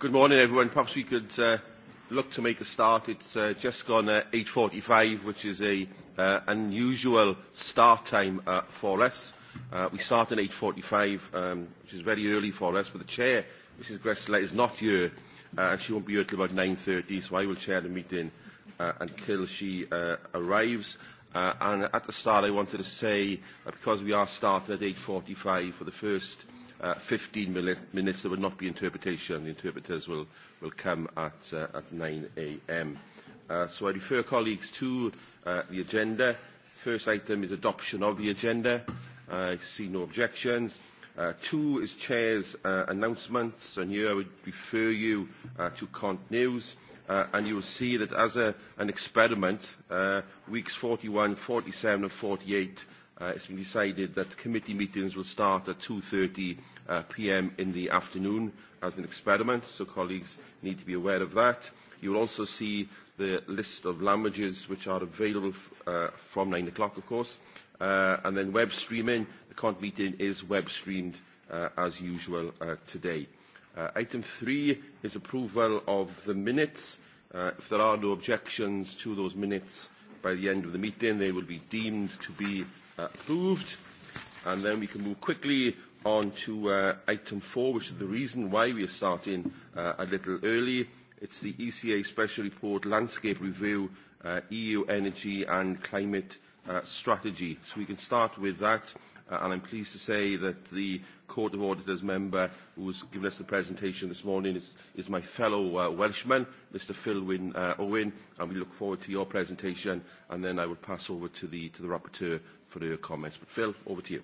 good morning, everyone. Perhaps we could uh, look to make a start. It's uh, just gone uh, 8.45, which is an uh, unusual start time uh, for us. Uh, we start at 8.45, um, which is very early for us, but the chair, Mrs Gressler, is not here, uh, and she won't be here until about 9.30, so I will chair the meeting uh, until she uh, arrives. Uh, and at the start, I wanted to say, uh, because we are starting at 8.45 for the first 15 uh, minutes. There will not be interpretation. The interpreters will, will come at, uh, at 9 a.m. Uh, so I refer colleagues to uh, the agenda. First item is adoption of the agenda. I see no objections. Uh, two is chair's uh, announcements, and here I would refer you uh, to Cont News. Uh, and you will see that as a, an experiment, uh, weeks 41, 47 and 48 uh, it's been decided that committee meetings will start at 2.30 uh, p.m. in the afternoon as an experiment, so colleagues need to be aware of that. You'll also see the list of languages which are available f- uh, from 9 o'clock, of course, uh, and then web streaming. The cont meeting is web streamed uh, as usual uh, today. Uh, item three is approval of the minutes. Uh, if there are no objections to those minutes by the end of the meeting, they will be deemed to be approved. And then we can move quickly on to uh, item four, which is the reason why we are starting uh, a little early. It's the ECA Special Report Landscape Review, uh, EU Energy and Climate uh, Strategy. So we can start with that. Uh, and I'm pleased to say that the Court of Auditors member who has given us the presentation this morning is, is my fellow uh, Welshman, Mr Philwyn uh, Owen, and we look forward to your presentation, and then I will pass over to the, to the rapporteur for her comments. But Phil, over to you.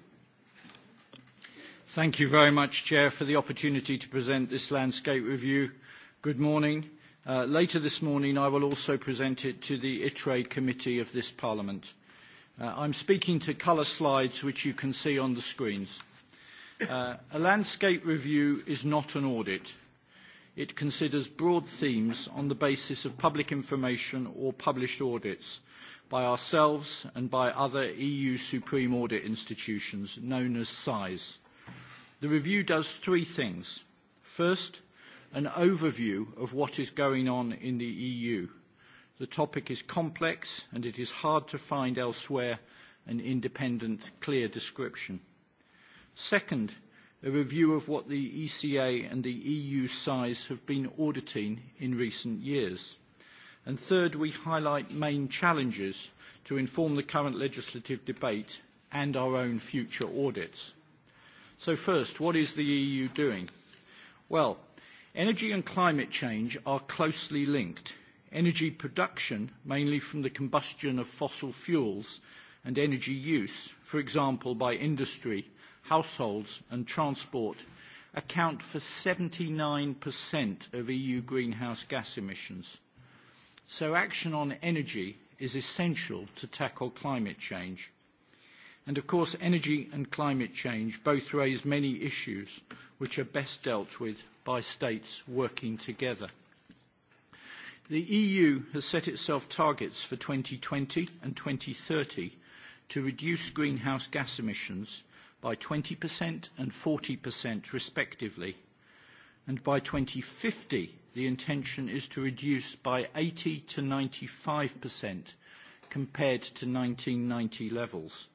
Thank you very much, Chair, for the opportunity to present this landscape review. Good morning. Uh, later this morning, I will also present it to the ITRE Committee of this Parliament. Uh, I'm speaking to color slides, which you can see on the screens. Uh, a landscape review is not an audit. It considers broad themes on the basis of public information or published audits by ourselves and by other EU supreme audit institutions known as SIIS. The review does three things. First, an overview of what is going on in the EU. The topic is complex and it is hard to find elsewhere an independent, clear description. Second, a review of what the ECA and the EU size have been auditing in recent years. And third, we highlight main challenges to inform the current legislative debate and our own future audits. So first, what is the EU doing? Well, energy and climate change are closely linked – energy production, mainly from the combustion of fossil fuels and energy use, for example, by industry, households, and transport, account for 79% of EU greenhouse gas emissions. So action on energy is essential to tackle climate change. And of course, energy and climate change both raise many issues which are best dealt with by states working together. The EU has set itself targets for 2020 and 2030 to reduce greenhouse gas emissions by 20% and 40% respectively. By 2050, the intention is to reduce by 80%-95% compared to 1990 levels.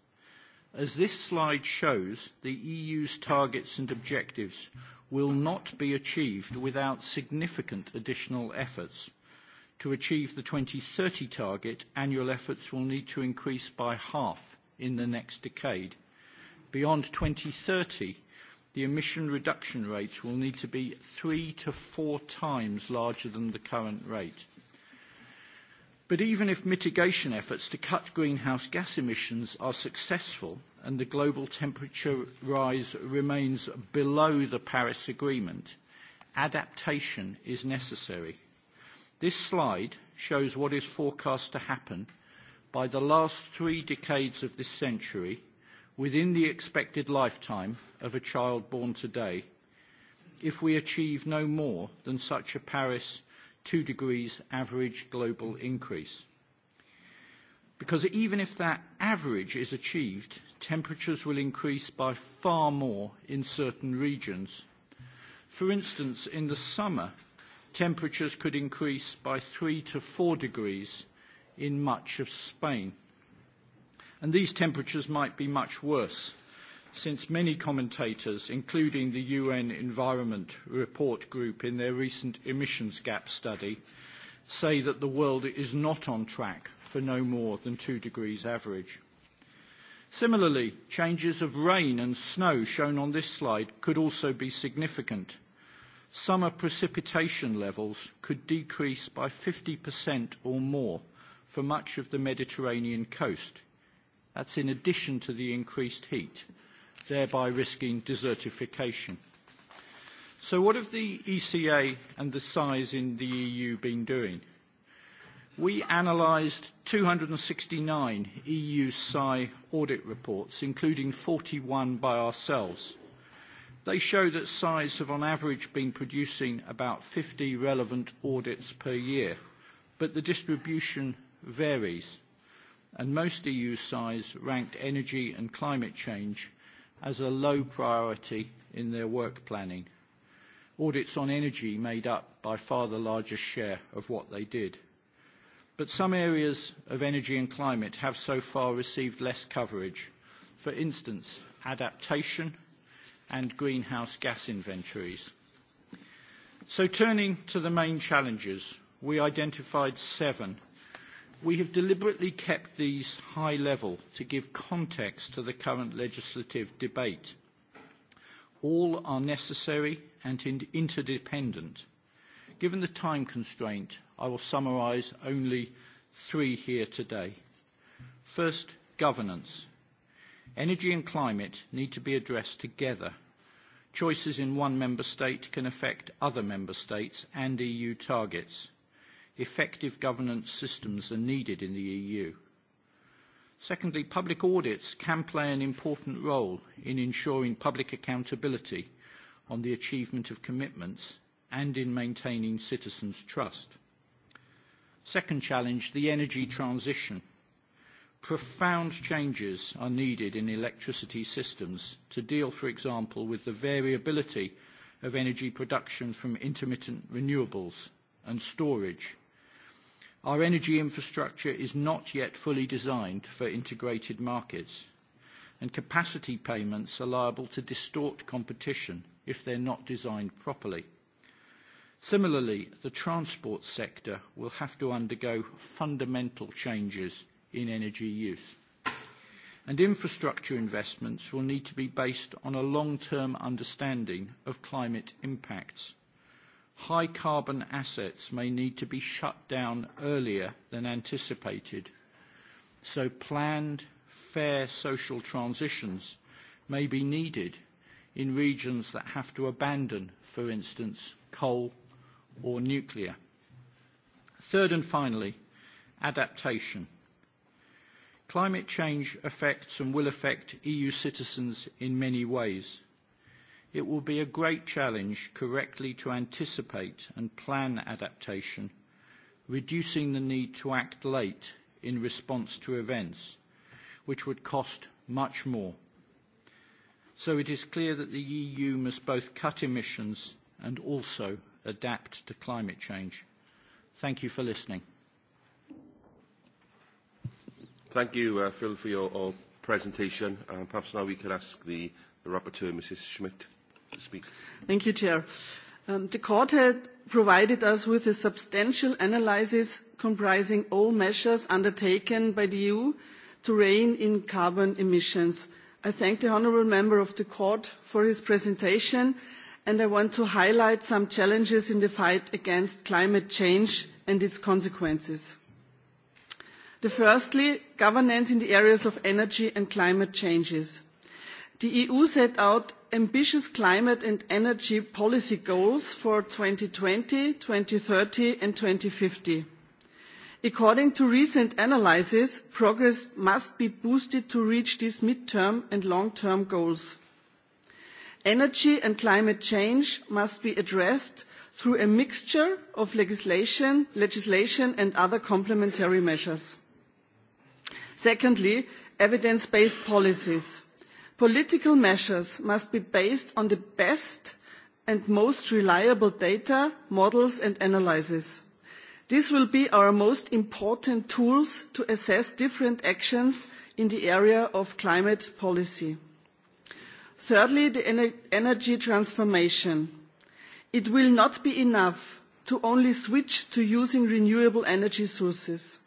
As this slide shows, the EU's targets and objectives will not be achieved without significant additional efforts. To achieve the 2030 target, annual efforts will need to increase by half in the next decade. Beyond 2030, the emission reduction rates will need to be three to four times larger than the current rate. Even if mitigation efforts to cut greenhouse gas emissions are successful and the global temperature rise remains below the Paris Agreement, adaptation is necessary. This slide shows what is forecast to happen by the last three decades of this century within the expected lifetime of a child born today if we achieve no more than such a Paris 2 degrees average global increase. Because even if that average is achieved, temperatures will increase by far more in certain regions. For instance, in the summer, temperatures could increase by three to four degrees in much of Spain. And these temperatures might be much worse, since many commentators, including the UN Environment Report Group in their recent emissions gap study, say that the world is not on track for no more than two degrees average. Similarly, changes of rain and snow shown on this slide could also be significant summer precipitation levels could decrease by 50% or more for much of the Mediterranean coast. That's in addition to the increased heat, thereby risking desertification. So what have the ECA and the size in the EU been doing? We analysed 269 EU SAI audit reports, including 41 by ourselves – They show that SISE have on average been producing about 50 relevant audits per year, but the distribution varies, and most EU SISEs ranked energy and climate change as a low priority in their work planning. Audits on energy made up by far the largest share of what they did. But some areas of energy and climate have so far received less coverage. For instance, adaptation, and greenhouse gas inventories. Turning to the main challenges, we identified seven. We have deliberately kept these high level to give context to the current legislative debate. All are necessary and interdependent. Given the time constraint, I will summarize only three here today. First, governance. Energy and climate need to be addressed together. Choices in one member state can affect other member states and EU targets. Effective governance systems are needed in the EU. Secondly, public audits can play an important role in ensuring public accountability on the achievement of commitments and in maintaining citizens' trust. Second challenge, the energy transition profound changes are needed in electricity systems to deal, for example, with the variability of energy production from intermittent renewables and storage. Our energy infrastructure is not yet fully designed for integrated markets, and capacity payments are liable to distort competition if they're not designed properly. Similarly, the transport sector will have to undergo fundamental changes in energy use. Infrastructure investments will need to be based on a long-term understanding of climate impacts. High carbon assets may need to be shut down earlier than anticipated, so planned fair social transitions may be needed in regions that have to abandon, for instance, coal or nuclear. Third and finally, adaptation. Climate change affects and will affect EU citizens in many ways. It will be a great challenge correctly to anticipate and plan adaptation, reducing the need to act late in response to events, which would cost much more. So it is clear that the EU must both cut emissions and also adapt to climate change. Thank you for listening. Thank you, uh, Phil, for your, your uh, presentation. Um, perhaps now we could ask the, the rapporteur, Mrs. Schmidt, to speak. Thank you, Chair. Um, the court had provided us with a substantial analysis comprising all measures undertaken by the EU to rein in carbon emissions. I thank the honourable member of the court for his presentation, and I want to highlight some challenges in the fight against climate change and its consequences. Firstly, governance in the areas of energy and climate changes. The EU set out ambitious climate and energy policy goals for 2020, 2030, and 2050. According to recent analysis, progress must be boosted to reach these midterm and long-term goals. Energy and climate change must be addressed through a mixture of legislation and other complementary measures secondly evidence based policies political measures must be based on the best and most reliable data models and analyses this will be our most important tools to assess different actions in the area of climate policy thirdly the ener energy transformation it will not be enough to only switch to using renewable energy sources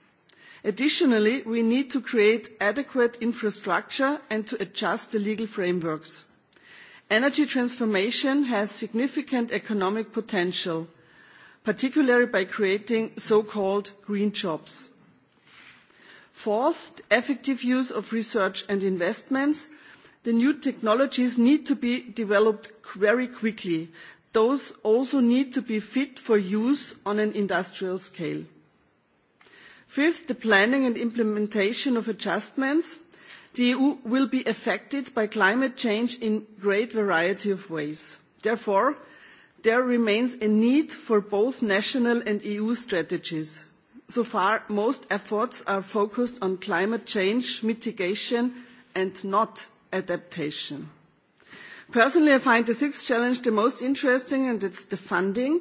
additionally we need to create adequate infrastructure and to adjust the legal frameworks. energy transformation has significant economic potential particularly by creating so called green jobs. fourth effective use of research and investments the new technologies need to be developed very quickly. those also need to be fit for use on an industrial scale. Fifth, the planning and implementation of adjustments. The EU will be affected by climate change in great variety of ways. Therefore, there remains a need for both national and EU strategies. So far, most efforts are focused on climate change mitigation and not adaptation. Personally, I find the sixth challenge the most interesting, and it's the funding.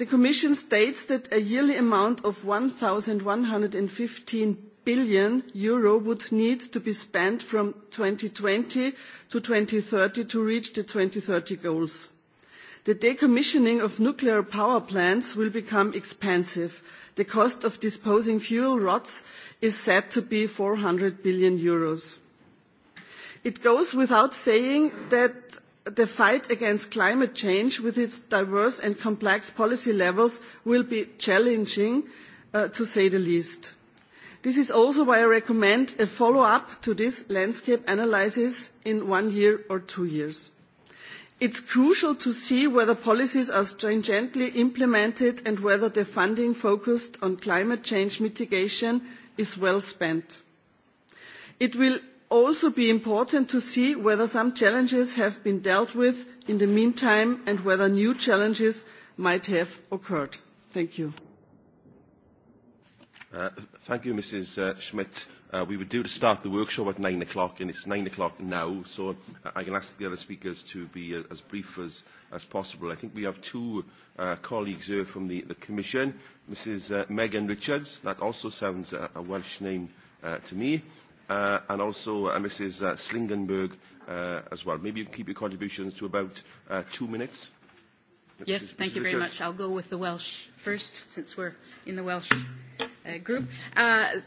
The Commission states that a yearly amount of 1,115 billion euro would need to be spent from 2020 to 2030 to reach the 2030 goals. The decommissioning of nuclear power plants will become expensive. The cost of disposing fuel rods is set to be 400 billion euros. It goes without saying that the fight against climate change with its diverse and complex policy levels will be challenging, uh, to say the least. This is also why I recommend a follow-up to this landscape analysis in one year or two years. It's crucial to see whether policies are stringently implemented and whether the funding focused on climate change mitigation is well spent. It will also be important to see whether some challenges have been dealt with in the meantime and whether new challenges might have occurred. Thank you. Uh, thank you, Mrs. Uh, Schmidt. Uh, we were due to start the workshop at 9 o'clock, and it's 9 o'clock now, so I can ask the other speakers to be uh, as brief as, as possible. I think we have two uh, colleagues here from the, the Commission, Mrs. Uh, Megan Richards, that also sounds a, uh, a Welsh name uh, to me, uh, Uh, and also uh, Mrs. Uh, Slingenberg as well. Maybe you keep your contributions to about two minutes. Yes. Thank you very much. I'll go with the Welsh first, since we're in the Welsh group.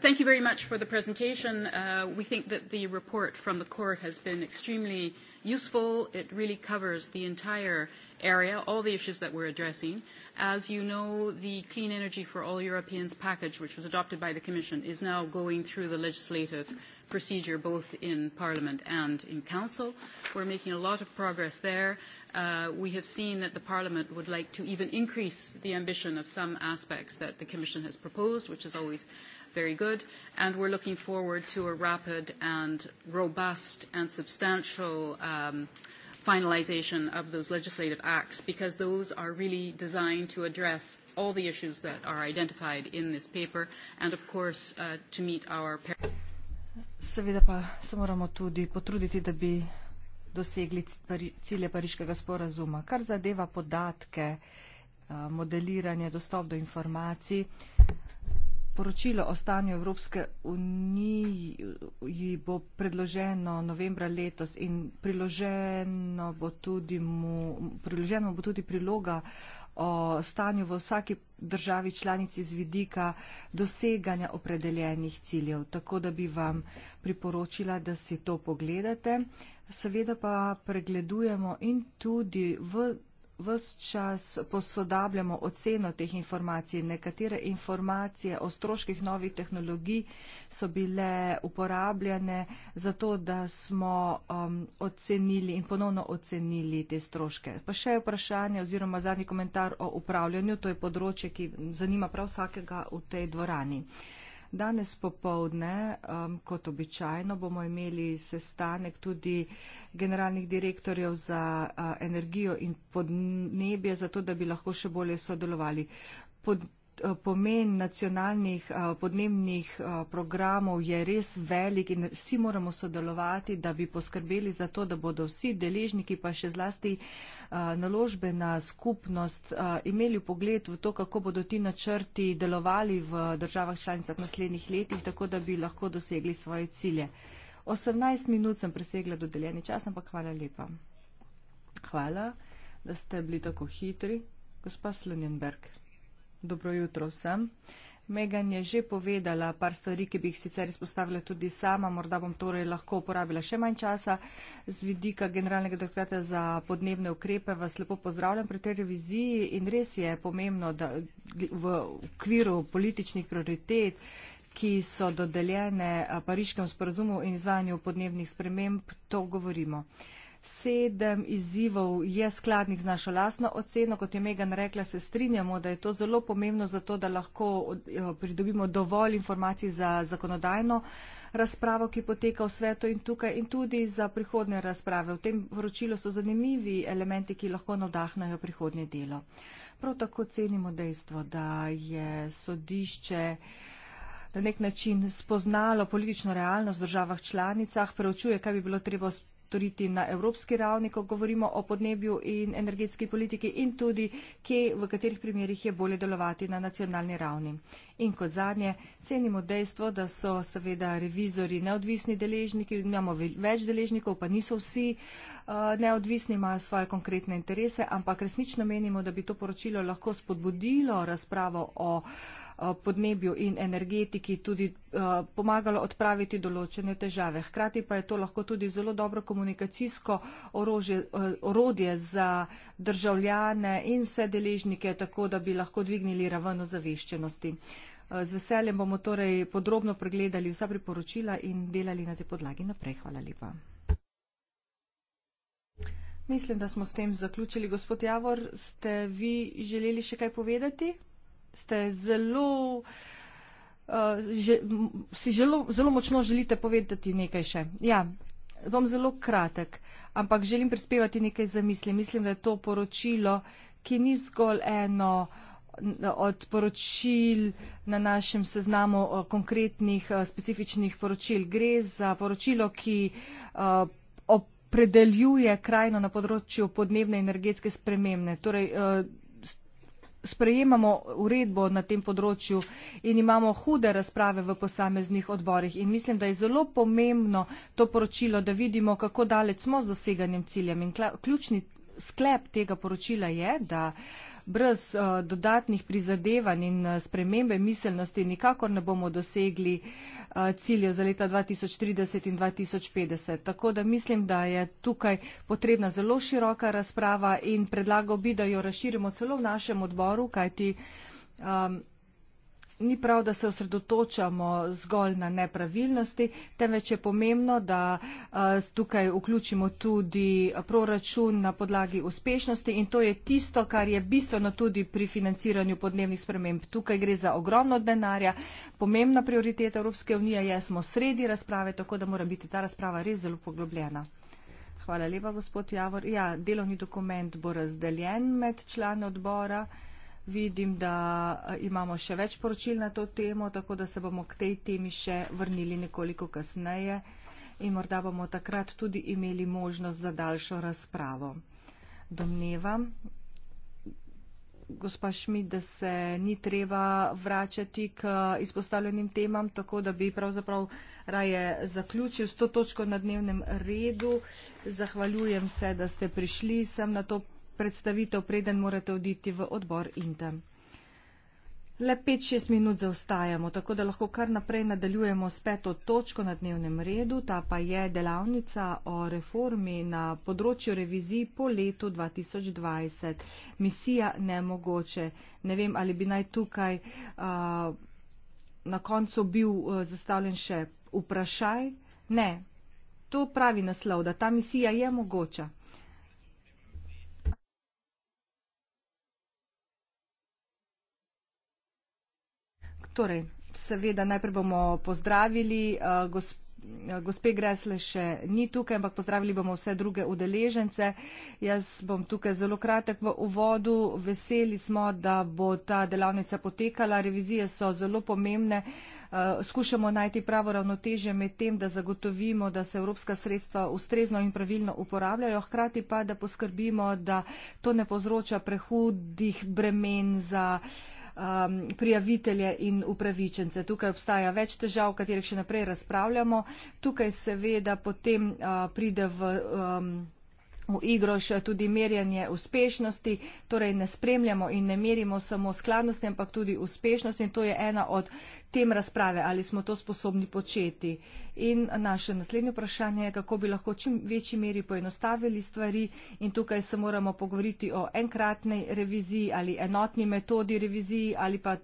Thank you very much for the presentation. We think that the report from the court has been extremely useful. It really covers the entire area, all the issues that we're addressing. As you know, the Clean Energy for All Europeans package, which was adopted by the Commission, is now going through the legislative procedure both in Parliament and in Council. We're making a lot of progress there. Uh, we have seen that the Parliament would like to even increase the ambition of some aspects that the Commission has proposed, which is always very good, and we're looking forward to a rapid and robust and substantial um, uh, finalization of those legislative acts because those are really designed to address all the issues that are identified in this paper and of course uh, to meet our Seveda pa se moramo tudi potruditi, da bi dosegli cilje pariškega sporazuma. Kar zadeva podatke, uh, modeliranje, dostop do informacij, poročilo o stanju Evropske unije bo predloženo novembra letos in priloženo bo tudi, mu, priloženo bo tudi priloga o stanju v vsaki državi članici z vidika doseganja opredeljenih ciljev. Tako da bi vam priporočila, da si to pogledate. Seveda pa pregledujemo in tudi v vse čas posodabljamo oceno teh informacij. Nekatere informacije o stroških novih tehnologij so bile uporabljene zato, da smo um, ocenili in ponovno ocenili te stroške. Pa še vprašanje oziroma zadnji komentar o upravljanju. To je področje, ki zanima prav vsakega v tej dvorani. Uh, Danes popovdne, um, kot običajno, bomo imeli sestanek tudi generalnih direktorjev za uh, energijo in podnebje, zato da bi lahko še bolje sodelovali. Pod, Eh, pomen nacionalnih eh, podnebnih eh, programov je res velik in vsi moramo sodelovati, da bi poskrbeli za to, da bodo vsi deležniki, pa še zlasti naložbena skupnost, imeli pogled v to, kako bodo ti načrti delovali v državah članicah naslednjih letih, tako da bi lahko dosegli svoje cilje. 18 minut sem presegla dodeljeni čas, ampak hvala lepa. Hvala, da ste bili tako hitri. Gospa Slunjenberg. Dobro jutro vsem. Megan je že povedala par stvari, ki bi jih sicer izpostavila tudi sama, morda bom torej lahko uporabila še manj časa. Z vidika generalnega doktorata za podnebne ukrepe vas lepo pozdravljam pri tej reviziji in res je pomembno, da v okviru političnih prioritet ki so dodeljene pariškem sporazumu in izvajanju podnebnih sprememb, to govorimo. Uh, sedem izzivov je skladnih z našo lastno oceno, kot je Megan rekla, se strinjamo, da je to zelo pomembno za to, da lahko eh, pridobimo dovolj informacij za zakonodajno razpravo, ki poteka v svetu in tukaj in tudi za prihodne razprave. V tem poročilu so zanimivi elementi, ki lahko navdahnajo prihodnje delo. Prav tako cenimo dejstvo, da je sodišče na nek način spoznalo politično realnost v državah članicah, preučuje, kaj bi bilo treba spoznati storiti na evropski ravni, ko govorimo o podnebju in energetski politiki in tudi, kje, v katerih primerjih je bolje delovati na nacionalni ravni. In kot zadnje, cenimo dejstvo, da so seveda revizori neodvisni deležniki, imamo več deležnikov, pa niso vsi eh, neodvisni, imajo svoje konkretne interese, ampak resnično menimo, da bi to poročilo lahko spodbudilo razpravo o Eh, podnebju in energetiki tudi eh, pomagalo odpraviti določene težave. Hkrati pa je to lahko tudi zelo dobro komunikacijsko orožje, eh, orodje za državljane in vse deležnike, tako da bi lahko dvignili raven ozaveščenosti. Z veseljem bomo torej podrobno pregledali vsa priporočila in delali na tej podlagi naprej. Hvala lepa. Mislim, da smo s tem zaključili. Gospod Javor, ste vi želeli še kaj povedati? ste zelo, uh, že, si zelo, zelo močno želite povedati nekaj še. Ja, bom zelo kratek, ampak želim prispevati nekaj za misli. Mislim, da je to poročilo, ki ni zgolj eno od poročil na našem seznamu eh, konkretnih eh, specifičnih poročil. Gre za poročilo, ki opredeljuje krajno na področju podnebne energetske spremembe. Torej, sprejemamo uredbo na tem področju in imamo hude razprave v posameznih odborih. In mislim, da je zelo pomembno to poročilo, da vidimo, kako daleč smo z doseganjem ciljem. In ključni sklep tega poročila je, da brez uh, dodatnih prizadevanj in eh, spremembe miselnosti nikakor ne bomo dosegli uh, ciljev za leta 2030 in 2050. Tako da mislim, da je tukaj potrebna zelo široka razprava in predlagal bi, da jo razširimo celo v našem odboru, kajti. Um, ni prav, da se osredotočamo zgolj na nepravilnosti, temveč je pomembno, da eh, tukaj vključimo tudi proračun na podlagi uspešnosti in to je tisto, kar je bistveno tudi pri financiranju podnebnih sprememb. Tukaj gre za ogromno denarja, pomembna prioriteta Evropske unije je, smo sredi razprave, tako da mora biti ta razprava res zelo poglobljena. Hvala lepa, gospod Javor. Ja, delovni dokument bo razdeljen med člane odbora. Vidim, da eh, imamo še več poročil na to temo, tako da se bomo k tej temi še vrnili nekoliko kasneje in morda bomo takrat tudi imeli možnost za daljšo razpravo. Domnevam, gospa Šmit, da se ni treba vračati k eh, izpostavljenim temam, tako da bi pravzaprav raje zaključil s to točko na dnevnem redu. Zahvaljujem se, da ste prišli sem na to predstavitev, preden morate oditi v odbor Inta. Le 5-6 minut zaostajamo, tako da lahko kar naprej nadaljujemo s peto točko na dnevnem redu, ta pa je delavnica o reformi na področju revizij po letu 2020. Misija nemogoče. Ne vem, ali bi naj tukaj uh, na koncu bil uh, zastavljen še vprašaj. Ne, to pravi naslov, da ta misija je mogoča. Torej, seveda najprej bomo pozdravili, eh, eh, gospe Gresle še ni tukaj, ampak pozdravili bomo vse druge udeležence. Jaz bom tukaj zelo kratek v uvodu. Veseli smo, da bo ta delavnica potekala. Revizije so zelo pomembne. Eh, skušamo najti pravo ravnotežje med tem, da zagotovimo, da se evropska sredstva ustrezno in pravilno uporabljajo, hkrati pa, da poskrbimo, da to ne povzroča prehudih bremen za. Uh, um, prijavitelje in upravičence. Tukaj obstaja več težav, o katerih še naprej razpravljamo. Tukaj seveda potem uh, pride v. Um, v igro še tudi merjanje uspešnosti, torej ne spremljamo in ne merimo samo skladnosti, ampak tudi uspešnosti in to je ena od tem razprave, ali smo to sposobni početi. In naše naslednje vprašanje je, kako bi lahko čim večji meri poenostavili stvari in tukaj se moramo pogovoriti o enkratnej reviziji ali enotni metodi reviziji ali pa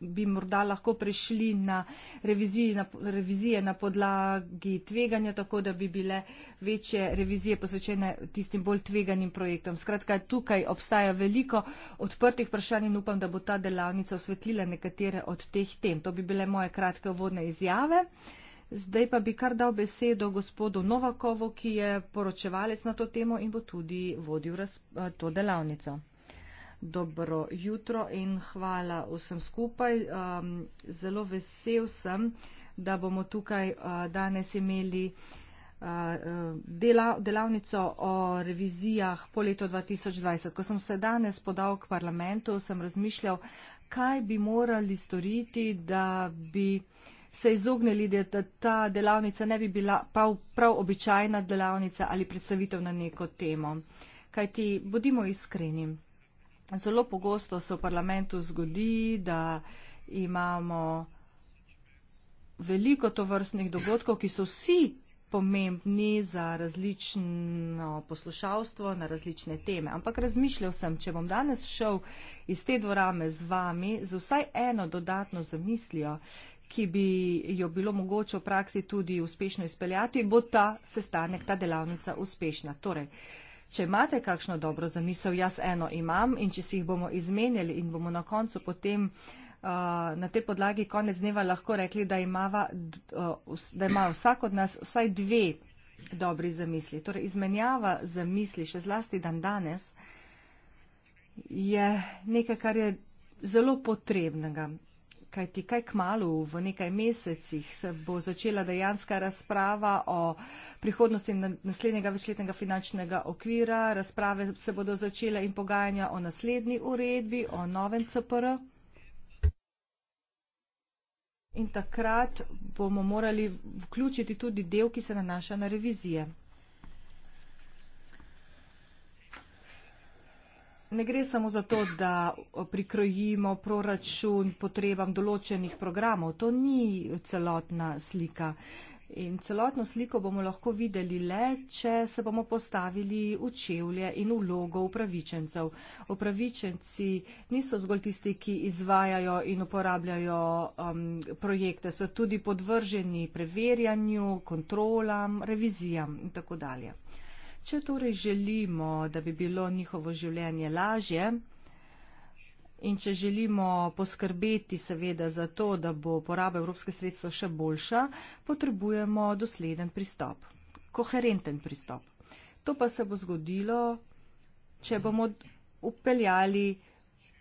bi morda lahko prišli na, reviziji, na revizije na podlagi tveganja, tako da bi bile večje revizije posvečene tistim bolj tveganim projektom. Skratka, tukaj obstaja veliko odprtih vprašanj in upam, da bo ta delavnica osvetlila nekatere od teh tem. To bi bile moje kratke uvodne izjave. Zdaj pa bi kar dal besedo gospodu Novakovu, ki je poročevalec na to temo in bo tudi vodil to delavnico. Dobro jutro in hvala vsem skupaj. Um, zelo vesel sem, da bomo tukaj uh, danes imeli uh, Eh, dela, delavnico o revizijah po letu 2020. Ko sem se danes podal k parlamentu, sem razmišljal, kaj bi morali storiti, da bi se izognili, da ta delavnica ne bi bila prav, prav običajna delavnica ali predstavitev na neko temo. Kaj ti, bodimo iskreni, zelo pogosto se v parlamentu zgodi, da imamo veliko tovrstnih dogodkov, ki so vsi pomembni za različno poslušalstvo na različne teme. Ampak razmišljal sem, če bom danes šel iz te dvorane z vami z vsaj eno dodatno zamislijo, ki bi jo bilo mogoče v praksi tudi uspešno izpeljati, bo ta sestanek, ta delavnica uspešna. Torej, Če imate kakšno dobro zamisel, jaz eno imam in če si jih bomo izmenjali in bomo na koncu potem uh, na tej podlagi konec dneva lahko rekli, da, imava, da ima vsak od nas vsaj dve dobri zamisli. Torej, izmenjava zamisli, še zlasti dan danes, je nekaj, kar je zelo potrebnega. Kaj ti kaj k malu, v nekaj mesecih se bo začela dejanska razprava o prihodnosti naslednjega večletnega finančnega okvira, razprave se bodo začele in pogajanja o naslednji uredbi, o novem CPR. -u in takrat bomo morali vključiti tudi del, ki se nanaša na revizije. Ne gre samo za to, da prikrojimo proračun potrebam določenih programov. To ni celotna slika. In celotno sliko bomo lahko videli le, če se bomo postavili v čevlje in v logo upravičencev. Upravičenci niso zgolj tisti, ki izvajajo in uporabljajo um, projekte, so tudi podvrženi preverjanju, kontrolam, revizijam in tako dalje. Če torej želimo, da bi bilo njihovo življenje lažje, In če želimo poskrbeti seveda za to, da bo poraba evropske sredstva še boljša, potrebujemo dosleden pristop, koherenten pristop. To pa se bo zgodilo, če bomo upeljali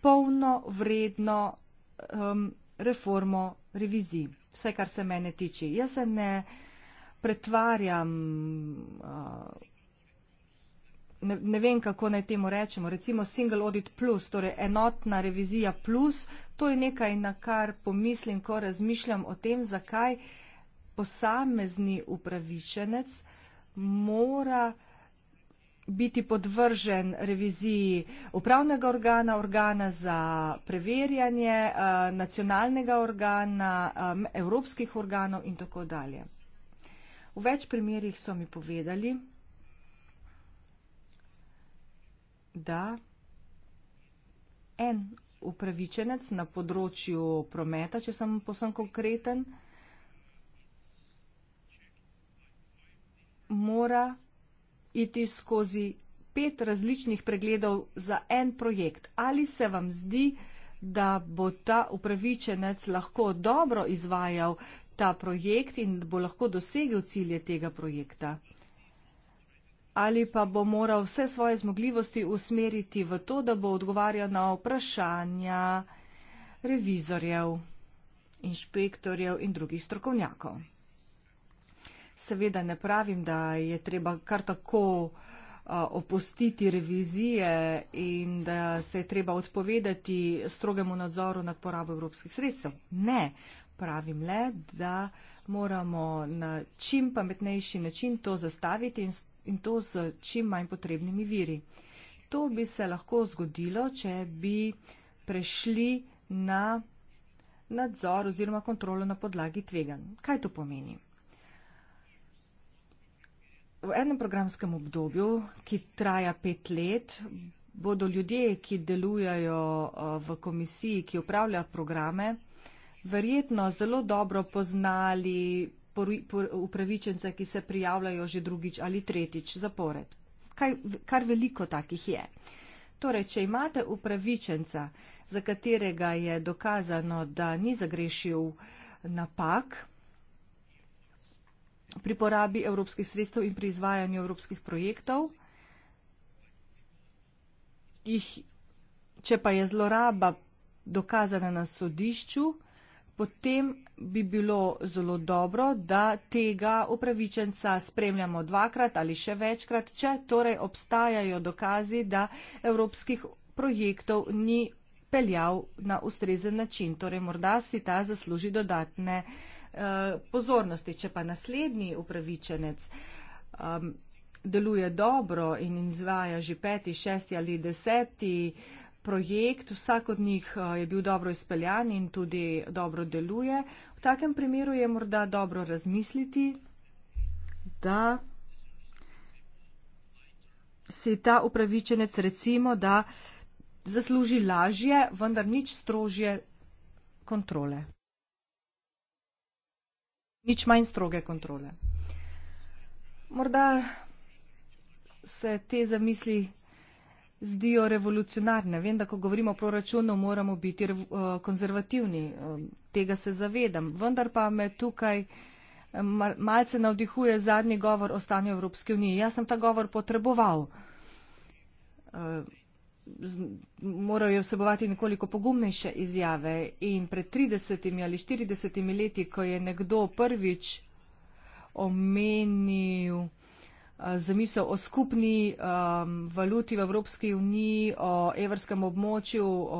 polno vredno um, reformo revizij. Vse, kar se mene tiče. Jaz se ne pretvarjam uh, ne, ne vem, kako naj temu rečemo, recimo single audit plus, torej enotna revizija plus, to je nekaj, na kar pomislim, ko razmišljam o tem, zakaj posamezni upravičenec mora biti podvržen reviziji upravnega organa, organa za preverjanje, eh, nacionalnega organa, eh, evropskih organov in tako dalje. V več primerjih so mi povedali, da en upravičenec na področju prometa, če sem posem konkreten, mora iti skozi pet različnih pregledov za en projekt. Ali se vam zdi, da bo ta upravičenec lahko dobro izvajal ta projekt in bo lahko dosegel cilje tega projekta? ali pa bo moral vse svoje zmogljivosti usmeriti v to, da bo odgovarjal na vprašanja revizorjev, inšpektorjev in drugih strokovnjakov. Seveda ne pravim, da je treba kar tako opustiti revizije in da se je treba odpovedati strogemu nadzoru nad porabo evropskih sredstev. Ne, pravim le, da moramo na čim pametnejši način to zastaviti in in to z čim manj potrebnimi viri. To bi se lahko zgodilo, če bi prešli na nadzor oziroma kontrolo na podlagi tvegan. Kaj to pomeni? V enem programskem obdobju, ki traja pet let, bodo ljudje, ki delujejo eh, v komisiji, ki upravlja programe, verjetno zelo dobro poznali upravičence, ki se prijavljajo že drugič ali tretjič zapored. Kaj, kar veliko takih je. Torej, če imate upravičenca, za katerega je dokazano, da ni zagrešil napak pri porabi evropskih sredstev in pri izvajanju evropskih projektov, jih, če pa je zloraba dokazana na sodišču, potem bi bilo zelo dobro, da tega upravičenca spremljamo dvakrat ali še večkrat, če torej obstajajo dokazi, da evropskih projektov ni peljal na ustrezen način. Torej morda si ta zasluži dodatne uh, pozornosti. Če pa naslednji upravičenec um, deluje dobro in izvaja že peti, šesti ali deseti, uh, projekt, vsak od njih eh, je bil dobro izpeljan in tudi dobro deluje. V takem primeru je morda dobro razmisliti, da si ta upravičenec recimo, da zasluži lažje, vendar nič strožje kontrole. Nič manj stroge kontrole. Morda se te zamisli zdijo revolucionarne. Vem, da ko govorimo o proračunu, moramo biti eh, konzervativni, eh, tega se zavedam. Vendar pa me tukaj eh, malce navdihuje zadnji govor o stanju Evropske unije. Jaz sem ta govor potreboval. Morajo jo vsebovati nekoliko pogumnejše izjave in pred 30 ali 40 leti, ko je nekdo prvič omenil Eh, zamisel o skupni um, valuti v Evropski uniji, o evrskem območju, o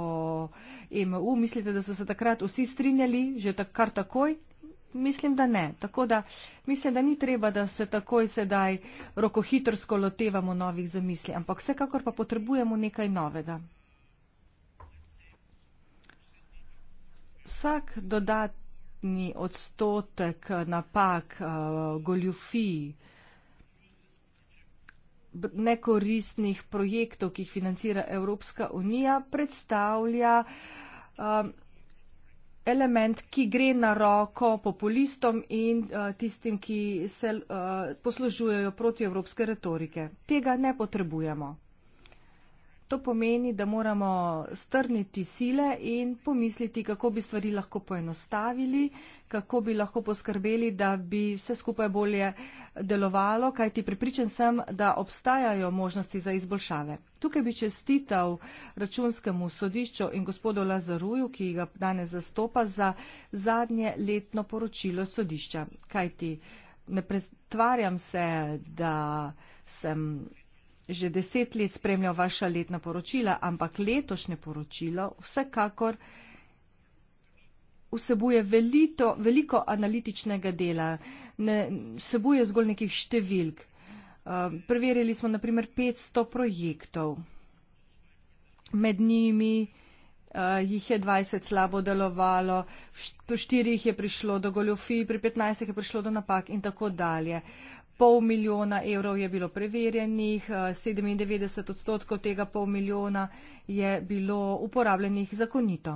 EMU. Mislite, da so se takrat vsi strinjali, že kar takoj? Mislim, da ne. Tako da mislim, da ni treba, da se takoj sedaj rokohitrsko lotevamo novih zamisli, ampak vsekakor pa potrebujemo nekaj novega. Vsak dodatni odstotek napak, eh, goljufij, nekoristnih projektov, ki jih financira Evropska unija, predstavlja um, element, ki gre na roko populistom in uh, tistim, ki se uh, poslužujejo proti evropske retorike. Tega ne potrebujemo. To pomeni, da moramo strniti sile in pomisliti, kako bi stvari lahko poenostavili, kako bi lahko poskrbeli, da bi vse skupaj bolje delovalo, kajti pripričan sem, da obstajajo možnosti za izboljšave. Tukaj bi čestital računskemu sodišču in gospodu Lazaruju, ki ga danes zastopa za zadnje letno poročilo sodišča. Kajti ne pretvarjam se, da sem že deset let spremljal vaša letna poročila, ampak letošnje poročilo vsekakor vsebuje velito, veliko analitičnega dela, ne vsebuje zgolj nekih številk. Um, preverili smo naprimer 500 projektov. Med njimi uh, jih je 20 slabo delovalo, pri 4 jih je prišlo do goljofij, pri 15 jih je prišlo do napak in tako dalje pol milijona evrov je bilo preverjenih, 97 eh, odstotkov tega pol milijona je bilo uporabljenih zakonito.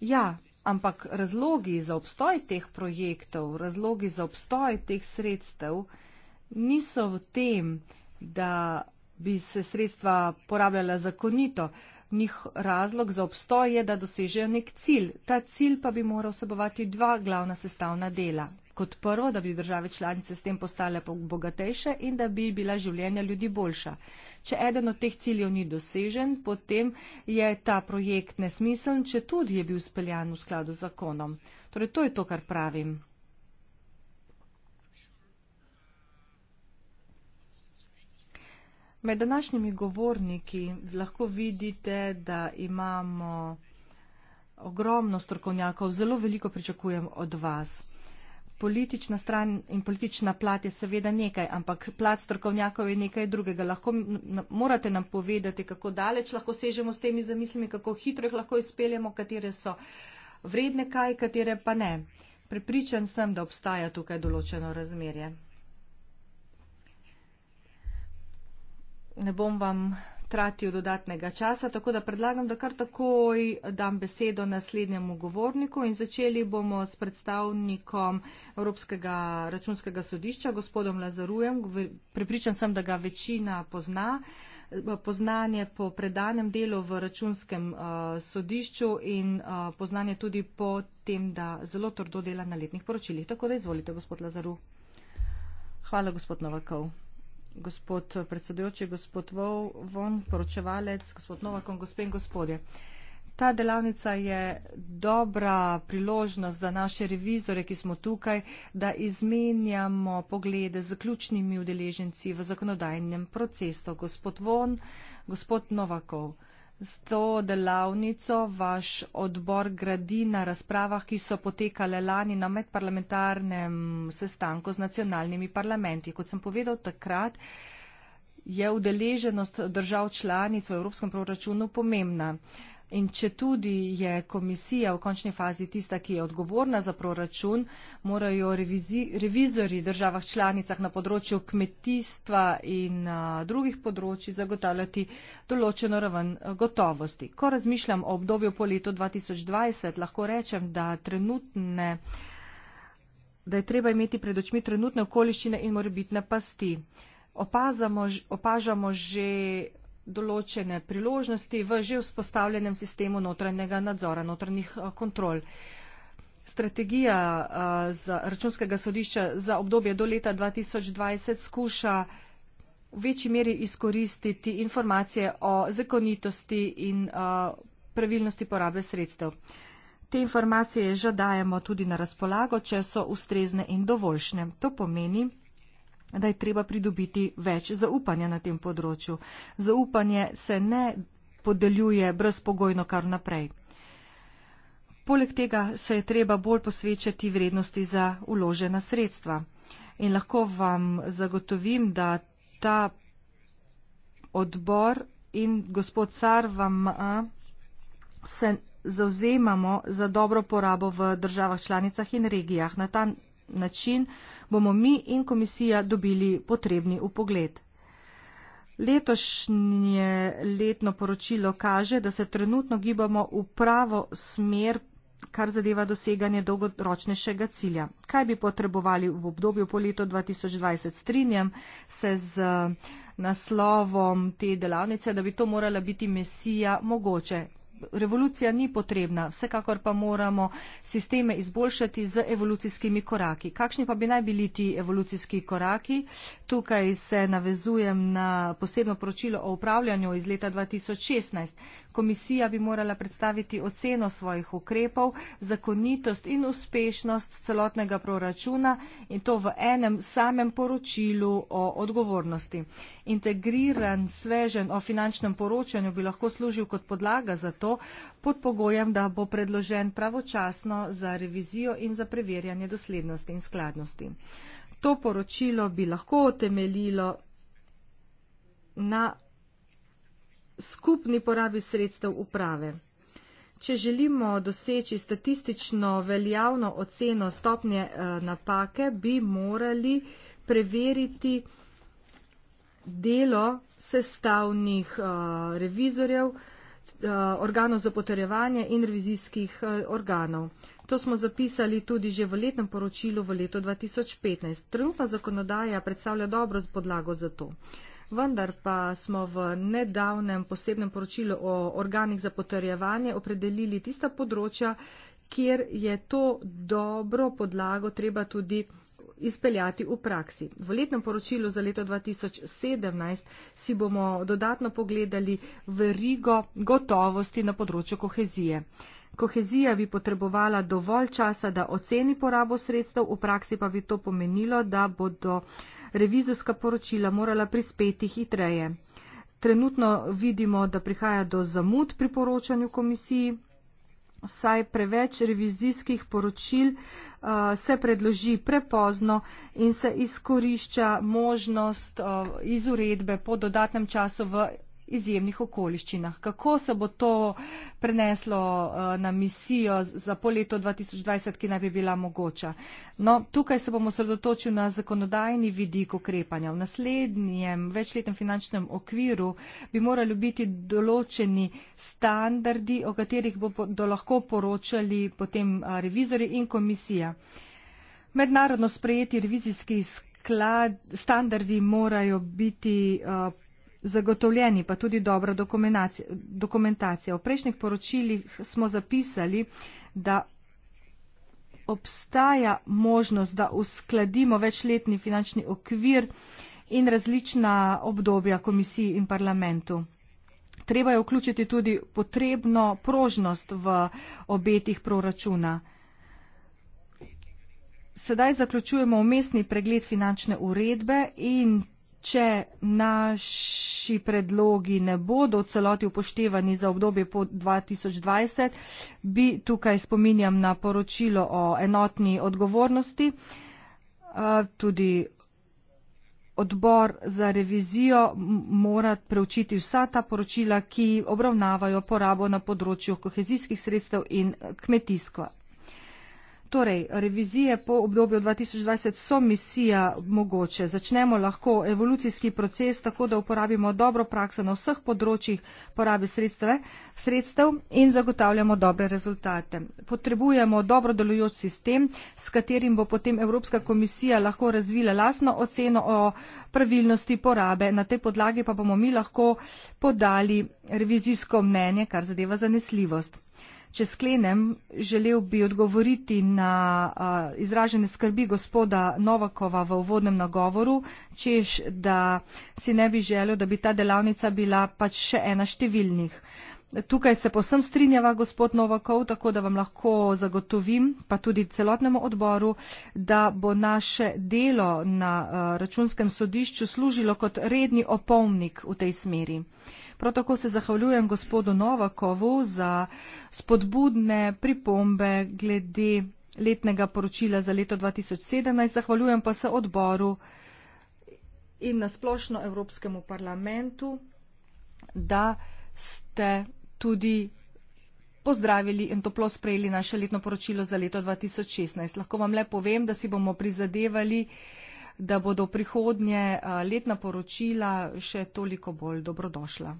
Ja, ampak razlogi za obstoj teh projektov, razlogi za obstoj teh sredstev niso v tem, da bi se sredstva porabljala zakonito. Njih razlog za obstoj je, da dosežejo nek cilj. Ta cilj pa bi moral sebovati dva glavna sestavna dela kot prvo, da bi države članice s tem postale bogatejše in da bi bila življenja ljudi boljša. Če eden od teh ciljev ni dosežen, potem je ta projekt nesmiseln, če tudi je bil speljan v skladu z zakonom. Torej, to je to, kar pravim. Med današnjimi govorniki lahko vidite, da imamo ogromno strokovnjakov, zelo veliko pričakujem od vas. Politična stran in politična plat je seveda nekaj, ampak plat strokovnjakov je nekaj drugega. Lahko, na, morate nam povedati, kako daleč lahko sežemo s temi zamislimi, kako hitro jih lahko izpeljemo, katere so vredne kaj, katere pa ne. Prepričan sem, da obstaja tukaj določeno razmerje. Ne bom vam tratil dodatnega časa, tako da predlagam, da kar takoj dam besedo naslednjemu govorniku in začeli bomo s predstavnikom Evropskega računskega sodišča, gospodom Lazarujem. Prepričan sem, da ga večina pozna. Poznanje po predanem delu v računskem uh, sodišču in uh, poznanje tudi po tem, da zelo trdo dela na letnih poročilih. Tako da izvolite, gospod Lazaru. Hvala, gospod Novakov gospod predsedujoči, gospod Von, poročevalec, gospod Novak, gospe in gospodje. Ta delavnica je dobra priložnost za naše revizore, ki smo tukaj, da izmenjamo poglede z ključnimi udeleženci v zakonodajnem procesu. Gospod Von, gospod Novakov, S to delavnico vaš odbor gradi na razpravah, ki so potekale lani na medparlamentarnem sestanku z nacionalnimi parlamenti. Kot sem povedal takrat, je udeleženost držav članic v evropskem proračunu pomembna. Uh, In če tudi je komisija v končni fazi tista, ki je odgovorna za proračun, morajo revizori državah članicah na področju kmetijstva in drugih področji zagotavljati določeno raven gotovosti. Ko razmišljam o obdobju po letu 2020, lahko rečem, da trenutne da je treba imeti pred očmi trenutne okoliščine in morebitne pasti. Opazamo, opažamo že določene priložnosti v že vzpostavljenem sistemu notranjega nadzora, notranjih eh, kontrol. Strategija eh, za računskega sodišča za obdobje do leta 2020 skuša v večji meri izkoristiti informacije o zakonitosti in eh, pravilnosti porabe sredstev. Te informacije že dajemo tudi na razpolago, če so ustrezne in dovoljšne. To pomeni, da je treba pridobiti več zaupanja na tem področju. Zaupanje se ne podeljuje brezpogojno kar naprej. Poleg tega se je treba bolj posvečati vrednosti za uložena sredstva. In lahko vam zagotovim, da ta odbor in gospod car vam se zauzemamo za dobro porabo v državah članicah in regijah. Na ta način bomo mi in komisija dobili potrebni upogled. Letošnje letno poročilo kaže, da se trenutno gibamo v pravo smer, kar zadeva doseganje dolgoročnejšega cilja. Kaj bi potrebovali v obdobju po letu 2020? Strinjam se z naslovom te delavnice, da bi to morala biti mesija mogoče revolucija ni potrebna, vsekakor pa moramo sisteme izboljšati z evolucijskimi koraki. Kakšni pa bi naj bili ti evolucijski koraki? Tukaj se navezujem na posebno poročilo o upravljanju iz leta 2016. Komisija bi morala predstaviti oceno svojih ukrepov, zakonitost in uspešnost celotnega proračuna in to v enem samem poročilu o odgovornosti. Integriran svežen o finančnem poročanju bi lahko služil kot podlaga za to, pod pogojem, da bo predložen pravočasno za revizijo in za preverjanje doslednosti in skladnosti. To poročilo bi lahko temeljilo na skupni porabi sredstev uprave. Če želimo doseči statistično veljavno oceno stopnje eh, napake, bi morali preveriti delo sestavnih eh, revizorjev, eh, organov za potrjevanje in revizijskih organov. To smo zapisali tudi že v letnem poročilu v letu 2015. Trenutna zakonodaja predstavlja dobro podlago za to. Vendar pa smo v nedavnem posebnem poročilu o organih za potrjevanje opredelili tista področja, kjer je to dobro podlago treba tudi izpeljati v praksi. V letnem poročilu za leto 2017 si bomo dodatno pogledali verigo gotovosti na področju kohezije. Kohezija bi potrebovala dovolj časa, da oceni porabo sredstev, v praksi pa bi to pomenilo, da bodo uh, revizorska poročila morala prispeti hitreje. Trenutno vidimo, da prihaja do zamud pri poročanju komisiji, saj preveč revizijskih poročil uh, se predloži prepozno in se izkorišča možnost uh, iz uredbe po dodatnem času v izjemnih okoliščinah. Kako se bo to preneslo eh, na misijo za pol leto 2020, ki naj bi bila mogoča? No, tukaj se bomo sredotočili na zakonodajni vidik ukrepanja. V naslednjem večletnem finančnem okviru bi morali biti določeni standardi, o katerih bodo lahko poročali potem eh, revizori in komisija. Mednarodno sprejeti revizijski standardi morajo biti uh, zagotovljeni pa tudi dobra dokumentacija. dokumentacija. V prejšnjih poročilih smo zapisali, da obstaja možnost, da uskladimo večletni finančni okvir in različna obdobja komisiji in parlamentu. Treba je vključiti tudi potrebno prožnost v obetih proračuna. Sedaj zaključujemo umestni pregled finančne uredbe in če naši predlogi ne bodo v celoti upoštevani za obdobje po 2020, bi tukaj spominjam na poročilo o enotni odgovornosti. Tudi odbor za revizijo mora preučiti vsa ta poročila, ki obravnavajo porabo na področju kohezijskih sredstev in kmetijstva. Torej, revizije po obdobju 2020 so misija mogoče. Začnemo lahko evolucijski proces tako, da uporabimo dobro prakso na vseh področjih porabe sredstve, sredstev in zagotavljamo dobre rezultate. Potrebujemo dobro delujoč sistem, s katerim bo potem Evropska komisija lahko razvila lasno oceno o pravilnosti porabe. Na tej podlagi pa bomo mi lahko podali revizijsko mnenje, kar zadeva zanesljivost. Če sklenem, želel bi odgovoriti na a, izražene skrbi gospoda Novakova v uvodnem nagovoru, češ, da si ne bi želel, da bi ta delavnica bila pač še ena številnih. Tukaj se posem strinjava gospod Novakov, tako da vam lahko zagotovim, pa tudi celotnemu odboru, da bo naše delo na a, računskem sodišču služilo kot redni opomnik v tej smeri. Prav tako se zahvaljujem gospodu Novakovu za spodbudne pripombe glede letnega poročila za leto 2017. Zahvaljujem pa se odboru in na splošno Evropskemu parlamentu, da ste tudi pozdravili in toplo sprejeli naše letno poročilo za leto 2016. Lahko vam le povem, da si bomo prizadevali, da bodo prihodnje letna poročila še toliko bolj dobrodošla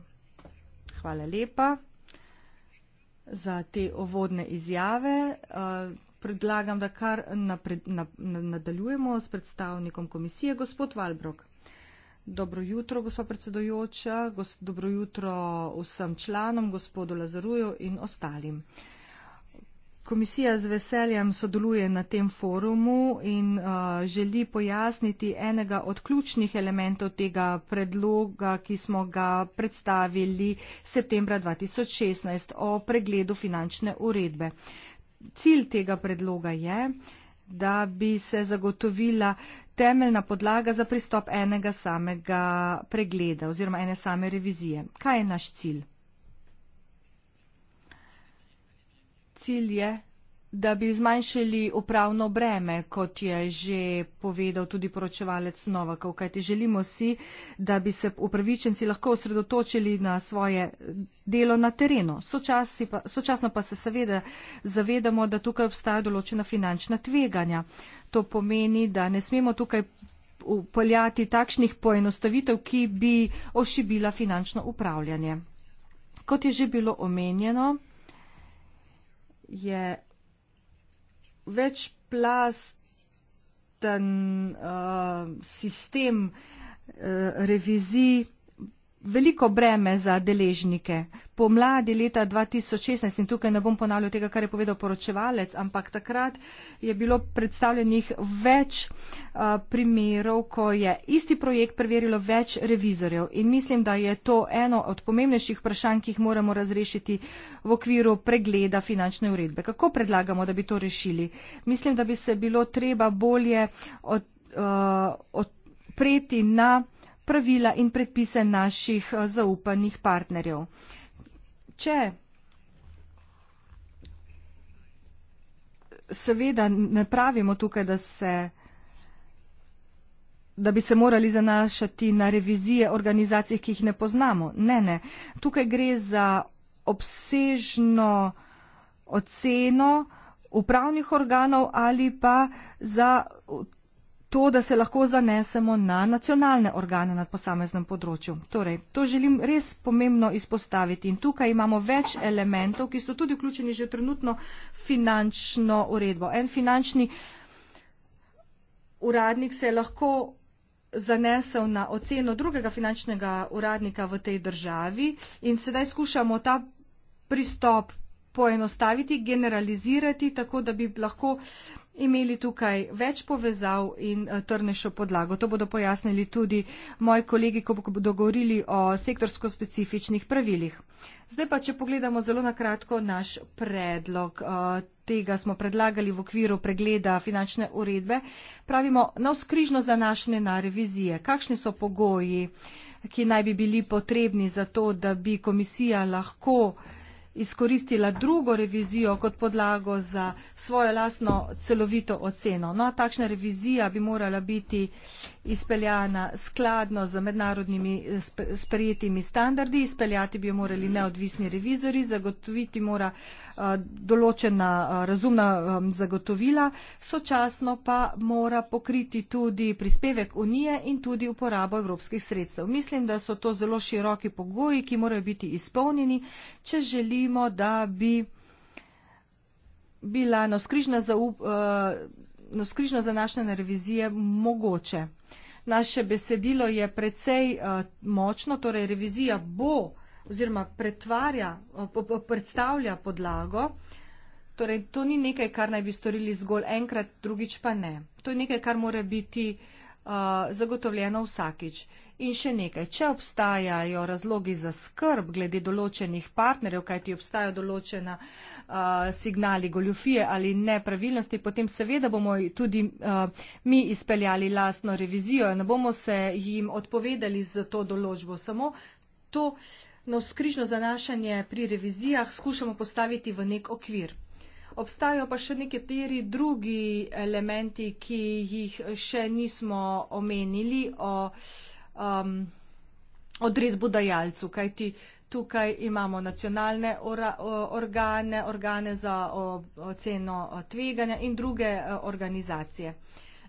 hvala lepa za te uvodne izjave. Eh, predlagam, da kar napred, na, nadaljujemo s predstavnikom komisije, gospod Valbrok. Dobro jutro, gospa predsedojoča, gos, dobro jutro vsem članom, gospodu Lazaruju in ostalim. Uh, Komisija z veseljem sodeluje na tem forumu in uh, želi pojasniti enega od ključnih elementov tega predloga, ki smo ga predstavili septembra 2016 o pregledu finančne uredbe. Cilj tega predloga je, da bi se zagotovila temeljna podlaga za pristop enega samega pregleda oziroma ene same revizije. Kaj je naš cilj? cilj je? Da bi zmanjšali upravno breme, kot je že povedal tudi poročevalec Novakov, kajti želimo si, da bi se upravičenci lahko osredotočili na svoje delo na terenu. Pa, sočasno pa se seveda zavedamo, da tukaj obstaja določena finančna tveganja. To pomeni, da ne smemo tukaj upeljati takšnih poenostavitev, ki bi ošibila finančno upravljanje. Kot je že bilo omenjeno, je večplasten uh, sistem uh, revizij, veliko breme za deležnike. Po mladi leta 2016, in tukaj ne bom ponavljal tega, kar je povedal poročevalec, ampak takrat je bilo predstavljenih več uh, primerov, ko je isti projekt preverilo več revizorjev. In mislim, da je to eno od pomembnejših vprašanj, ki jih moramo razrešiti v okviru pregleda finančne uredbe. Kako predlagamo, da bi to rešili? Mislim, da bi se bilo treba bolje od, uh, odpreti na pravila in predpise naših eh, zaupanih partnerjev. Če seveda ne pravimo tukaj, da se da bi se morali zanašati na revizije organizacij, ki jih ne poznamo. Ne, ne. Tukaj gre za obsežno oceno upravnih organov ali pa za to, da se lahko zanesemo na nacionalne organe na posameznem področju. Torej, to želim res pomembno izpostaviti in tukaj imamo več elementov, ki so tudi vključeni že v trenutno finančno uredbo. En finančni uradnik se je lahko zanesel na oceno drugega finančnega uradnika v tej državi in sedaj skušamo ta pristop poenostaviti, generalizirati, tako da bi lahko imeli tukaj več povezav in eh, trnešo podlago. To bodo pojasnili tudi moji kolegi, ko bodo govorili o sektorsko specifičnih pravilih. Zdaj pa, če pogledamo zelo na kratko naš predlog, eh, tega smo predlagali v okviru pregleda finančne uredbe, pravimo na vzkrižno zanašne na revizije. Kakšni so pogoji, ki naj bi bili potrebni za to, da bi komisija lahko izkoristila drugo revizijo kot podlago za svojo lastno celovito oceno. No, takšna revizija bi morala biti izpeljana skladno z mednarodnimi sprejetimi standardi, izpeljati bi jo morali neodvisni revizori, zagotoviti mora določena razumna zagotovila, sočasno pa mora pokriti tudi prispevek Unije in tudi uporabo evropskih sredstev. Mislim, da so to zelo široki pogoji, ki morajo biti izpolnjeni, če želi recimo, da bi bila navskrižna zaup, eh, navskrižna zanašnjena revizija mogoče. Naše besedilo je precej eh, močno, torej revizija bo oziroma pretvarja, eh, predstavlja podlago, torej to ni nekaj, kar naj bi storili zgolj enkrat, drugič pa ne. To je nekaj, kar mora biti zagotovljeno vsakič. In še nekaj, če obstajajo razlogi za skrb glede določenih partnerjev, kajti obstajajo določena uh, signali goljufije ali nepravilnosti, potem seveda bomo tudi uh, mi izpeljali lastno revizijo. Ne bomo se jim odpovedali z to določbo. Samo to no, skrižno zanašanje pri revizijah skušamo postaviti v nek okvir. Obstajajo pa še nekateri drugi elementi, ki jih še nismo omenili. O, uh, um, odredbo dajalcu, kajti tukaj imamo nacionalne ora, organe, organe za oceno tveganja in druge e, organizacije.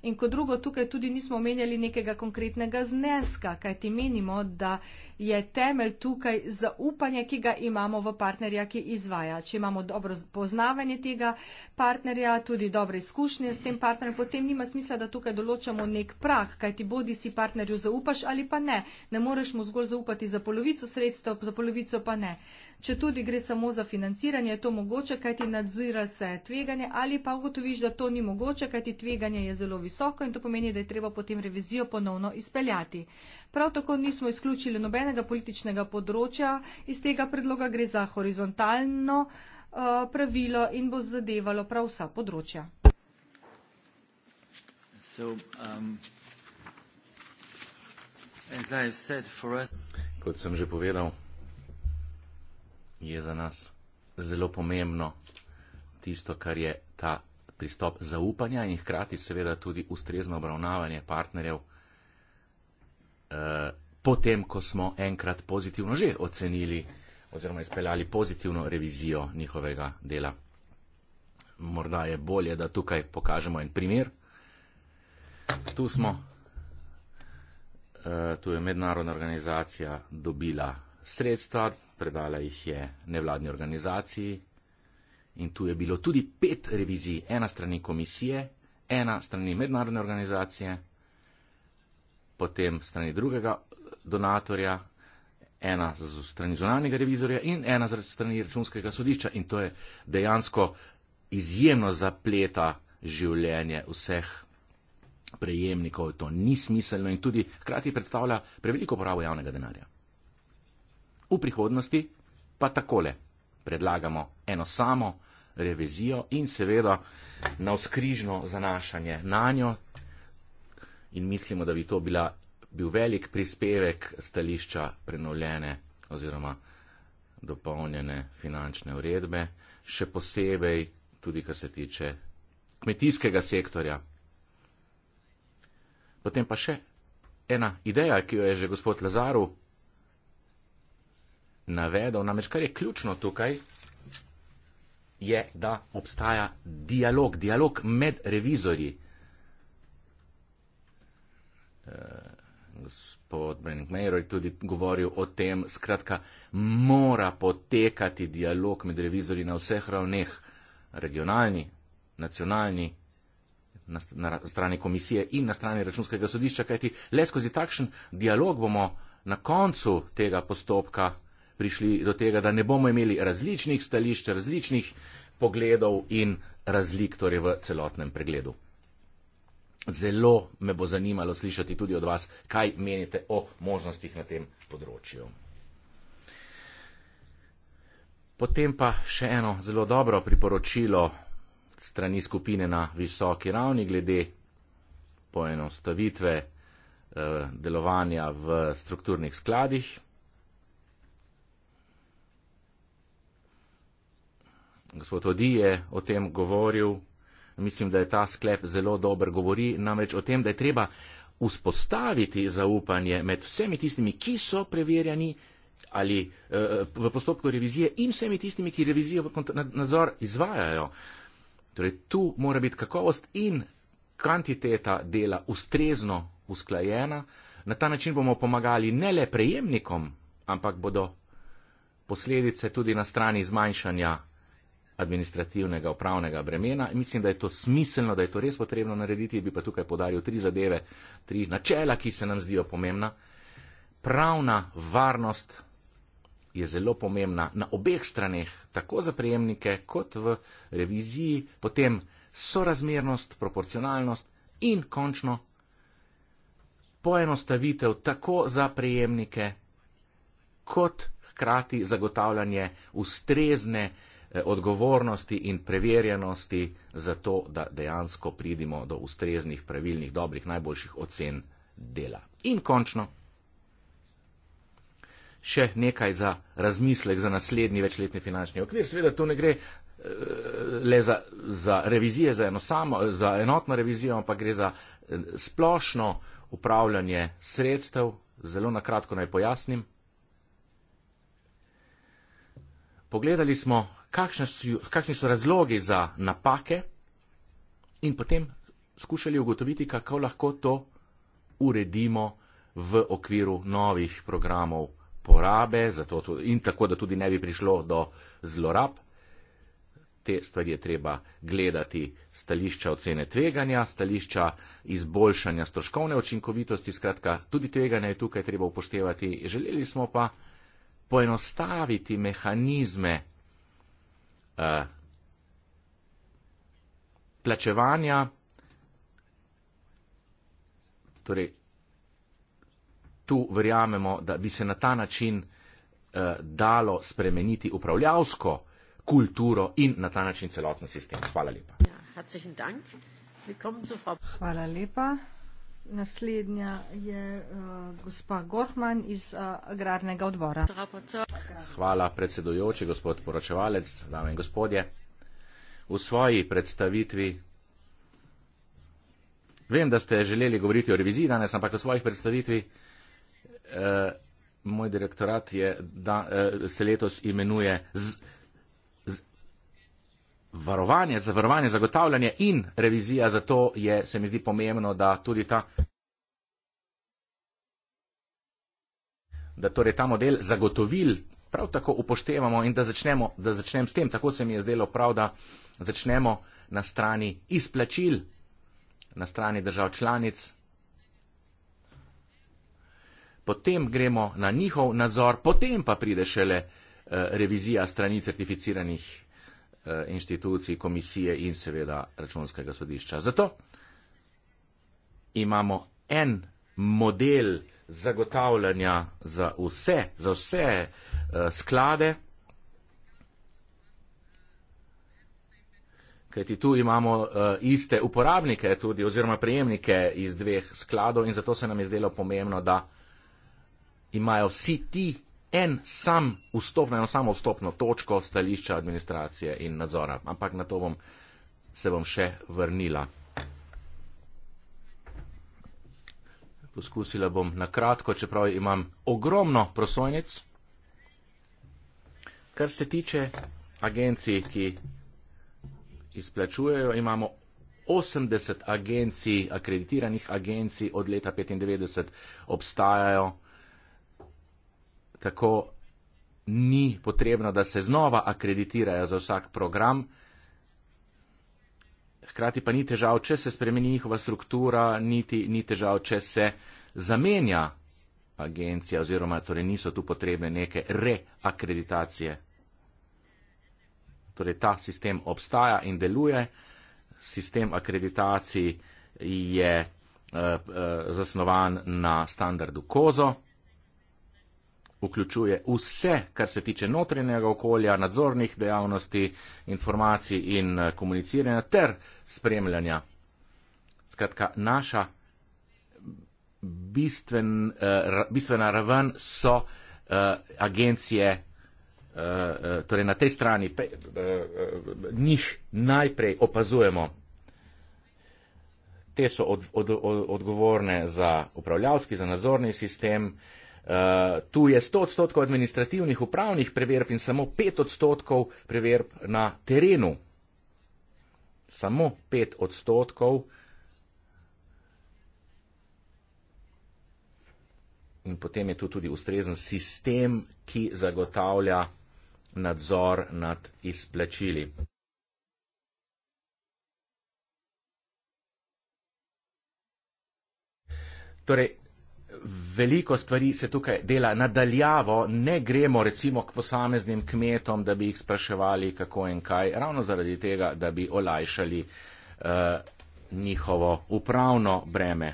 In kot drugo, tukaj tudi nismo omenjali nekega konkretnega zneska, kajti menimo, da je temelj tukaj zaupanje, ki ga imamo v partnerja, ki izvaja. Če imamo dobro poznavanje tega partnerja, tudi dobre izkušnje s tem partnerjem, potem nima smisla, da tukaj določamo nek prah, kaj ti bodi si partnerju zaupaš ali pa ne. Ne moreš mu zgolj zaupati za polovico sredstev, za polovico pa ne. Če tudi gre samo za financiranje, je to mogoče, kaj ti nadzira se tveganje ali pa ugotoviš, da to ni mogoče, kaj ti tveganje je zelo visoko in to pomeni, da je treba potem revizijo ponovno izpeljati. Prav tako nismo izključili nobenega političnega področja iz tega predloga, gre za horizontalno uh, pravilo in bo zadevalo prav vsa področja. So, um, Kot sem že povedal, je za nas zelo pomembno tisto, kar je ta pristop zaupanja in hkrati seveda tudi ustrezno obravnavanje partnerjev. Eh, potem, ko smo enkrat pozitivno že ocenili oziroma izpeljali pozitivno revizijo njihovega dela. Morda je bolje, da tukaj pokažemo en primer. Tu smo, eh, tu je mednarodna organizacija dobila sredstva, predala jih je nevladni organizaciji in tu je bilo tudi pet revizij, ena strani komisije, ena strani mednarodne organizacije, potem strani drugega donatorja, ena z strani zunanjega revizorja in ena z strani računskega sodišča. In to je dejansko izjemno zapleta življenje vseh prejemnikov. To ni smiselno in tudi hkrati predstavlja preveliko porabo javnega denarja. V prihodnosti pa takole predlagamo eno samo revizijo in seveda na vzkrižno zanašanje na njo, in mislimo, da bi to bila, bil velik prispevek stališča prenovljene oziroma dopolnjene finančne uredbe, še posebej tudi, kar se tiče kmetijskega sektorja. Potem pa še ena ideja, ki jo je že gospod Lazaru navedel, namreč kar je ključno tukaj, je, da obstaja dialog, dialog med revizorji gospod Benigmejro je tudi govoril o tem, skratka, mora potekati dialog med revizori na vseh ravneh, regionalni, nacionalni, na, na strani komisije in na strani računskega sodišča, kajti le skozi takšen dialog bomo na koncu tega postopka prišli do tega, da ne bomo imeli različnih stališč, različnih pogledov in razlik torej v celotnem pregledu zelo me bo zanimalo slišati tudi od vas, kaj menite o možnostih na tem področju. Potem pa še eno zelo dobro priporočilo strani skupine na visoki ravni glede poenostavitve eh, delovanja v strukturnih skladih. Gospod Odi je o tem govoril mislim, da je ta sklep zelo dober, govori namreč o tem, da je treba vzpostaviti zaupanje med vsemi tistimi, ki so preverjani ali uh, v postopku revizije in vsemi tistimi, ki revizijo v nadzor izvajajo. Torej, tu mora biti kakovost in kvantiteta dela ustrezno usklajena. Na ta način bomo pomagali ne le prejemnikom, ampak bodo posledice tudi na strani zmanjšanja administrativnega upravnega bremena. Mislim, da je to smiselno, da je to res potrebno narediti. Bi pa tukaj podaril tri zadeve, tri načela, ki se nam zdijo pomembna. Pravna varnost je zelo pomembna na obeh straneh, tako za prejemnike kot v reviziji, potem sorazmernost, proporcionalnost in končno poenostavitev tako za prejemnike kot hkrati zagotavljanje ustrezne Eh, odgovornosti in preverjenosti za to, da dejansko pridimo do ustreznih, pravilnih, dobrih, najboljših ocen dela. In končno, še nekaj za razmislek za naslednji večletni finančni okvir. Sveda to ne gre eh, le za, za revizije, za, eno samo, za enotno revizijo, ampak gre za eh, splošno upravljanje sredstev. Zelo na kratko naj pojasnim. Pogledali smo, kakšni so razlogi za napake in potem skušali ugotoviti, kako lahko to uredimo v okviru novih programov porabe to, in tako, da tudi ne bi prišlo do zlorab. Te stvari je treba gledati stališča ocene tveganja, stališča izboljšanja stroškovne učinkovitosti, skratka, tudi tveganja je tukaj treba upoštevati. Želeli smo pa poenostaviti mehanizme Eh, plačevanja, torej tu verjamemo, da bi se na ta način eh, dalo spremeniti upravljavsko kulturo in na ta način celotno sistem. Hvala lepa. Ja, Hvala lepa. Naslednja je uh, gospa Gorman iz uh, agrarnega odbora. Hvala predsedujoči, gospod poročevalec, dame in gospodje. V svoji predstavitvi. Vem, da ste želeli govoriti o reviziji danes, ampak v svojih predstavitvi. Uh, moj direktorat je, da, uh, se letos imenuje z varovanje, zavarovanje, zagotavljanje in revizija, zato je, se mi zdi pomembno, da tudi ta. Da torej ta model zagotovil prav tako upoštevamo in da začnemo, da začnem s tem, tako se mi je zdelo prav, da začnemo na strani izplačil, na strani držav članic. Potem gremo na njihov nadzor, potem pa pride šele eh, revizija strani certificiranih Eh, inštitucij, komisije in seveda računskega sodišča. Zato imamo en model zagotavljanja za vse, za vse uh, sklade, kajti tu imamo uh, iste uporabnike tudi oziroma prejemnike iz dveh skladov in zato se nam je zdelo pomembno, da imajo vsi ti en sam vstop, na eno samo vstopno točko stališča administracije in nadzora. Ampak na to bom, se bom še vrnila. Poskusila bom na kratko, čeprav imam ogromno prosojnic, kar se tiče agencij, ki izplačujejo. Imamo 80 agencij, akreditiranih agencij od leta 1995 obstajajo tako ni potrebno, da se znova akreditirajo za vsak program. Hkrati pa ni težav, če se spremeni njihova struktura, niti ni težav, če se zamenja agencija oziroma torej niso tu potrebne neke reakreditacije. Torej ta sistem obstaja in deluje. Sistem akreditacij je eh, eh, zasnovan na standardu kozo vključuje vse, kar se tiče notranjega okolja, nadzornih dejavnosti, informacij in eh, komuniciranja ter spremljanja. Skratka, naša bistven, eh, bistvena raven so eh, agencije, torej na tej strani njih najprej opazujemo. Te so od, od, od, odgovorne za upravljavski, za nadzorni sistem, uh, Uh, tu je 100 odstotkov administrativnih upravnih preverb in samo 5 odstotkov preverb na terenu. Samo 5 odstotkov. In potem je tu tudi ustrezen sistem, ki zagotavlja nadzor nad izplačili. Torej, veliko stvari se tukaj dela nadaljavo, ne gremo recimo k posameznim kmetom, da bi jih spraševali, kako in kaj, ravno zaradi tega, da bi olajšali uh, njihovo upravno breme.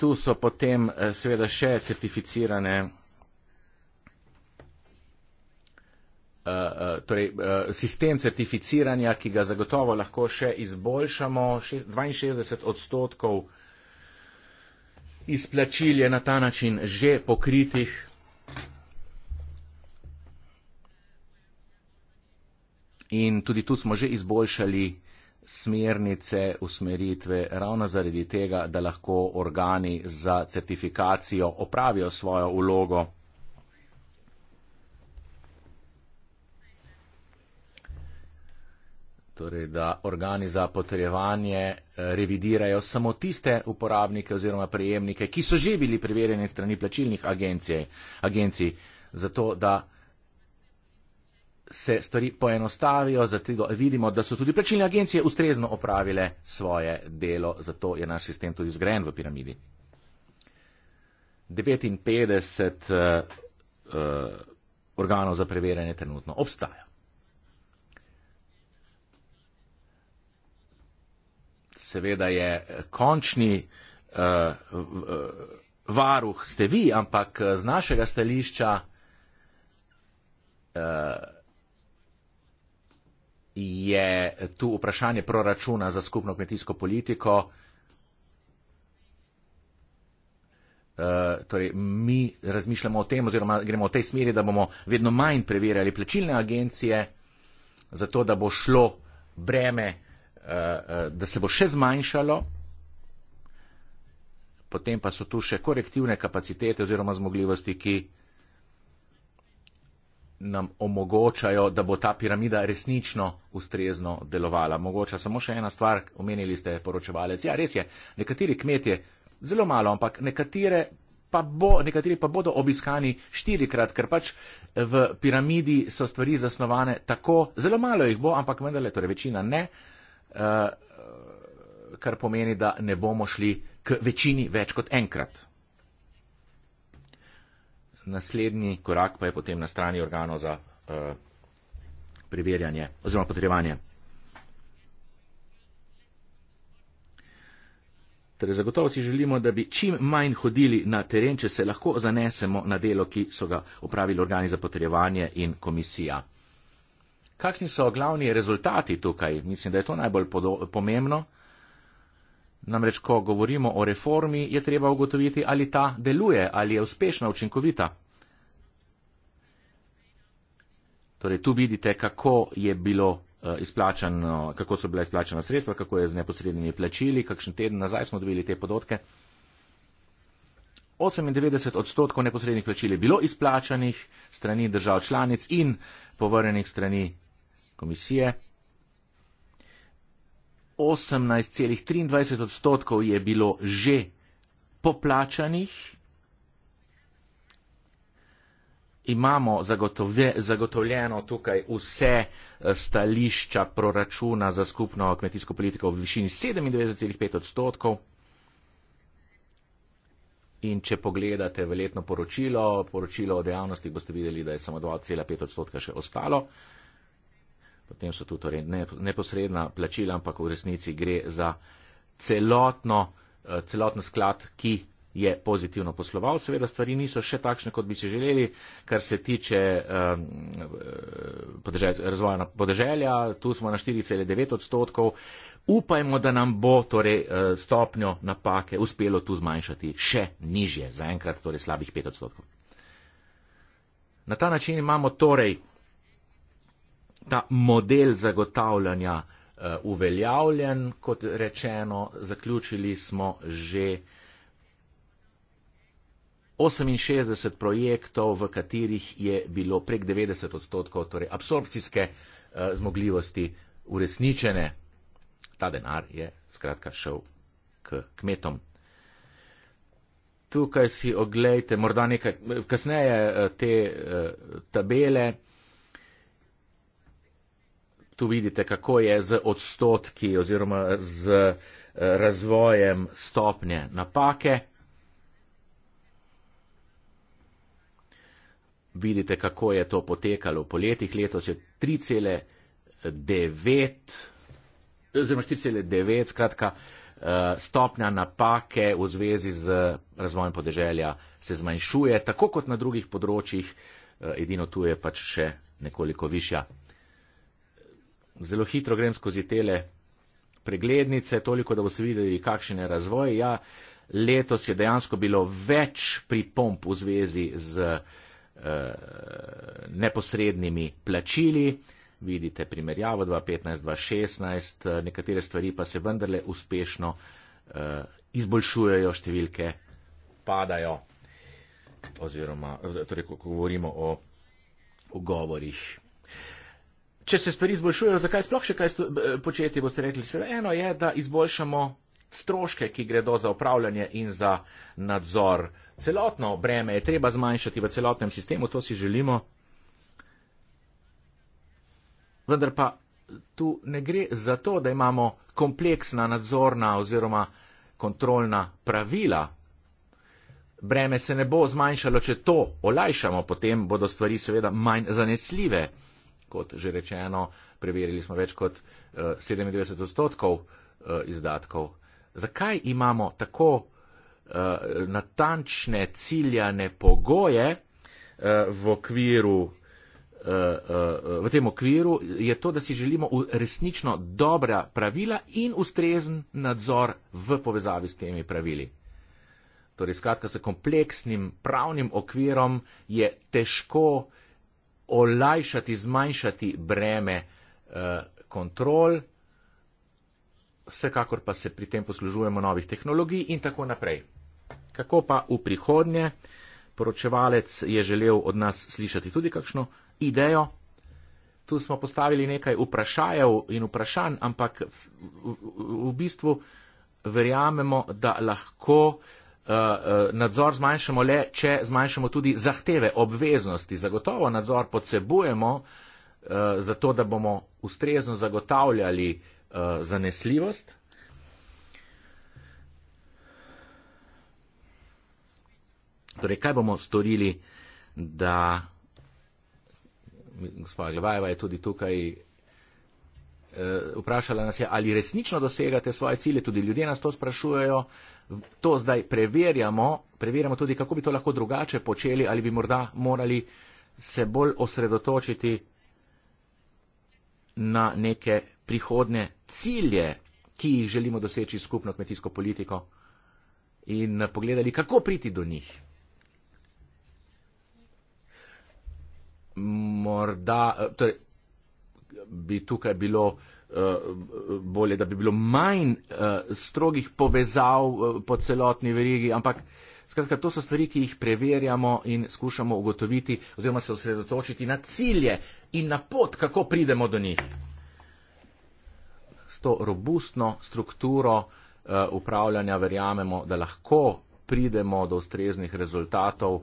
Tu so potem eh, seveda še certificirane. Eh, eh, torej, eh, sistem certificiranja, ki ga zagotovo lahko še izboljšamo. 62 odstotkov izplačil je na ta način že pokritih. In tudi tu smo že izboljšali smernice, usmeritve, ravno zaradi tega, da lahko organi za certifikacijo opravijo svojo vlogo. torej da organi za potrjevanje eh, revidirajo samo tiste uporabnike oziroma prejemnike, ki so že bili preverjeni strani plačilnih agencij, zato da se stvari poenostavijo, zato vidimo, da so tudi plačilne agencije ustrezno opravile svoje delo, zato je naš sistem tudi zgrajen v piramidi. 59 uh, uh, organov za preverjanje trenutno obstaja. seveda je eh, končni uh, varuh ste vi, ampak z našega stališča uh, je tu vprašanje proračuna za skupno kmetijsko politiko. Uh, torej, mi razmišljamo o tem oziroma gremo v tej smeri, da bomo vedno manj preverjali plačilne agencije, zato da bo šlo breme uh, Eh, eh, da se bo še zmanjšalo, potem pa so tu še korektivne kapacitete oziroma zmogljivosti, ki nam omogočajo, da bo ta piramida resnično ustrezno delovala. Mogoče samo še ena stvar, omenili ste poročevalec. Ja, res je, nekateri kmetje, zelo malo, ampak nekatere. Pa bo, nekateri pa bodo obiskani štirikrat, ker pač v piramidi so stvari zasnovane tako, zelo malo jih bo, ampak vendarle, torej večina ne, uh, Eh, kar pomeni, da ne bomo šli k večini več kot enkrat. Naslednji korak pa je potem na strani organov za uh, preverjanje oziroma potrebovanje. Torej, zagotovo si želimo, da bi čim manj hodili na teren, če se lahko zanesemo na delo, ki so ga opravili organi za potrebovanje in komisija kakšni so glavni rezultati tukaj? Mislim, da je to najbolj pomembno. Namreč, ko govorimo o reformi, je treba ugotoviti, ali ta deluje, ali je uspešna, učinkovita. Torej, tu vidite, kako je bilo eh, izplačano, kako so bila izplačena sredstva, kako je z neposrednimi plačili, kakšen teden nazaj smo dobili te podotke. 98 odstotkov neposrednih plačil je bilo izplačanih strani držav članic in povrnenih strani komisije. 18,23 odstotkov je bilo že poplačanih. Imamo zagotove, zagotovljeno tukaj vse eh, stališča proračuna za skupno kmetijsko politiko v višini 97,5 odstotkov. In če pogledate v letno poročilo, poročilo o dejavnosti, boste videli, da je samo 2,5 odstotka še ostalo. Uh, Potem so tu torej neposredna plačila, ampak v resnici gre za celotno, eh, celotno sklad, ki je pozitivno posloval. Seveda stvari niso še takšne, kot bi si želeli, kar se tiče ehm, eh, razvoja na podeželja. Tu smo na 4,9 odstotkov. Upajmo, da nam bo torej eh, stopnjo napake uspelo tu zmanjšati še nižje, zaenkrat torej slabih 5 odstotkov. Na ta način imamo torej ta model zagotavljanja eh, uveljavljen, kot rečeno, zaključili smo že 68 projektov, v katerih je bilo prek 90 odstotkov torej absorpcijske eh, zmogljivosti uresničene. Ta denar je skratka šel k kmetom. Tukaj si oglejte morda nekaj kasneje eh, te tabele tu vidite, kako je z odstotki oziroma z eh, razvojem stopnje napake. Vidite, kako je to potekalo po letih. Letos je 3,9, oziroma 4,9, skratka, eh, stopnja napake v zvezi z razvojem podeželja se zmanjšuje, tako kot na drugih področjih, eh, edino tu je pač še nekoliko višja zelo hitro grem skozi tele preglednice, toliko, da boste videli, kakšen je razvoj. Ja, letos je dejansko bilo več pripomp v zvezi z uh, neposrednimi plačili. Vidite primerjavo 2015-2016, eh, nekatere stvari pa se vendarle uspešno uh, izboljšujejo, številke padajo. Oziroma, torej, ko govorimo o ugovorih. Uh, če se stvari izboljšujejo, zakaj sploh še kaj početi, boste rekli, se eno je, da izboljšamo stroške, ki gredo za upravljanje in za nadzor. Celotno breme je treba zmanjšati v celotnem sistemu, to si želimo. Vendar pa tu ne gre za to, da imamo kompleksna nadzorna oziroma kontrolna pravila. Breme se ne bo zmanjšalo, če to olajšamo, potem bodo stvari seveda manj zanesljive kot že rečeno, preverili smo več kot 97 eh, odstotkov eh, izdatkov. Zakaj imamo tako eh, natančne, ciljane pogoje v okviru? V tem okviru je to, da si želimo resnično dobra pravila in ustrezen nadzor v povezavi s temi pravili. Torej, skratka, s kompleksnim pravnim okvirom je težko uh, olajšati, zmanjšati breme eh, kontrol, vsekakor pa se pri tem poslužujemo novih tehnologij in tako naprej. Kako pa v prihodnje? Poročevalec je želel od nas slišati tudi kakšno idejo. Tu smo postavili nekaj vprašajev in vprašanj, ampak v, v, v bistvu verjamemo, da lahko eh, Eh, eh, nadzor zmanjšamo le, če zmanjšamo tudi zahteve, obveznosti. Zagotovo nadzor potrebujemo, eh, zato da bomo ustrezno zagotavljali zanesljivost. Torej, kaj bomo storili, da gospod Glebajeva je tudi tukaj Eh, vprašala nas je, ali resnično dosegate svoje cilje, tudi ljudje nas to sprašujejo. To zdaj preverjamo, preverjamo tudi, kako bi to lahko drugače počeli, ali bi morda morali se bolj osredotočiti na neke prihodne cilje, ki jih želimo doseči skupno kmetijsko politiko in pogledali, kako priti do njih. Morda, eh, torej, bi tukaj bilo uh, bolje, da bi bilo manj uh, strogih povezav uh, po celotni verigi, ampak skratka, to so stvari, ki jih preverjamo in skušamo ugotoviti oziroma se osredotočiti na cilje in na pot, kako pridemo do njih. S to robustno strukturo uh, upravljanja verjamemo, da lahko pridemo do ustreznih rezultatov. Uh,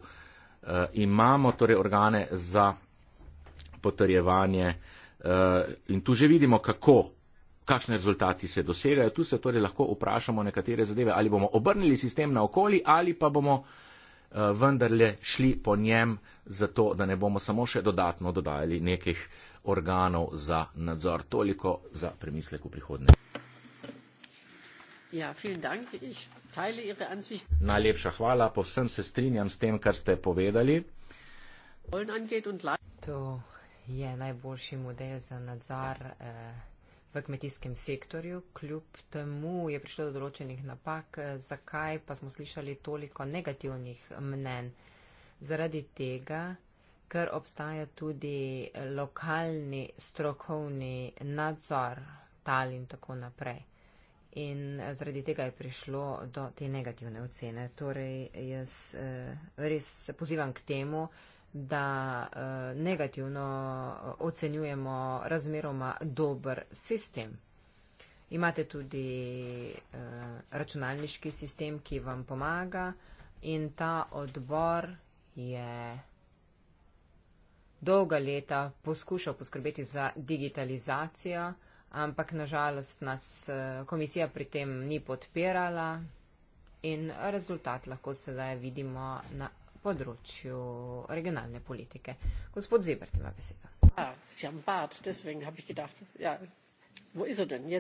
imamo torej organe za potrjevanje uh, Eh, in tu že vidimo, kako, kakšne rezultati se dosegajo. Tu se torej lahko vprašamo nekatere zadeve, ali bomo obrnili sistem na okoli, ali pa bomo eh, vendarle šli po njem, zato da ne bomo samo še dodatno dodajali nekih organov za nadzor. Toliko za premislek v prihodnje. Ja, dank. Ich teile ihre Najlepša hvala, povsem se strinjam s tem, kar ste povedali. To je najboljši model za nadzor eh, v kmetijskem sektorju. Kljub temu je prišlo do določenih napak, eh, zakaj pa smo slišali toliko negativnih mnen. Zaradi tega, ker obstaja tudi lokalni strokovni nadzor tal in tako naprej. In eh, zaradi tega je prišlo do te negativne ocene. Torej, jaz eh, res pozivam k temu, da eh, negativno eh, ocenjujemo razmeroma dober sistem. Imate tudi eh, računalniški sistem, ki vam pomaga in ta odbor je dolga leta poskušal poskrbeti za digitalizacijo, ampak nažalost nas komisija pri tem ni podpirala. In rezultat lahko sedaj vidimo na področju regionalne politike. Gospod Zebert ima besedo. Ja, ja, er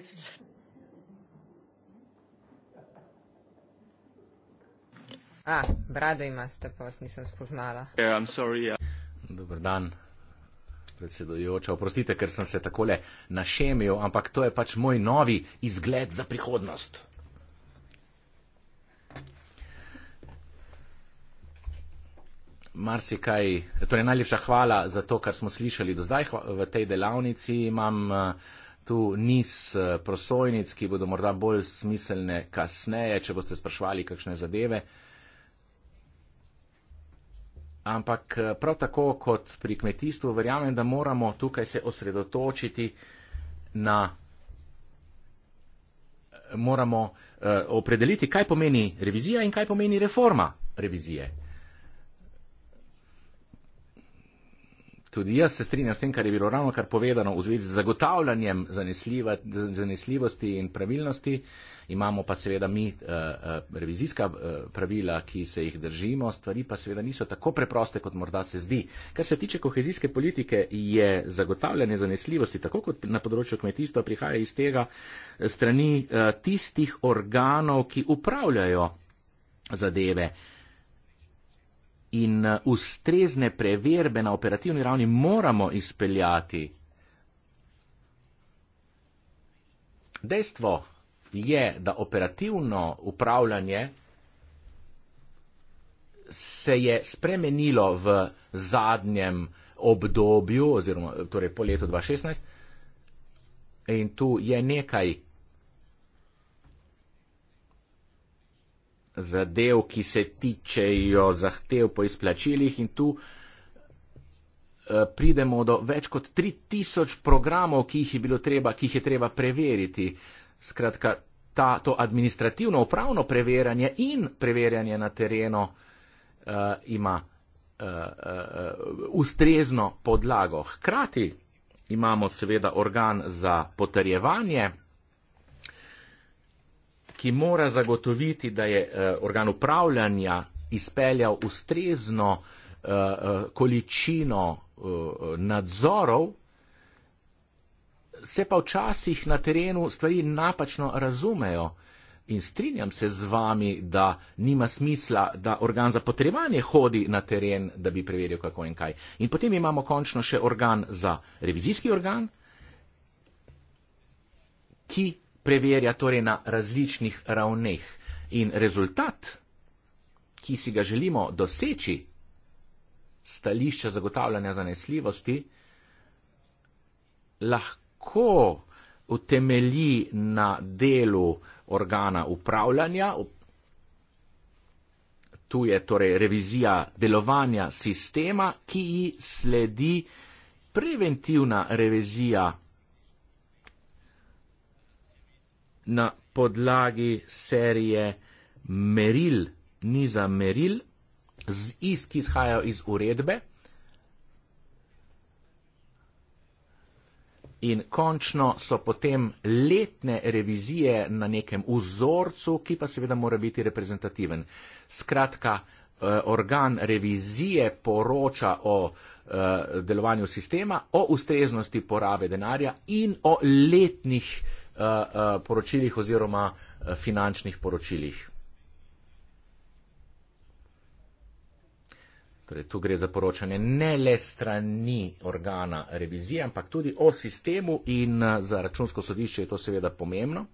A, ah, brado imate, pa vas nisem spoznala. Yeah, sorry, yeah. Dobar dan, predsedojoča. Oprostite, ker sem se takole našemil, ampak to je pač moj novi izgled za prihodnost. marsikaj. Torej, najlepša hvala za to, kar smo slišali do zdaj v tej delavnici. Imam eh, tu niz eh, prosojnic, ki bodo morda bolj smiselne kasneje, če boste sprašvali kakšne zadeve. Ampak eh, prav tako kot pri kmetijstvu, verjamem, da moramo tukaj se osredotočiti na. Moramo uh, opredeliti, kaj pomeni revizija in kaj pomeni reforma revizije. Uh, tudi jaz se strinjam s tem, kar je bilo ravno kar povedano v zvezi z zagotavljanjem zanesljivosti in pravilnosti. Imamo pa seveda mi uh, revizijska uh, pravila, ki se jih držimo, stvari pa seveda niso tako preproste, kot morda se zdi. Kar se tiče kohezijske politike, je zagotavljanje zanesljivosti, tako kot na področju kmetijstva, prihaja iz tega strani uh, tistih organov, ki upravljajo zadeve in uh, ustrezne preverbe na operativni ravni moramo izpeljati. Dejstvo je, da operativno upravljanje se je spremenilo v zadnjem obdobju, oziroma torej po letu 2016, in tu je nekaj zadev, ki se tičejo zahtev po izplačilih in tu eh, pridemo do več kot 3000 programov, ki jih je, treba, ki jih je treba preveriti. Skratka, ta, to administrativno upravno preverjanje in preverjanje na terenu uh, ima uh, uh, ustrezno podlago. Hkrati imamo seveda organ za potrjevanje, ki mora zagotoviti, da je eh, organ upravljanja izpeljal ustrezno eh, eh, količino nadzorov, se pa včasih na terenu stvari napačno razumejo. In strinjam se z vami, da nima smisla, da organ za potrebovanje hodi na teren, da bi preveril, kako in kaj. In potem imamo končno še organ za revizijski organ, ki preverja torej na različnih ravneh in rezultat, ki si ga želimo doseči, stališča zagotavljanja zanesljivosti, lahko utemeli na delu organa upravljanja, tu je torej revizija delovanja sistema, ki ji sledi preventivna revizija na podlagi serije meril, niza meril, z iz, ki izhajajo iz uredbe. In končno so potem letne revizije na nekem vzorcu, ki pa seveda mora biti reprezentativen. Skratka, eh, organ revizije poroča o eh, delovanju sistema, o ustreznosti porabe denarja in o letnih Eh, eh, poročilih oziroma eh, finančnih poročilih. Torej, tu gre za poročanje ne le strani organa revizije, ampak tudi o sistemu in za računsko sodišče je to seveda pomembno.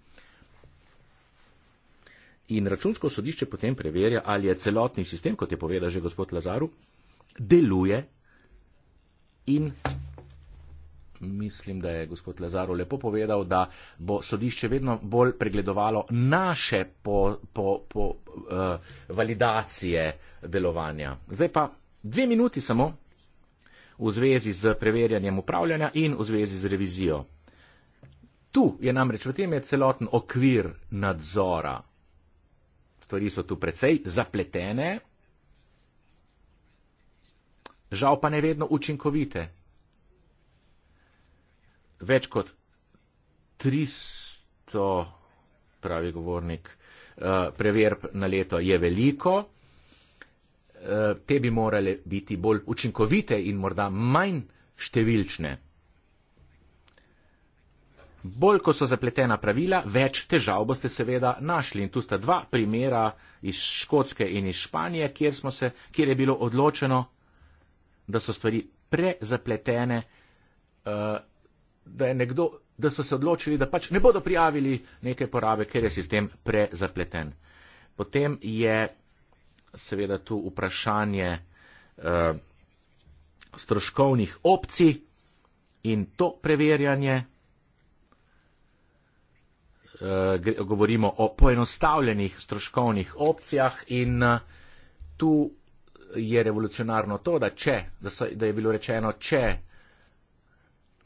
In računsko sodišče potem preverja, ali je celotni sistem, kot je povedal že gospod Lazaru, deluje in mislim, da je gospod Lazaro lepo povedal, da bo sodišče vedno bolj pregledovalo naše po, po, po, uh, validacije delovanja. Zdaj pa dve minuti samo v zvezi z preverjanjem upravljanja in v zvezi z revizijo. Tu je namreč v tem je celoten okvir nadzora. Stvari so tu precej zapletene, žal pa ne vedno učinkovite več kot 300, pravi govornik, eh, preverb na leto je veliko. Eh, te bi morale biti bolj učinkovite in morda manj številčne. Bolj, ko so zapletena pravila, več težav boste seveda našli. In tu sta dva primera iz Škotske in iz Španije, kjer, se, kjer je bilo odločeno, da so stvari prezapletene uh, da, nekdo, da so se odločili, da pač ne bodo prijavili neke porabe, ker je sistem prezapleten. Potem je seveda tu vprašanje uh, stroškovnih opcij in to preverjanje. Uh, govorimo o poenostavljenih stroškovnih opcijah in uh, tu je revolucionarno to, da, če, da, so, da je bilo rečeno, če uh,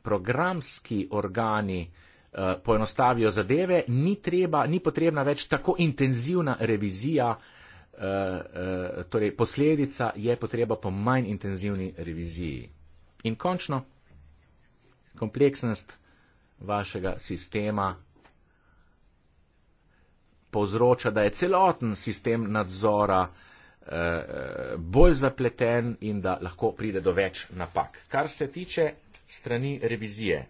programski organi eh, poenostavijo zadeve, ni, treba, ni potrebna več tako intenzivna revizija, eh, eh, torej posledica je potreba po manj intenzivni reviziji. In končno, kompleksnost vašega sistema povzroča, da je celoten sistem nadzora eh, eh bolj zapleten in da lahko pride do več napak. Kar se tiče strani revizije.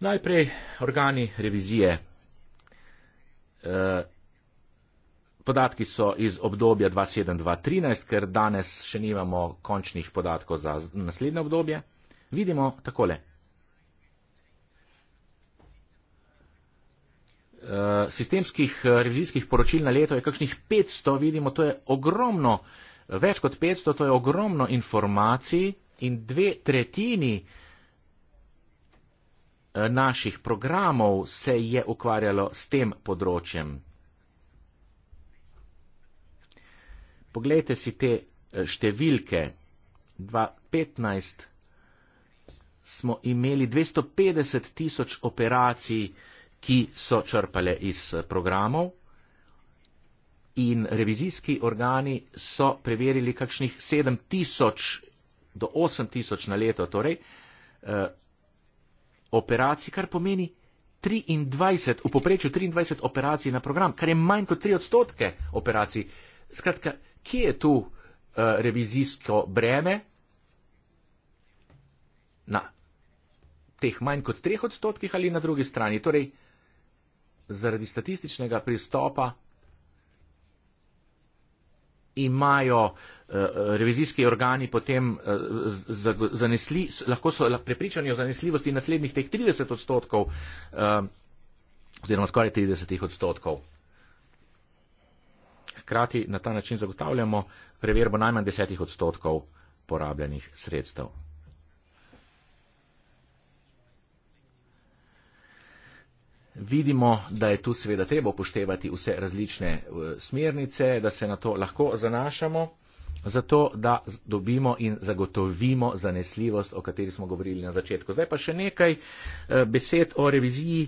Najprej organi revizije. E, podatki so iz obdobja 2007-2013, ker danes še nimamo končnih podatkov za naslednje obdobje. Vidimo takole. Eh, sistemskih eh, revizijskih poročil na leto je kakšnih 500, vidimo, to je ogromno, več kot 500, to je ogromno informacij, in dve tretjini eh, naših programov se je ukvarjalo s tem področjem. Poglejte si te eh, številke. 2015 smo imeli 250 tisoč operacij, ki so črpale iz eh, programov in revizijski organi so preverili kakšnih 7 tisoč do 8 tisoč na leto, torej eh, operacij, kar pomeni 23, v poprečju 23 operacij na program, kar je manj kot 3 odstotke operacij. Skratka, kje je tu eh, revizijsko breme na teh manj kot 3 odstotkih ali na drugi strani? Torej, zaradi statističnega pristopa imajo eh, eh, revizijski organi potem eh, zanesli, lahko so prepričani o zanesljivosti naslednjih teh 30 odstotkov, oziroma skoraj 30 odstotkov. Hkrati na ta način zagotavljamo preverbo najmanj 10 odstotkov porabljenih sredstev. vidimo, da je tu seveda treba upoštevati vse različne eh, smernice, da se na to lahko zanašamo, zato da dobimo in zagotovimo zanesljivost, o kateri smo govorili na začetku. Zdaj pa še nekaj eh, besed o reviziji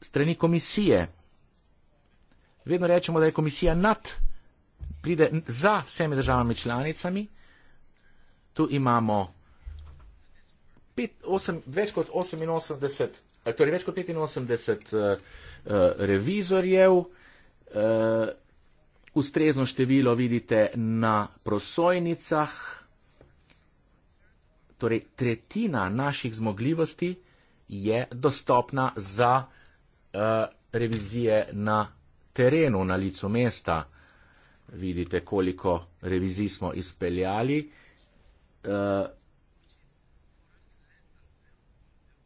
strani komisije. Vedno rečemo, da je komisija nad, pride za vsemi državami članicami. Tu imamo pet, osem, več kot 88 Eh, torej več kot 85 uh, uh, revizorjev. Uh, Ustrezno število vidite na prosojnicah, torej tretjina naših zmogljivosti je dostopna za uh, revizije na terenu, na licu mesta. Vidite, koliko revizij smo izpeljali. Uh,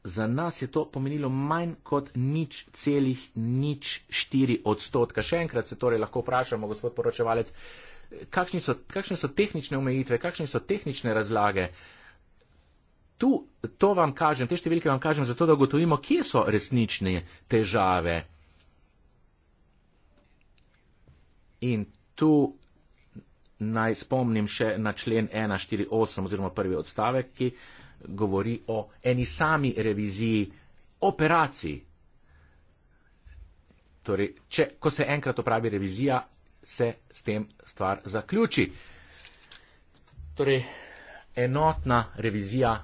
za nas je to pomenilo manj kot nič celih nič štiri odstotka. Še enkrat se torej lahko vprašamo, gospod poročevalec, kakšne so, kakšne so tehnične omejitve, kakšne so tehnične razlage. Tu, to vam kažem, te številke vam kažem zato, da ugotovimo, kje so resnične težave. In tu naj spomnim še na člen 1.4.8 oziroma prvi odstavek, ki govori o eni sami reviziji operacij. Torej, če, ko se enkrat opravi revizija, se s tem stvar zaključi. Torej, enotna revizija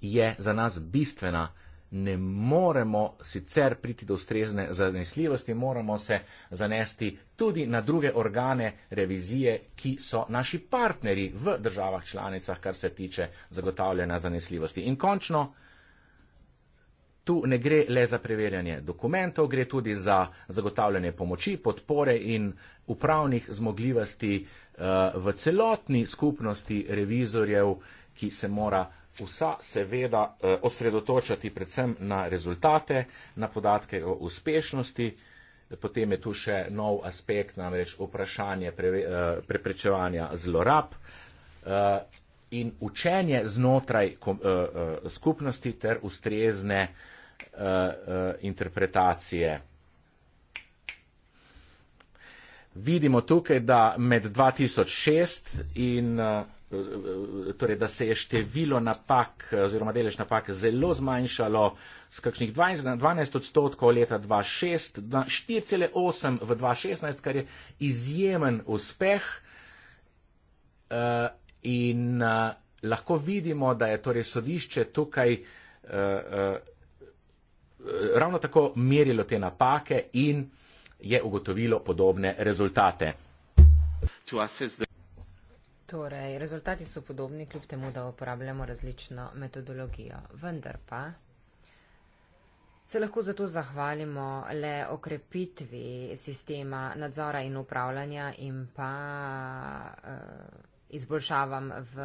je za nas bistvena ne moremo sicer priti do ustrezne zanesljivosti, moramo se zanesti tudi na druge organe revizije, ki so naši partneri v državah članicah, kar se tiče zagotavljanja zanesljivosti. In končno, tu ne gre le za preverjanje dokumentov, gre tudi za zagotavljanje pomoči, podpore in upravnih zmogljivosti uh, v celotni skupnosti revizorjev, ki se mora vsa seveda eh, osredotočati predvsem na rezultate, na podatke o uspešnosti. Potem je tu še nov aspekt, namreč vprašanje pre, eh, preprečevanja zlorab eh, in učenje znotraj skupnosti ter ustrezne interpretacije. Vidimo tukaj, da med 2006 in torej, da se je število napak eh, oziroma delež napak zelo zmanjšalo z kakšnih 12 odstotkov leta 2006, 4,8 v 2016, kar je izjemen uspeh. Eh, in eh, lahko vidimo, da je torej sodišče tukaj ravno tako merilo te napake in je ugotovilo podobne rezultate. To assess Torej, rezultati so podobni, kljub temu, da uporabljamo različno metodologijo. Vendar pa se lahko zato zahvalimo le okrepitvi sistema nadzora in upravljanja in pa uh, izboljšavam v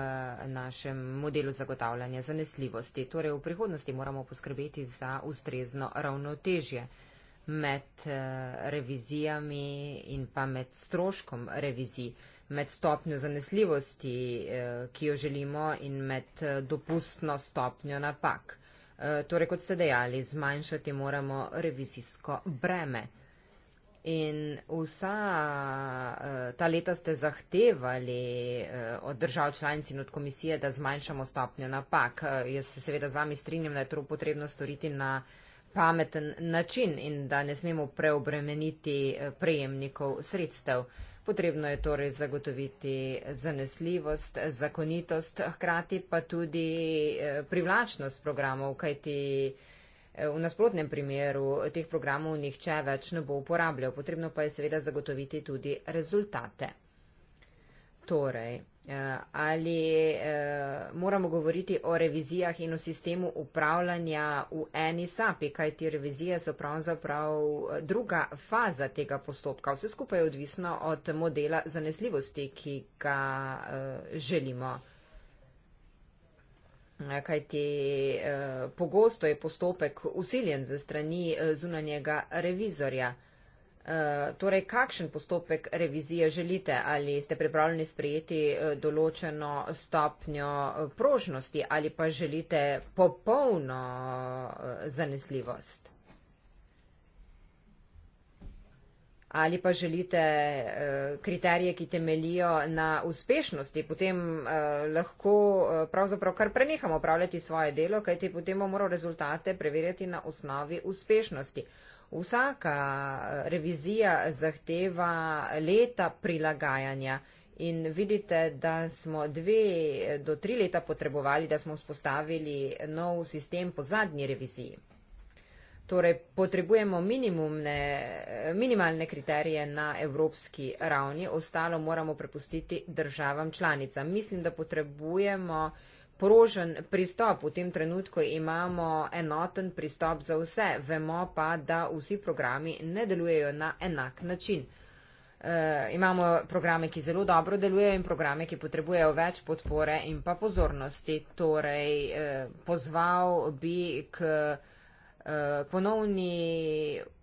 našem modelu zagotavljanja zanesljivosti. Torej, v prihodnosti moramo poskrbeti za ustrezno ravnotežje med uh, revizijami in pa med stroškom revizij. Uh, med stopnjo zanesljivosti, eh, ki jo želimo, in med eh, dopustno stopnjo napak. Eh, torej, kot ste dejali, zmanjšati moramo revizijsko breme. In vsa ta leta ste zahtevali od držav članic in od komisije, da zmanjšamo stopnjo napak. Jaz se seveda z vami strinjam, da je to potrebno storiti na pameten način in da ne smemo preobremeniti prejemnikov sredstev. Potrebno je torej zagotoviti zanesljivost, zakonitost, hkrati pa tudi eh, privlačnost programov, kajti eh, v nasprotnem primeru teh programov nihče več ne bo uporabljal. Potrebno pa je seveda zagotoviti tudi rezultate. Torej, Eh, ali eh, moramo govoriti o revizijah in o sistemu upravljanja v eni sapi, kaj ti revizije so pravzaprav eh, druga faza tega postopka. Vse skupaj je odvisno od modela zanesljivosti, ki ga želimo. Kaj ti pogosto je postopek usiljen za strani zunanjega revizorja. Eh, torej, kakšen postopek revizije želite? Ali ste pripravljeni sprejeti eh, določeno stopnjo eh, prožnosti ali pa želite popolno zanesljivost? Ali pa želite kriterije, ki temelijo na uspešnosti, potem lahko pravzaprav kar prenehamo upravljati svoje delo, kajti potem bomo morali rezultate preverjati na osnovi uspešnosti vsaka eh, revizija zahteva leta prilagajanja. In vidite, da smo dve eh, do tri leta potrebovali, da smo vzpostavili nov sistem po zadnji reviziji. Torej, potrebujemo eh, minimalne kriterije na evropski ravni, ostalo moramo prepustiti državam članicam. Mislim, da potrebujemo prožen pristop. V tem trenutku imamo enoten pristop za vse, vemo pa, da vsi programi ne delujejo na enak način. E, imamo programe, ki zelo dobro delujejo in programe, ki potrebujejo več podpore in pa pozornosti. Torej, e, pozval bi k e, ponovni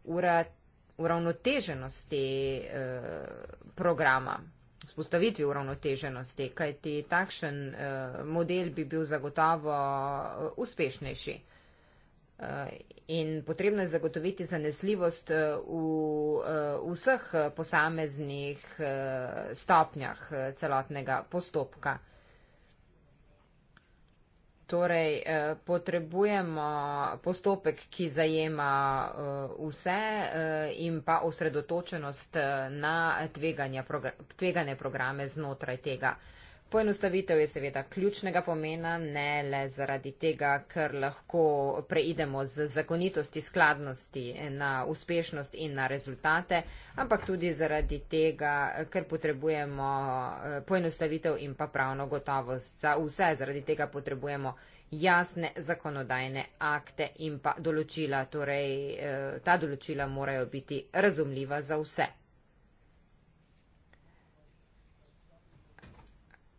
urat uravnoteženosti eh, programa vzpostavitvi uravnoteženosti, kajti takšen uh, model bi bil zagotovo uh, uspešnejši. Uh, in potrebno je zagotoviti zanesljivost v, v vseh posameznih stopnjah celotnega postopka. Torej, eh, potrebujemo postopek, ki zajema eh, vse eh, in pa osredotočenost na tveganja, tvegane programe znotraj tega. Poenostavitev je seveda ključnega pomena, ne le zaradi tega, ker lahko preidemo z zakonitosti, skladnosti na uspešnost in na rezultate, ampak tudi zaradi tega, ker potrebujemo eh, poenostavitev in pa pravno gotovost za vse. Zaradi tega potrebujemo jasne zakonodajne akte in pa določila, torej eh, ta določila morajo biti razumljiva za vse.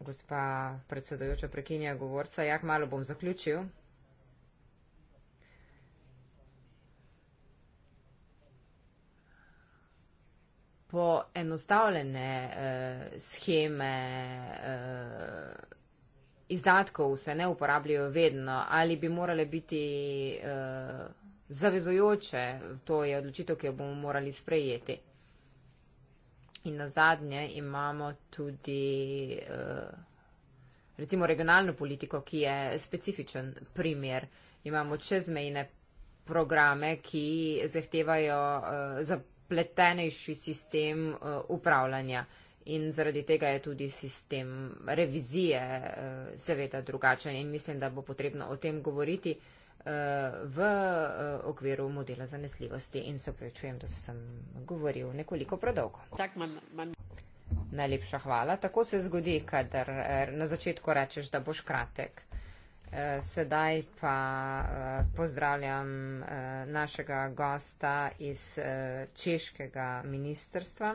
gospa predsedojoča prekinja govorca. Jak malo bom zaključil. Po enostavljene eh, scheme eh, izdatkov se ne uporabljajo vedno ali bi morale biti eh, zavezojoče, to je odločitev, ki jo bomo morali sprejeti. In na zadnje imamo tudi eh, recimo regionalno politiko, ki je specifičen primer. Imamo čezmejne programe, ki zahtevajo eh, zapletenejši sistem eh, upravljanja. In zaradi tega je tudi sistem revizije seveda drugačen. In mislim, da bo potrebno o tem govoriti uh, v uh, okviru modela zanesljivosti in se prevečujem, da sem govoril nekoliko predolgo. Tak, man, man. Najlepša hvala. Tako se zgodi, kadar eh, na začetku rečeš, da boš kratek. Sedaj pa pozdravljam našega gosta iz češkega ministerstva.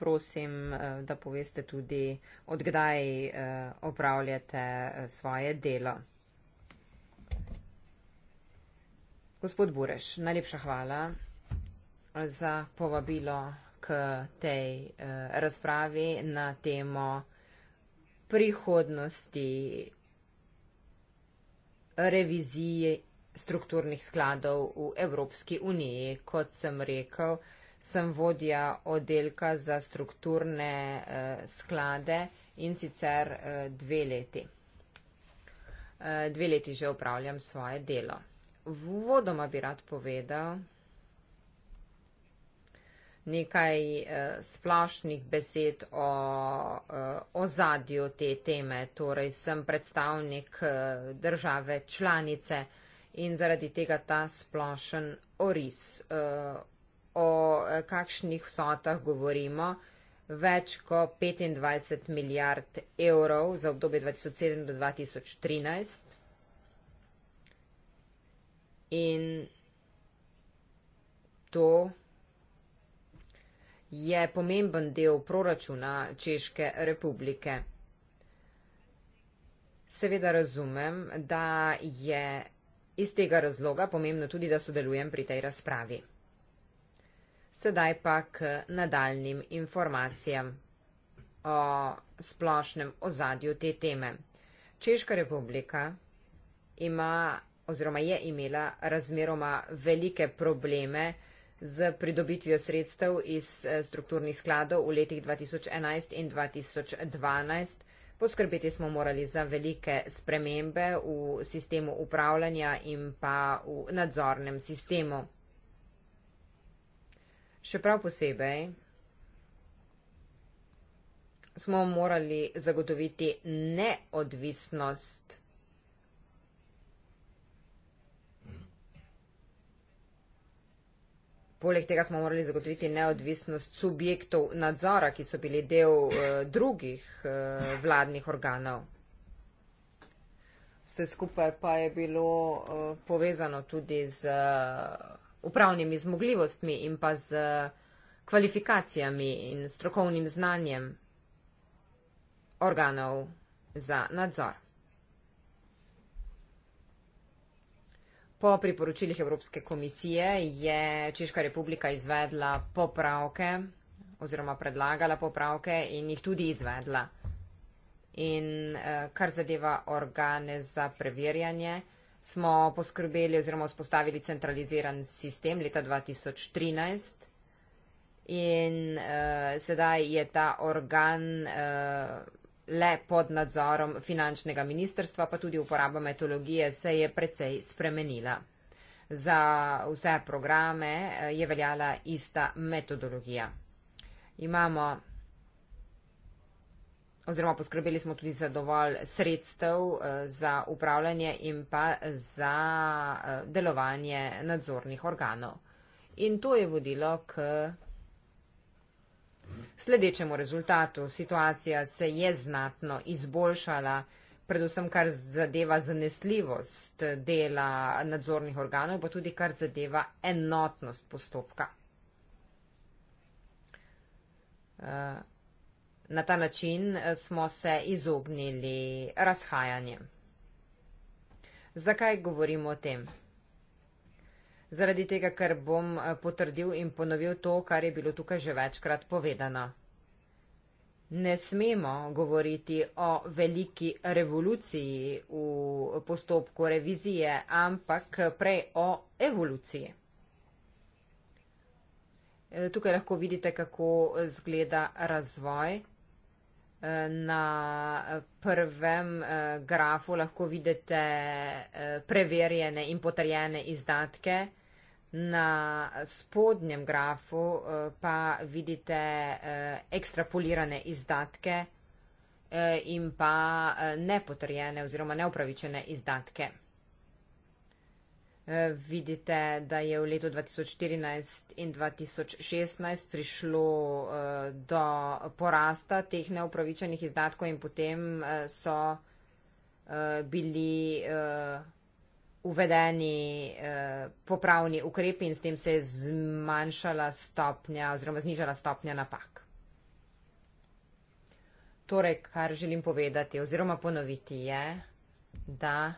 Prosim, da poveste tudi, odkdaj opravljate svoje delo. Gospod Bureš, najlepša hvala za povabilo k tej eh, razpravi na temo prihodnosti revizije strukturnih skladov v Evropski uniji. Kot sem rekel, sem vodja oddelka za strukturne eh, sklade in sicer eh, dve leti. Dve leti že upravljam svoje delo v uvodoma bi rad povedal nekaj uh, splošnih besed o uh, ozadju te teme. Torej, sem predstavnik uh, države članice in zaradi tega ta splošen oris. Uh, o uh, kakšnih vsotah govorimo? Več kot 25 milijard evrov za obdobje 2007 do 2013. In to je pomemben del proračuna Češke republike. Seveda razumem, da je iz tega razloga pomembno tudi, da sodelujem pri tej razpravi. Sedaj pa k nadaljnim informacijam o splošnem ozadju te teme. Češka republika ima oziroma je imela razmeroma velike probleme z pridobitvijo sredstev iz eh, strukturnih skladov v letih 2011 in 2012. Poskrbeti smo morali za velike spremembe v sistemu upravljanja in pa v nadzornem sistemu. Še prav posebej smo morali zagotoviti neodvisnost Poleg tega smo morali zagotoviti neodvisnost subjektov nadzora, ki so bili del eh, drugih eh, vladnih organov. Vse skupaj pa je bilo eh, povezano tudi z eh, upravnimi zmogljivostmi in pa z kvalifikacijami in strokovnim znanjem organov za nadzor. Po priporočilih Evropske komisije je Češka republika izvedla popravke oziroma predlagala popravke in jih tudi izvedla. In eh, kar zadeva organe za preverjanje, smo poskrbeli oziroma vzpostavili centraliziran sistem leta 2013 in uh, sedaj je ta organ uh, le pod nadzorom finančnega ministrstva, pa tudi uporaba metodologije se je precej spremenila. Za vse programe eh, je veljala ista metodologija. Imamo oziroma poskrbeli smo tudi za dovolj sredstev eh, za upravljanje in pa za eh, delovanje nadzornih organov. In to je vodilo k Sledečemu rezultatu situacija se je znatno izboljšala, predvsem kar zadeva zanesljivost dela nadzornih organov, pa tudi kar zadeva enotnost postopka. Eh, na ta način eh, smo se izognili razhajanjem. Zakaj govorimo o tem? zaradi tega, ker bom eh, potrdil in ponovil to, kar je bilo tukaj že večkrat povedano. Ne smemo govoriti o veliki revoluciji v postopku revizije, ampak prej o evoluciji. Eh, tukaj lahko vidite, kako zgleda razvoj. Eh, na prvem grafu lahko vidite preverjene in potrjene izdatke. Na spodnjem grafu eh, pa vidite eh, ekstrapolirane izdatke eh, in pa nepotrjene oziroma neupravičene izdatke. Vidite, da je v letu 2014 in 2016 prišlo do porasta teh neupravičenih izdatkov in potem so bili uvedeni eh, popravni ukrepi in s tem se je zmanjšala stopnja oziroma znižala stopnja napak. Torej, kar želim povedati oziroma ponoviti je, da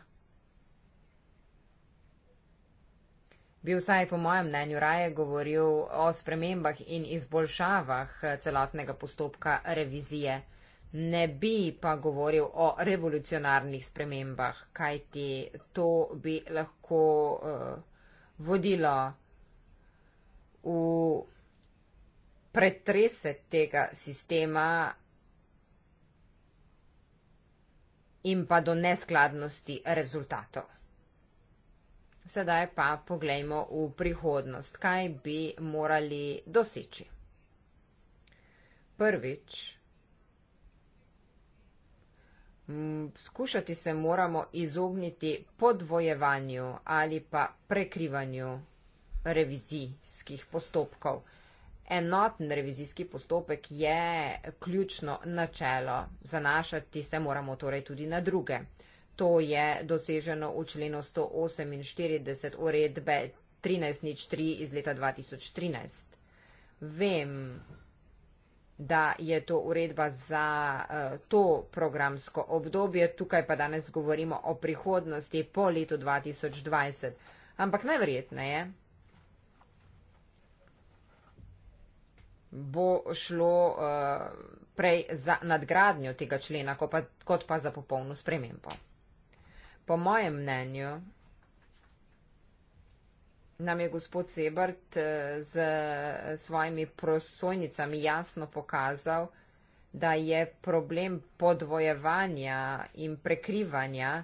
bi vsaj po mojem mnenju raje govoril o spremembah in izboljšavah eh, celotnega postopka revizije. Ne bi pa govoril o revolucionarnih spremembah, kajti to bi lahko uh, vodilo v pretrese tega sistema in pa do neskladnosti rezultatov. Sedaj pa poglejmo v prihodnost, kaj bi morali doseči. Prvič, Mm, skušati se moramo izogniti podvojevanju ali pa prekrivanju revizijskih postopkov. Enoten revizijski postopek je ključno načelo. Zanašati se moramo torej tudi na druge. To je doseženo v členu 148 uredbe 13.3 iz leta 2013. Vem, da je to uredba za eh, to programsko obdobje, tukaj pa danes govorimo o prihodnosti po letu 2020. Ampak najverjetneje bo šlo eh, prej za nadgradnjo tega člena, kot pa za popolno spremembo. Po mojem mnenju nam je gospod Sebert eh, z eh, svojimi prosojnicami jasno pokazal, da je problem podvojevanja in prekrivanja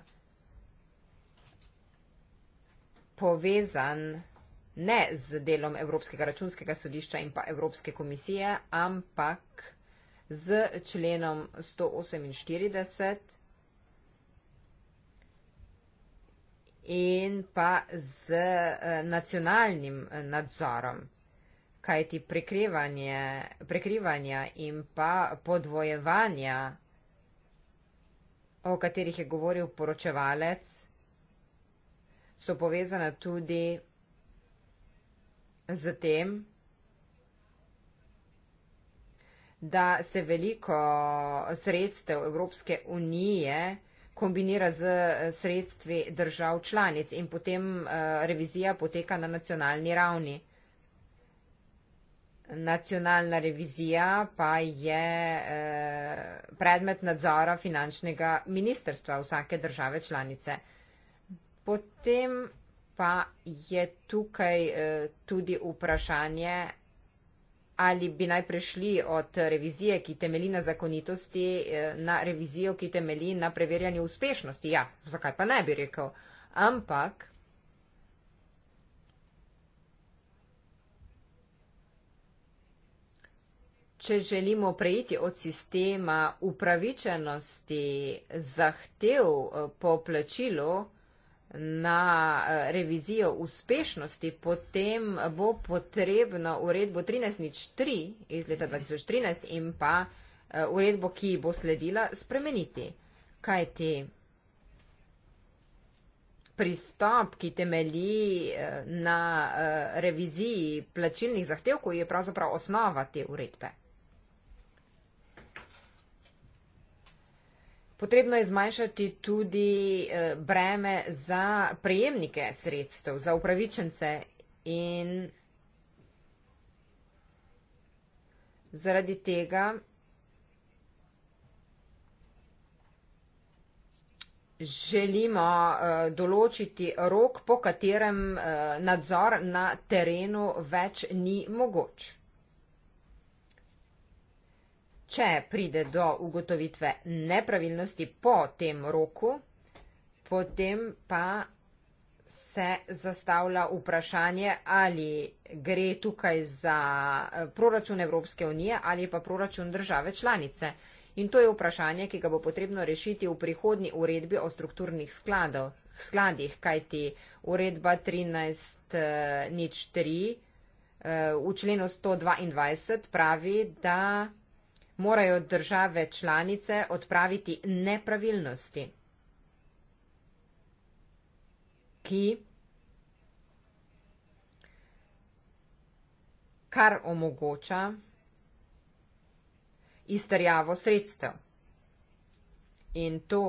povezan ne z delom Evropskega računskega sodišča in pa Evropske komisije, ampak z členom 148 in pa z eh, nacionalnim eh, nadzorom, kajti prekrivanja in pa podvojevanja, o katerih je govoril poročevalec, so povezane tudi z tem, da se veliko sredstev Evropske unije vsega, kombinira z eh, sredstvi držav članic in potem eh, revizija poteka na nacionalni ravni. Nacionalna revizija pa je eh, predmet nadzora finančnega ministerstva vsake države članice. Potem pa je tukaj tudi vprašanje ali bi naj prešli od revizije, ki temeli na zakonitosti, eh, na revizijo, ki temeli na preverjanju uspešnosti. Ja, zakaj pa ne bi rekel? Ampak. Če želimo preiti od sistema upravičenosti zahtev eh, po plačilu, na eh, revizijo uspešnosti, potem bo potrebno uredbo 13.3 iz leta 2013 in pa eh, uredbo, ki bo sledila, spremeniti. Kaj ti pristop, ki temelji eh, na reviziji plačilnih zahtevkov, je pravzaprav osnova te uredbe? Potrebno je zmanjšati tudi eh, breme za prejemnike sredstev, za upravičence in zaradi tega želimo eh, določiti rok, po katerem eh, nadzor na terenu več ni mogoče če pride do ugotovitve nepravilnosti po tem roku, potem pa se zastavlja vprašanje, ali gre tukaj za eh, proračun Evropske unije ali pa proračun države članice. In to je vprašanje, ki ga bo potrebno rešiti v prihodnji uredbi o strukturnih skladov, skladih, kajti uredba 13.03 eh, eh, v členu 122 pravi, da morajo države članice odpraviti nepravilnosti, ki kar omogoča izterjavo sredstev. In to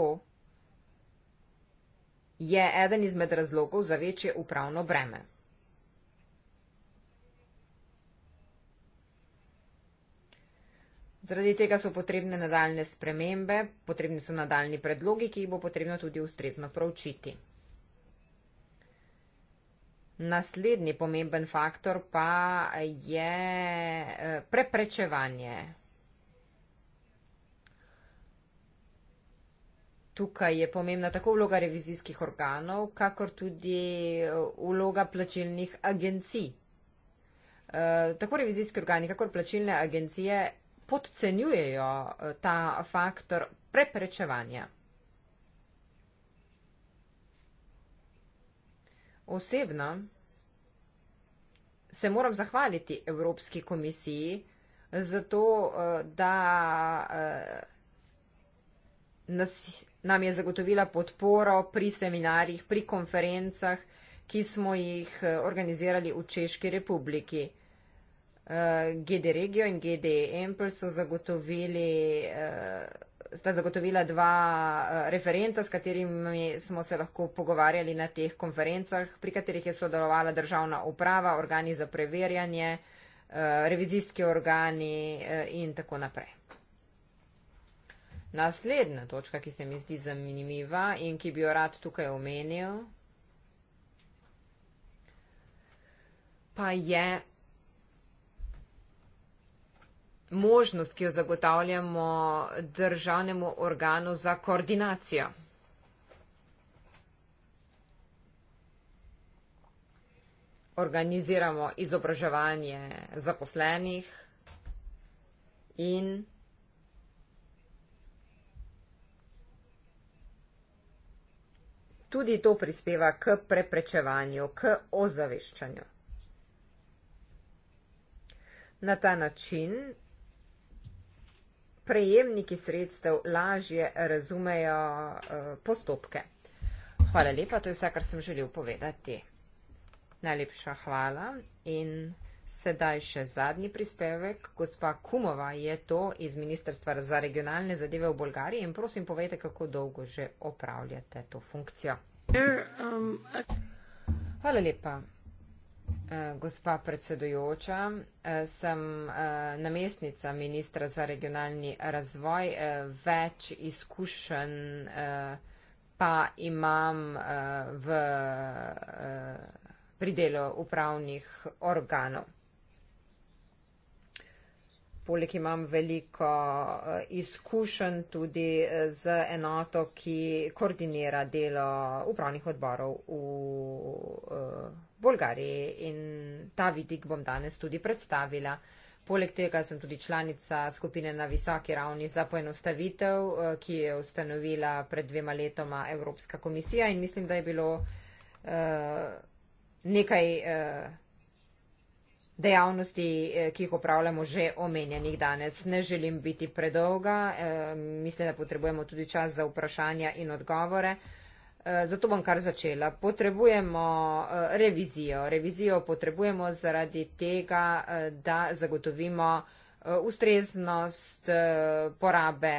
je eden izmed razlogov za večje upravno breme. Zaradi tega so potrebne nadaljne spremembe, potrebni so nadaljni predlogi, ki jih bo potrebno tudi ustrezno proučiti. Naslednji pomemben faktor pa je eh, preprečevanje. Tukaj je pomembna tako vloga revizijskih organov, kakor tudi eh, vloga plačilnih agencij. Eh, tako revizijski organi, kakor plačilne agencije podcenjujejo eh, ta faktor preprečevanja. Osebno se moram zahvaliti Evropski komisiji za to, eh, da eh, nas, nam je zagotovila podporo pri seminarjih, pri konferencah, ki smo jih organizirali v Češki republiki uh, GD Regio in GD Empl so zagotovili, uh, sta zagotovila dva uh, referenta, s katerimi smo se lahko pogovarjali na teh konferencah, pri katerih je sodelovala državna uprava, organi za preverjanje, uh, revizijski organi uh, in tako naprej. Naslednja točka, ki se mi zdi zanimiva in ki bi jo rad tukaj omenil, pa je možnost, ki jo zagotavljamo državnemu organu za koordinacijo. Organiziramo izobraževanje zaposlenih in tudi to prispeva k preprečevanju, k ozaveščanju. Na ta način prejemniki sredstev lažje razumejo eh, postopke. Hvala lepa, to je vse, kar sem želel povedati. Najlepša hvala in sedaj še zadnji prispevek. Gospa Kumova je to iz Ministrstva za regionalne zadeve v Bolgariji in prosim povejte, kako dolgo že opravljate to funkcijo. Um, hvala lepa. Eh, gospa predsedujoča, eh, sem eh, namestnica ministra za regionalni razvoj. Več izkušenj pa imam v pridelu upravnih organov poleg imam veliko eh, izkušenj tudi eh, z enoto, ki koordinira delo upravnih odborov v eh, Bolgariji in ta vidik bom danes tudi predstavila. Poleg tega sem tudi članica skupine na visoki ravni za poenostavitev, ki je ustanovila pred dvema letoma Evropska komisija in mislim, da je bilo nekaj dejavnosti, eh, ki jih upravljamo že omenjenih danes. Ne želim biti predolga, eh, mislim, da potrebujemo tudi čas za vprašanja in odgovore. Eh, zato bom kar začela. Potrebujemo revizijo. Revizijo potrebujemo zaradi tega, da zagotovimo ustreznost porabe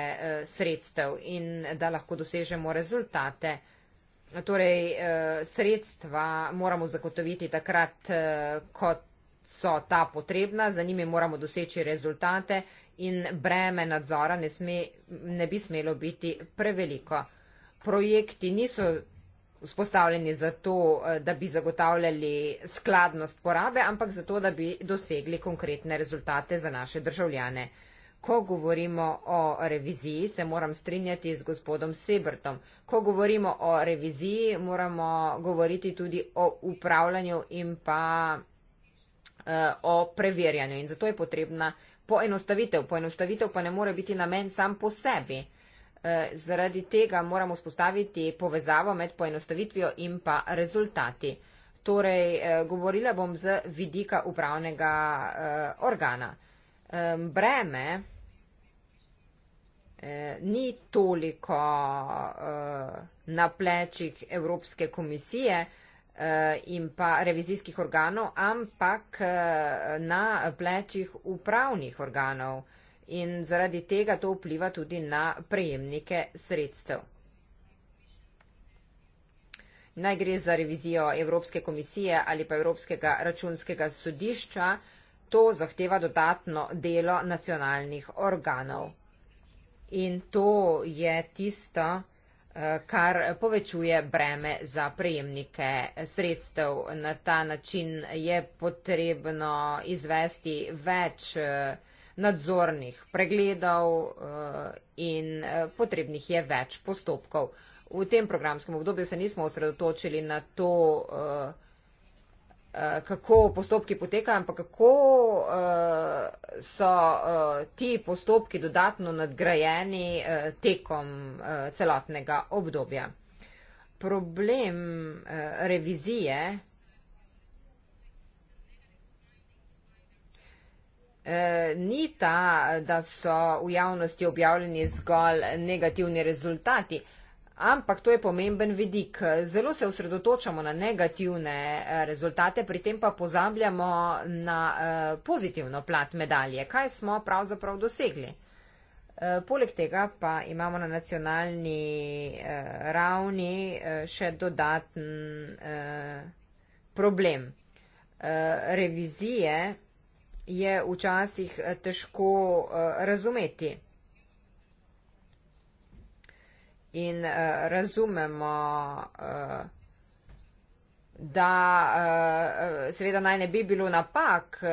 sredstev in da lahko dosežemo rezultate. Torej, sredstva moramo zagotoviti takrat, kot so ta potrebna, za njimi moramo doseči rezultate in breme nadzora ne, sme, ne bi smelo biti preveliko. Projekti niso vzpostavljeni zato, da bi zagotavljali skladnost porabe, ampak zato, da bi dosegli konkretne rezultate za naše državljane. Ko govorimo o reviziji, se moram strinjati z gospodom Sebrtom. Ko govorimo o reviziji, moramo govoriti tudi o upravljanju in pa Eh, o preverjanju in zato je potrebna poenostavitev. Poenostavitev pa ne more biti namen sam po sebi. Eh, zaradi tega moramo spostaviti povezavo med poenostavitvijo in pa rezultati. Torej, eh, govorila bom z vidika upravnega organa. Breme ni toliko na plečih Evropske komisije, Eh, in pa revizijskih organov, ampak eh, na plečih upravnih organov in zaradi tega to vpliva tudi na prejemnike sredstev. Naj gre za revizijo Evropske komisije ali pa Evropskega računskega sodišča, to zahteva dodatno delo nacionalnih organov. In to je tisto, ki je tisto, kar povečuje breme za prejemnike sredstev. Na ta način je potrebno izvesti več eh, nadzornih pregledov eh, in eh, potrebnih je več postopkov. V tem programskem obdobju se nismo osredotočili na to, Eh, kako postopki potekajo, ampak kako uh, so uh, ti postopki dodatno nadgrajeni uh, tekom uh, celotnega obdobja. Problem uh, revizije uh, ni ta, da so v javnosti objavljeni zgolj negativni rezultati, uh, ampak to je pomemben vidik. Zelo se osredotočamo na negativne eh, rezultate, pri tem pa pozabljamo na eh, pozitivno plat medalje. Kaj smo pravzaprav dosegli? Eh, poleg tega pa imamo na nacionalni ravni še dodaten problem. Revizije je včasih težko razumeti in uh, razumemo, uh, da uh, seveda naj ne bi bilo napak, uh,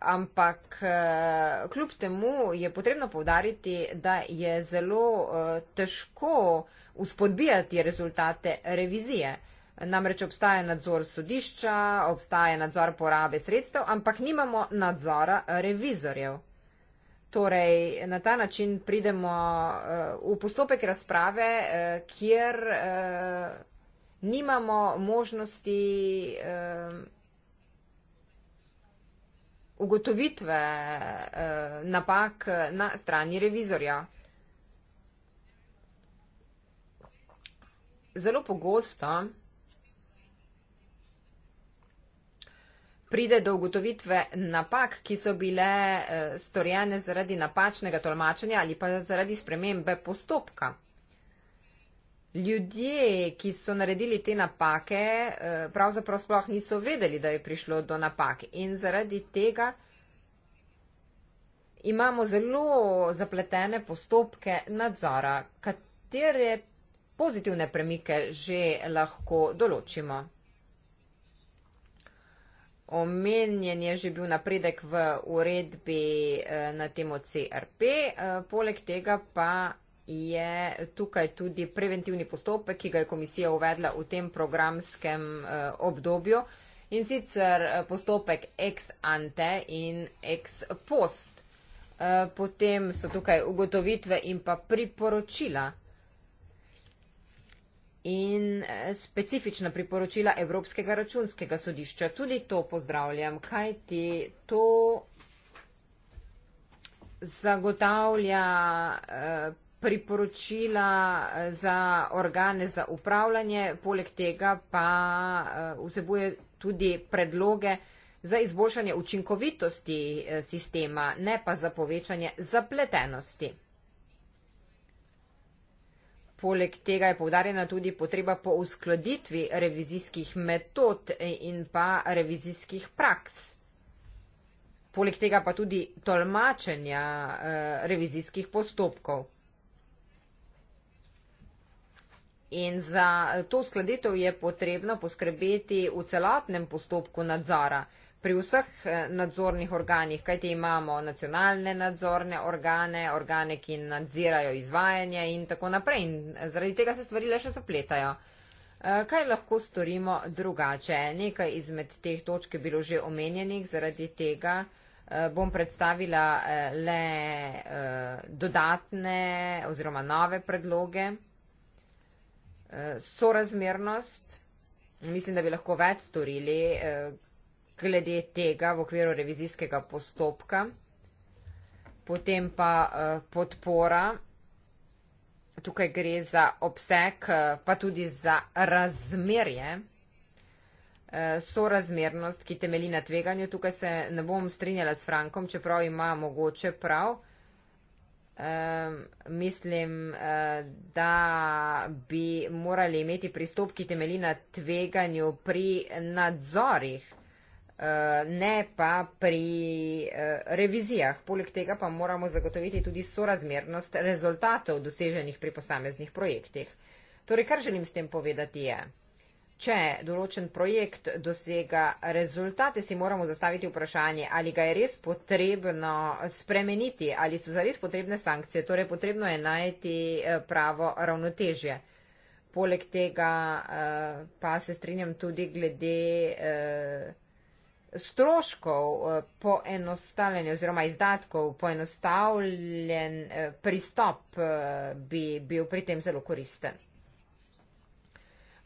ampak uh, kljub temu je potrebno povdariti, da je zelo uh, težko uspodbijati rezultate revizije. Namreč obstaja nadzor sodišča, obstaja nadzor porabe sredstev, ampak nimamo nadzora revizorjev. Torej, na ta način pridemo uh, v postopek razprave, uh, kjer uh, nimamo možnosti uh, ugotovitve uh, napak na strani revizorja. Zelo pogosto pride do ugotovitve napak, ki so bile eh, storjene zaradi napačnega tolmačenja ali pa zaradi spremembe postopka. Ljudje, ki so naredili te napake, eh, pravzaprav sploh niso vedeli, da je prišlo do napak in zaradi tega imamo zelo zapletene postopke nadzora, katere pozitivne premike že lahko določimo. Omenjen je že bil napredek v uredbi eh, na temo CRP, eh, poleg tega pa je tukaj tudi preventivni postopek, ki ga je komisija uvedla v tem programskem eh, obdobju in sicer postopek ex ante in ex post. Potem so tukaj ugotovitve in pa priporočila in eh, specifična priporočila Evropskega računskega sodišča. Tudi to pozdravljam, kaj ti to zagotavlja eh, priporočila eh, za organe za upravljanje, poleg tega pa vsebuje tudi predloge za izboljšanje učinkovitosti sistema, ne pa za povečanje zapletenosti. Poleg tega je povdarjena tudi potreba po uskladitvi revizijskih metod in pa revizijskih praks. Poleg tega pa tudi tolmačenja eh, revizijskih postopkov. In za to uskladitev je potrebno poskrbeti v celotnem postopku nadzora pri vseh eh, nadzornih organih, kajti imamo nacionalne nadzorne organe, organe, ki nadzirajo izvajanje in tako naprej. In zaradi tega se stvari le še zapletajo. Eh, kaj lahko storimo drugače? Nekaj izmed teh točk je bilo že omenjenih, zaradi tega eh, bom predstavila le dodatne oziroma nove predloge. Sorazmernost. Mislim, da bi lahko več storili, glede tega v okviru revizijskega postopka. Potem pa eh, podpora. Tukaj gre za obseg, eh, pa tudi za razmerje. Eh, sorazmernost, ki temeli na tveganju. Tukaj se ne bom strinjala s Frankom, čeprav ima mogoče prav. Um, mislim, da bi morali imeti pristop, ki temeli na tveganju pri nadzorih. Eh, ne pa pri eh, revizijah. Poleg tega pa moramo zagotoviti tudi sorazmernost rezultatov doseženih pri posameznih projektih. Torej, kar želim s tem povedati je, če določen projekt dosega rezultate, si moramo zastaviti vprašanje, ali ga je res potrebno spremeniti, ali so za res potrebne sankcije, torej potrebno je najti eh, pravo ravnotežje. Poleg tega pa se strinjam tudi glede stroškov eh, poenostavljanja oziroma izdatkov poenostavljen eh, pristop eh, bi bil pri tem zelo koristen.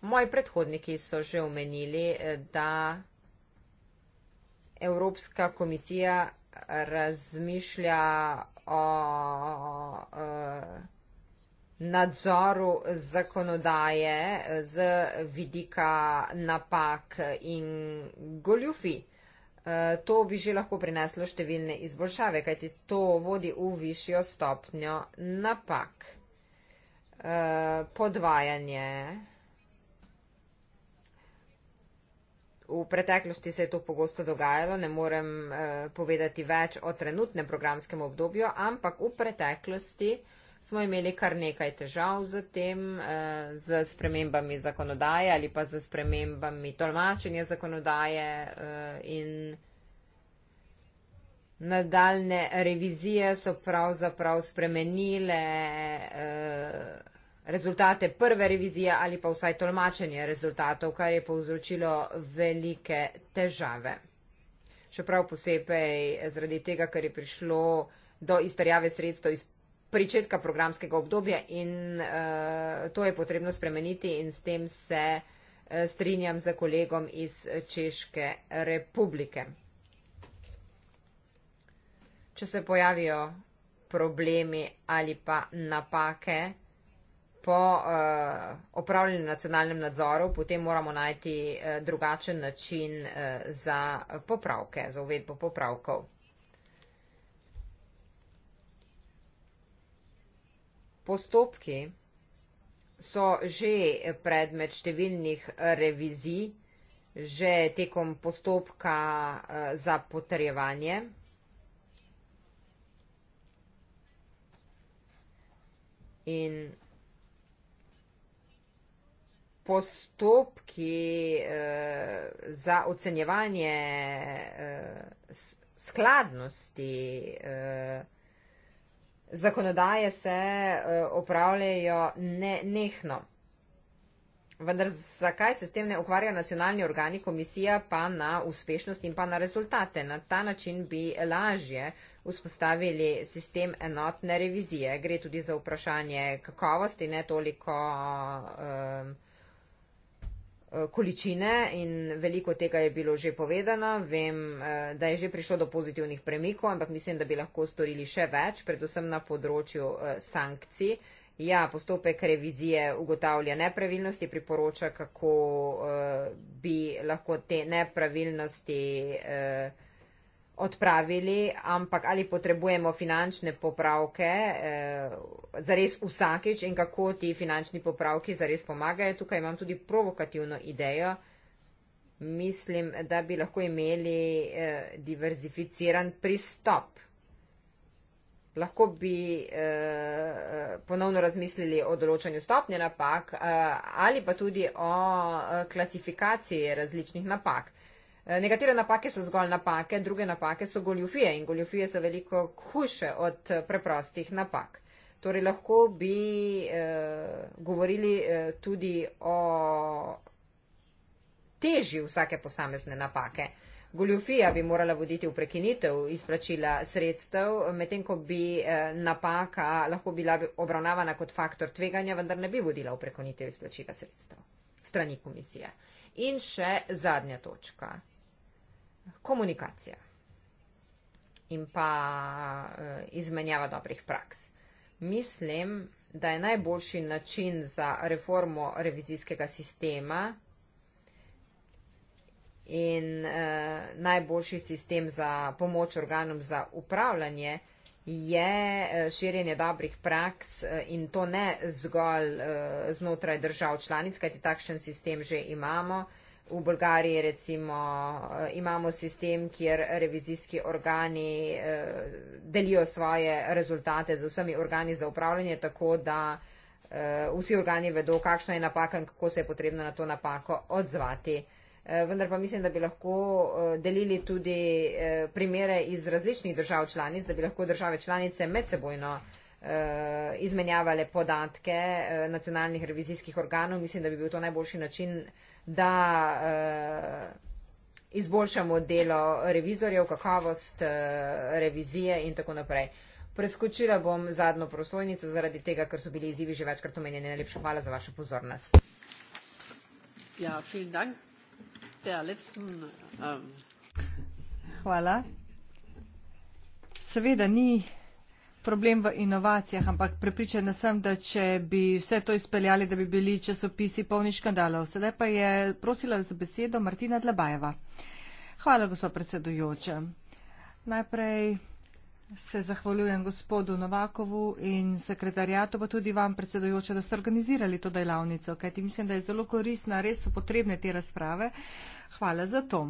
Moji predhodniki so že omenili, da Evropska komisija razmišlja o nadzoru zakonodaje z vidika napak in goljufi. To bi že lahko prineslo številne izboljšave, kajti to vodi v višjo stopnjo napak. Eh, podvajanje. V preteklosti se je to pogosto dogajalo, ne morem eh, povedati več o trenutnem programskem obdobju, ampak v preteklosti smo imeli kar nekaj težav z tem, eh, z spremembami zakonodaje ali pa z spremembami tolmačenja zakonodaje eh, in nadaljne revizije so pravzaprav spremenile eh, rezultate prve revizije ali pa vsaj tolmačenje rezultatov, kar je povzročilo velike težave. Čeprav posebej zaradi tega, ker je prišlo do izterjave sredstev iz pričetka programskega obdobja in uh, to je potrebno spremeniti in s tem se uh, strinjam za kolegom iz Češke republike. Če se pojavijo problemi ali pa napake po uh, opravljenem nacionalnem nadzoru, potem moramo najti uh, drugačen način uh, za popravke, za uvedbo popravkov. postopki so že predmet številnih revizij, že tekom postopka eh, za potrjevanje. In postopki eh, za ocenjevanje eh, skladnosti eh, zakonodaje se e, opravljajo nenehno. Vendar zakaj se s tem ne ukvarjajo nacionalni organi, komisija pa na uspešnost in pa na rezultate? Na ta način bi lažje vzpostavili sistem enotne revizije. Gre tudi za vprašanje kakovosti, ne toliko. Uh, Eh, količine in veliko tega je bilo že povedano. Vem, eh, da je že prišlo do pozitivnih premikov, ampak mislim, da bi lahko storili še več, predvsem na področju eh, sankcij. Ja, postopek revizije ugotavlja nepravilnosti, priporoča, kako bi lahko te nepravilnosti odpravili, ampak ali potrebujemo finančne popravke eh, za res vsakeč in kako ti finančni popravki za res pomagajo. Tukaj imam tudi provokativno idejo. Mislim, da bi lahko imeli eh, diverzificiran pristop. Lahko bi eh, ponovno razmislili o določanju stopnje napak eh, ali pa tudi o eh, klasifikaciji različnih napak. Eh, Eh, nekatere napake so zgolj napake, druge napake so goljufije in goljufije so veliko hujše od eh, preprostih napak. Torej lahko bi eh, govorili eh, tudi o teži vsake posamezne napake. Goljufija bi morala voditi v prekinitev izplačila sredstev, medtem ko bi eh, napaka lahko bila obravnavana kot faktor tveganja, vendar ne bi vodila v prekinitev izplačila sredstev strani komisije. In še zadnja točka komunikacija in pa eh, izmenjava dobrih praks. Mislim, da je najboljši način za reformo revizijskega sistema in eh, najboljši sistem za pomoč organom za upravljanje je eh, širjenje dobrih praks in to ne zgolj znotraj držav članic, kajti takšen sistem že imamo, V Bolgariji recimo eh, imamo sistem, kjer revizijski organi eh, delijo svoje rezultate z vsemi organi za upravljanje, tako da eh, vsi organi vedo, kakšna je napaka in kako se je potrebno na to napako odzvati. Vendar pa mislim, da bi lahko delili tudi primere iz različnih držav članic, da bi lahko države članice medsebojno izmenjavale podatke nacionalnih revizijskih organov. Mislim, da bi bil to najboljši način da uh, izboljšamo delo revizorjev, kakovost uh, revizije in tako naprej. Preskočila bom zadnjo prosojnico zaradi tega, ker so bili izzivi že večkrat omenjeni. Najlepša hvala za vašo pozornost. Ja, ähm, Hvala. Seveda ni problem v inovacijah, ampak prepričana sem, da če bi vse to izpeljali, da bi bili časopisi polni škandalov. Sedaj pa je prosila za besedo Martina Dlabajeva. Hvala, gospod predsedujoče. Najprej se zahvaljujem gospodu Novakovu in sekretarjatu, pa tudi vam, predsedujoče, da ste organizirali to delavnico, kajti mislim, da je zelo koristna, res so potrebne te razprave. Hvala za to.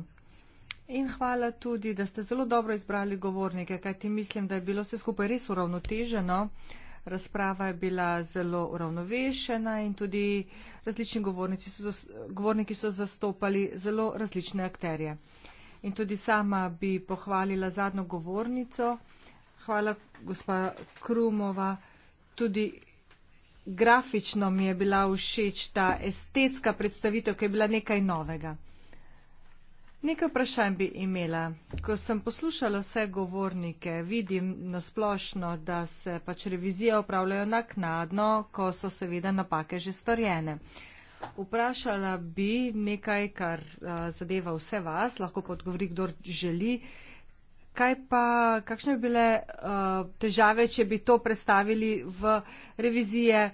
In hvala tudi, da ste zelo dobro izbrali govornike, kajti mislim, da je bilo vse skupaj res uravnoteženo. Razprava je bila zelo uravnovešena in tudi različni govornici so, govorniki so zastopali zelo različne akterje. In tudi sama bi pohvalila zadnjo govornico. Hvala, gospa Krumova. Tudi grafično mi je bila všeč ta estetska predstavitev, ki je bila nekaj novega. Nekaj vprašanj bi imela. Ko sem poslušala vse govornike, vidim nasplošno, da se pač revizije upravljajo naknadno, ko so seveda napake že storjene. Vprašala bi nekaj, kar a, zadeva vse vas, lahko pa odgovori, kdo želi. Kaj pa, kakšne bi bile a, težave, če bi to predstavili v revizije,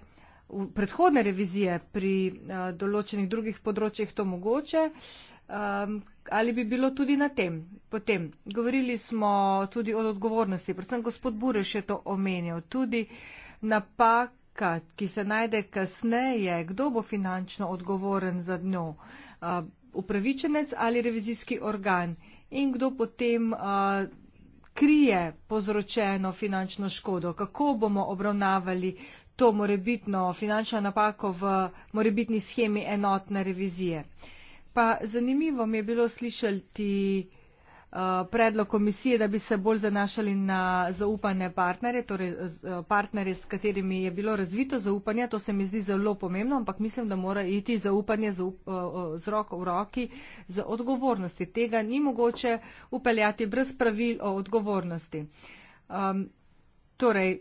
v predhodne revizije pri a, določenih drugih področjih, to mogoče? A, Um, ali bi bilo tudi na tem? Potem, govorili smo tudi o odgovornosti, predvsem gospod Bureš je to omenjal, tudi napaka, ki se najde kasneje, kdo bo finančno odgovoren za dno, uh, upravičenec ali revizijski organ in kdo potem. Uh, krije povzročeno finančno škodo, kako bomo obravnavali to morebitno finančno napako v morebitni schemi enotne revizije. Pa zanimivo mi je bilo slišati uh, predlog komisije, da bi se bolj zanašali na zaupane partnerje, torej uh, partnerje, s katerimi je bilo razvito zaupanje. To se mi zdi zelo pomembno, ampak mislim, da mora iti zaupanje z, uh, uh, z roko v roki z odgovornosti. Tega ni mogoče upeljati brez pravil o odgovornosti. Um, torej,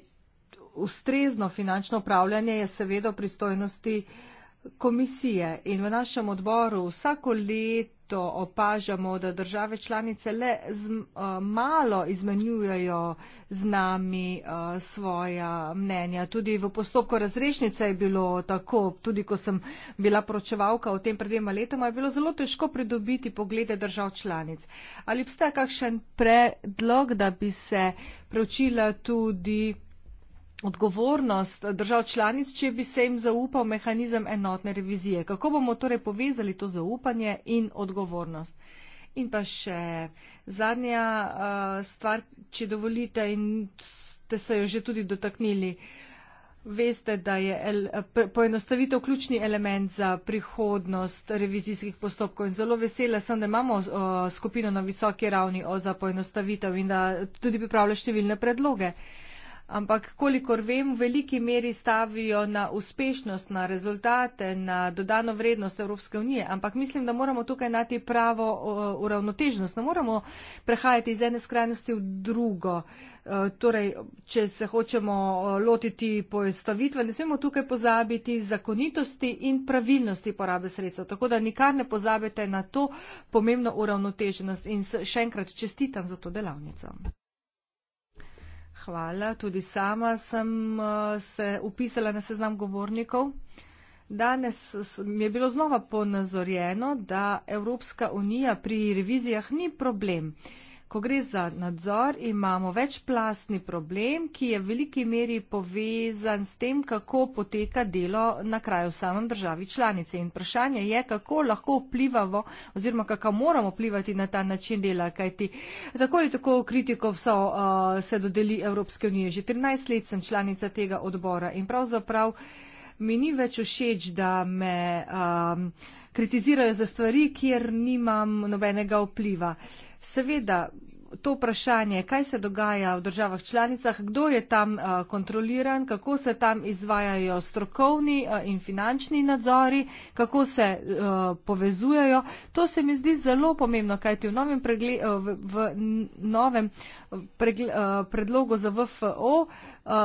ustrezno finančno upravljanje je seveda pristojnosti uh, komisije in v našem odboru vsako leto opažamo, da države članice le z, eh, malo izmenjujejo z nami eh, svoja mnenja. Tudi v postopku razrešnice je bilo tako, tudi ko sem bila pročevalka o tem pred dvema letoma, je bilo zelo težko pridobiti poglede držav članic. Ali obstaja kakšen predlog, da bi se preučila tudi odgovornost držav članic, če bi se jim zaupal mehanizem enotne revizije. Kako bomo torej povezali to zaupanje in odgovornost? In pa še zadnja uh, stvar, če dovolite, in ste se jo že tudi dotaknili. Veste, da je el, poenostavitev ključni element za prihodnost revizijskih postopkov in zelo vesela sem, da imamo o, skupino na visoki ravni o, za poenostavitev in da tudi pripravlja številne predloge ampak kolikor vem, v veliki meri stavijo na uspešnost, na rezultate, na dodano vrednost Evropske unije. Ampak mislim, da moramo tukaj najti pravo uravnotežnost. Ne moramo prehajati iz ene skrajnosti v drugo. E, torej, če se hočemo e, lotiti poestavitve, ne smemo tukaj pozabiti zakonitosti in pravilnosti porabe sredstva. Tako da nikar ne pozabite na to pomembno uravnoteženost. In še enkrat čestitam za to delavnico. Hvala. Tudi sama sem uh, se upisala na seznam govornikov. Danes mi je bilo znova ponazorjeno, da Evropska unija pri revizijah ni problem. Uh, ko gre za nadzor, imamo večplastni problem, ki je v veliki meri povezan s tem, kako poteka delo na kraju v samem državi članice. In vprašanje je, kako lahko vplivamo oziroma kako moramo vplivati na ta način dela, kajti tako ali tako kritiko so uh, se dodeli Evropske unije. Že 13 let sem članica tega odbora in pravzaprav. Mi ni več všeč, da me um, kritizirajo za stvari, kjer nimam nobenega vpliva. Uh, Seveda, to vprašanje, kaj se dogaja v državah članicah, kdo je tam eh, kontroliran, kako se tam izvajajo strokovni eh, in finančni nadzori, kako se eh, povezujejo, to se mi zdi zelo pomembno, kajti v novem, pregle, v novem pregle, predlogu za VFO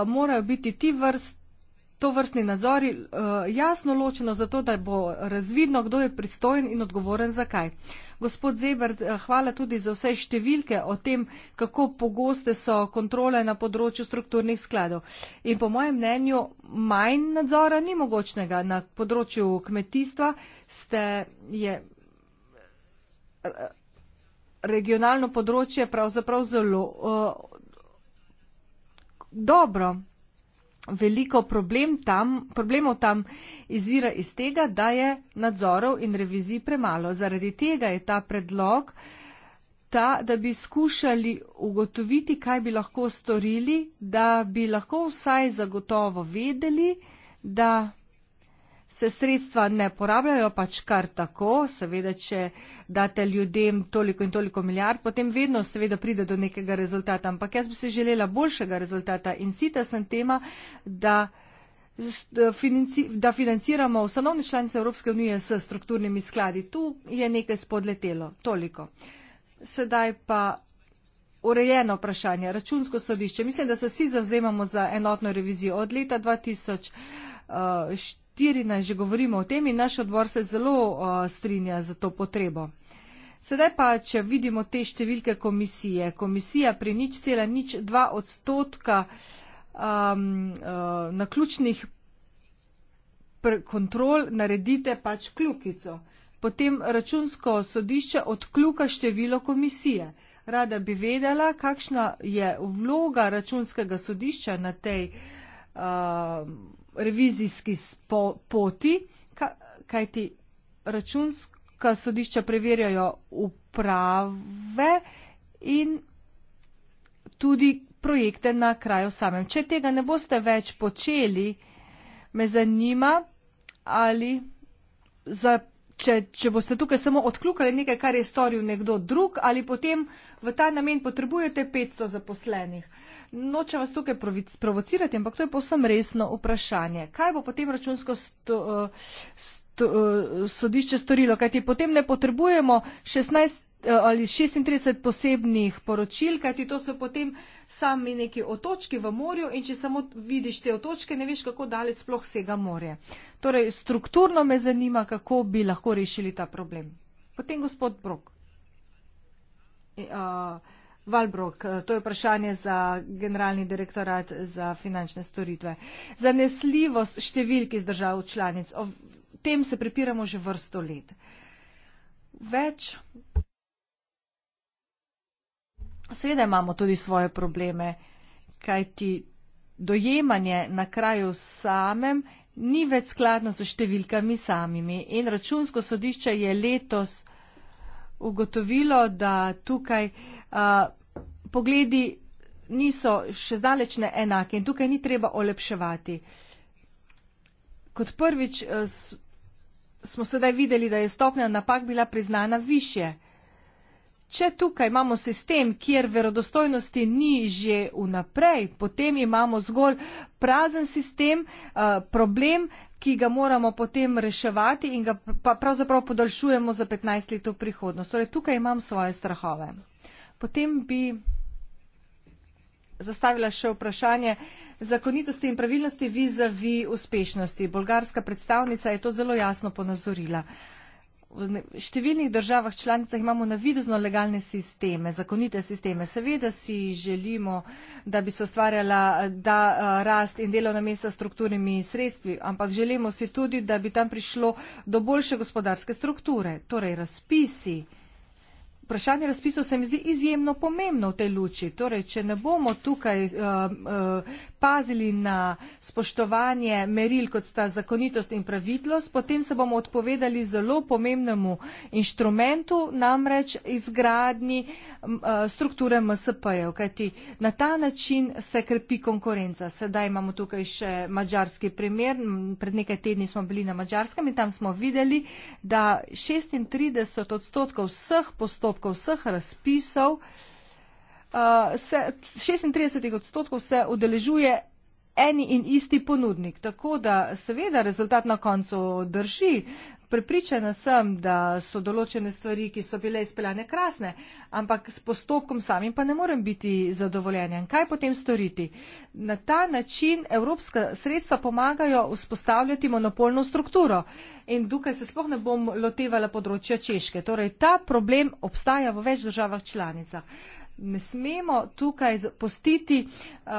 morajo biti ti vrst to vrstni nadzori eh, jasno ločeno, zato da bo razvidno, kdo je pristojen in odgovoren zakaj. Gospod Zebert, eh, hvala tudi za vse številke o tem, kako pogoste so kontrole na področju strukturnih skladov. In po mojem mnenju, manj nadzora ni mogočnega na področju kmetijstva, ste je eh, regionalno področje pravzaprav zelo uh, dobro veliko problem tam, problemov tam izvira iz tega, da je nadzorov in revizij premalo. Zaradi tega je ta predlog, ta, da bi skušali ugotoviti, kaj bi lahko storili, da bi lahko vsaj zagotovo vedeli, da se sredstva ne porabljajo pač kar tako, seveda, če date ljudem toliko in toliko milijard, potem vedno seveda pride do nekega rezultata, ampak jaz bi si želela boljšega rezultata in sita sem tema, da, financi, da financiramo ustanovne članice Evropske unije s strukturnimi skladi. Tu je nekaj spodletelo, toliko. Sedaj pa urejeno vprašanje, računsko sodišče. Mislim, da se vsi zavzemamo za enotno revizijo od leta 2004. 14 že govorimo o tem in naš odbor se zelo uh, strinja za to potrebo. Sedaj pa, če vidimo te številke komisije. Komisija pri nič cela nič dva odstotka um, uh, naključnih kontrol naredite pač kljukico. Potem računsko sodišče odkljuka število komisije. Rada bi vedela, kakšna je vloga računskega sodišča na tej. Um, revizijski spo, poti, kajti računska sodišča preverjajo uprave in tudi projekte na kraju samem. Če tega ne boste več počeli, me zanima, ali za če, če boste tukaj samo odkljukali nekaj, kar je storil nekdo drug, ali potem v ta namen potrebujete 500 zaposlenih. Noče vas tukaj provocirati, ampak to je povsem resno vprašanje. Kaj bo potem računsko sto, eh, sto, eh, sodišče storilo? Kajti potem ne potrebujemo 16 ali 36 posebnih poročil, kajti to so potem sami neki otočki v morju in če samo vidiš te otočke, ne veš, kako daleč sploh sega morje. Torej, strukturno me zanima, kako bi lahko rešili ta problem. Potem gospod Brok. Uh, e, Valbrok, e, to je vprašanje za generalni direktorat za finančne storitve. Zanesljivost številk iz držav članic, o tem se prepiramo že vrsto let. Več Seveda imamo tudi svoje probleme, kajti dojemanje na kraju samem ni več skladno z številkami samimi. In računsko sodišče je letos ugotovilo, da tukaj a, pogledi niso še zdalečne enake in tukaj ni treba olepševati. Kot prvič a, s, smo sedaj videli, da je stopnja napak bila priznana više. Če tukaj imamo sistem, kjer verodostojnosti ni že vnaprej, potem imamo zgolj prazen sistem, eh, problem, ki ga moramo potem reševati in ga pa pravzaprav podaljšujemo za 15 let v prihodnost. Torej, tukaj imam svoje strahove. Potem bi zastavila še vprašanje zakonitosti in pravilnosti vizavi uspešnosti. Bolgarska predstavnica je to zelo jasno ponazorila. Uh, v številnih državah članicah imamo navidezno legalne sisteme, zakonite sisteme. Seveda si želimo, da bi se ustvarjala da, eh, rast in delovna mesta s strukturnimi sredstvi, ampak želimo si tudi, da bi tam prišlo do boljše gospodarske strukture, torej razpisi. Vprašanje razpisov se mi zdi izjemno pomembno v tej luči. Torej, če ne bomo tukaj uh, uh, pazili na spoštovanje meril, kot sta zakonitost in pravidlost, potem se bomo odpovedali zelo pomembnemu inštrumentu, namreč izgradni eh, strukture MSP-jev, kajti na ta način se krepi konkurenca. Sedaj imamo tukaj še mađarski primer. Pred nekaj tedni smo bili na mađarskem in tam smo videli, da 36 odstotkov vseh postopkov, vseh razpisov uh, se, 36 odstotkov se odeležuje eni in isti ponudnik. Tako da seveda rezultat na koncu drži. Pripričana sem, da so določene stvari, ki so bile izpeljane krasne, ampak s postopkom samim pa ne morem biti zadovoljenjem. Kaj potem storiti? Na ta način evropska sredstva pomagajo vzpostavljati monopolno strukturo. In tukaj se sploh ne bom lotevala področja Češke. Torej, ta problem obstaja v več državah članicah ne smemo tukaj postiti uh,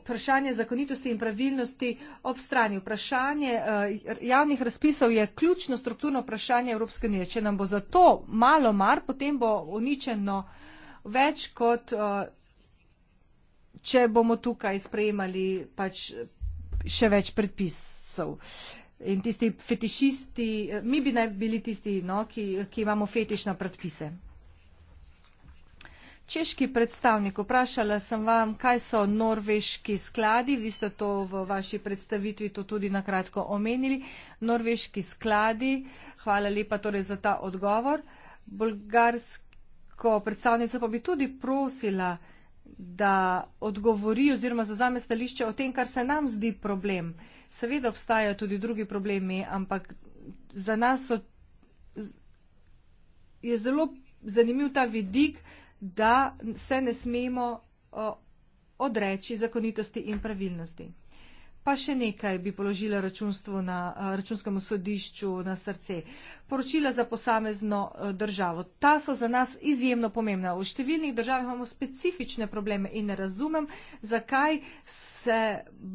vprašanje zakonitosti in pravilnosti ob strani. Vprašanje uh, javnih razpisov je ključno strukturno vprašanje Evropske unije. Če nam bo za to malo mar, potem bo uničeno več kot. Uh, če bomo tukaj sprejemali pač še več predpisov. In tisti fetišisti, eh, mi bi naj bili tisti, no, ki, ki imamo fetišne predpise češki predstavnik, vprašala sem vam, kaj so norveški skladi. Vi ste to v vaši predstavitvi to tudi na kratko omenili. Norveški skladi, hvala lepa torej za ta odgovor. Bolgarsko predstavnico pa bi tudi prosila, da odgovori oziroma zazame stališče o tem, kar se nam zdi problem. Seveda obstajajo tudi drugi problemi, ampak za nas so, je zelo zanimiv ta vidik, da se ne smemo odreči zakonitosti in pravilnosti. Pa še nekaj bi položila računstvu na eh, računskemu sodišču na srce. Poročila za posamezno eh, državo. Ta so za nas izjemno pomembna. V številnih državah imamo specifične probleme in ne razumem, zakaj se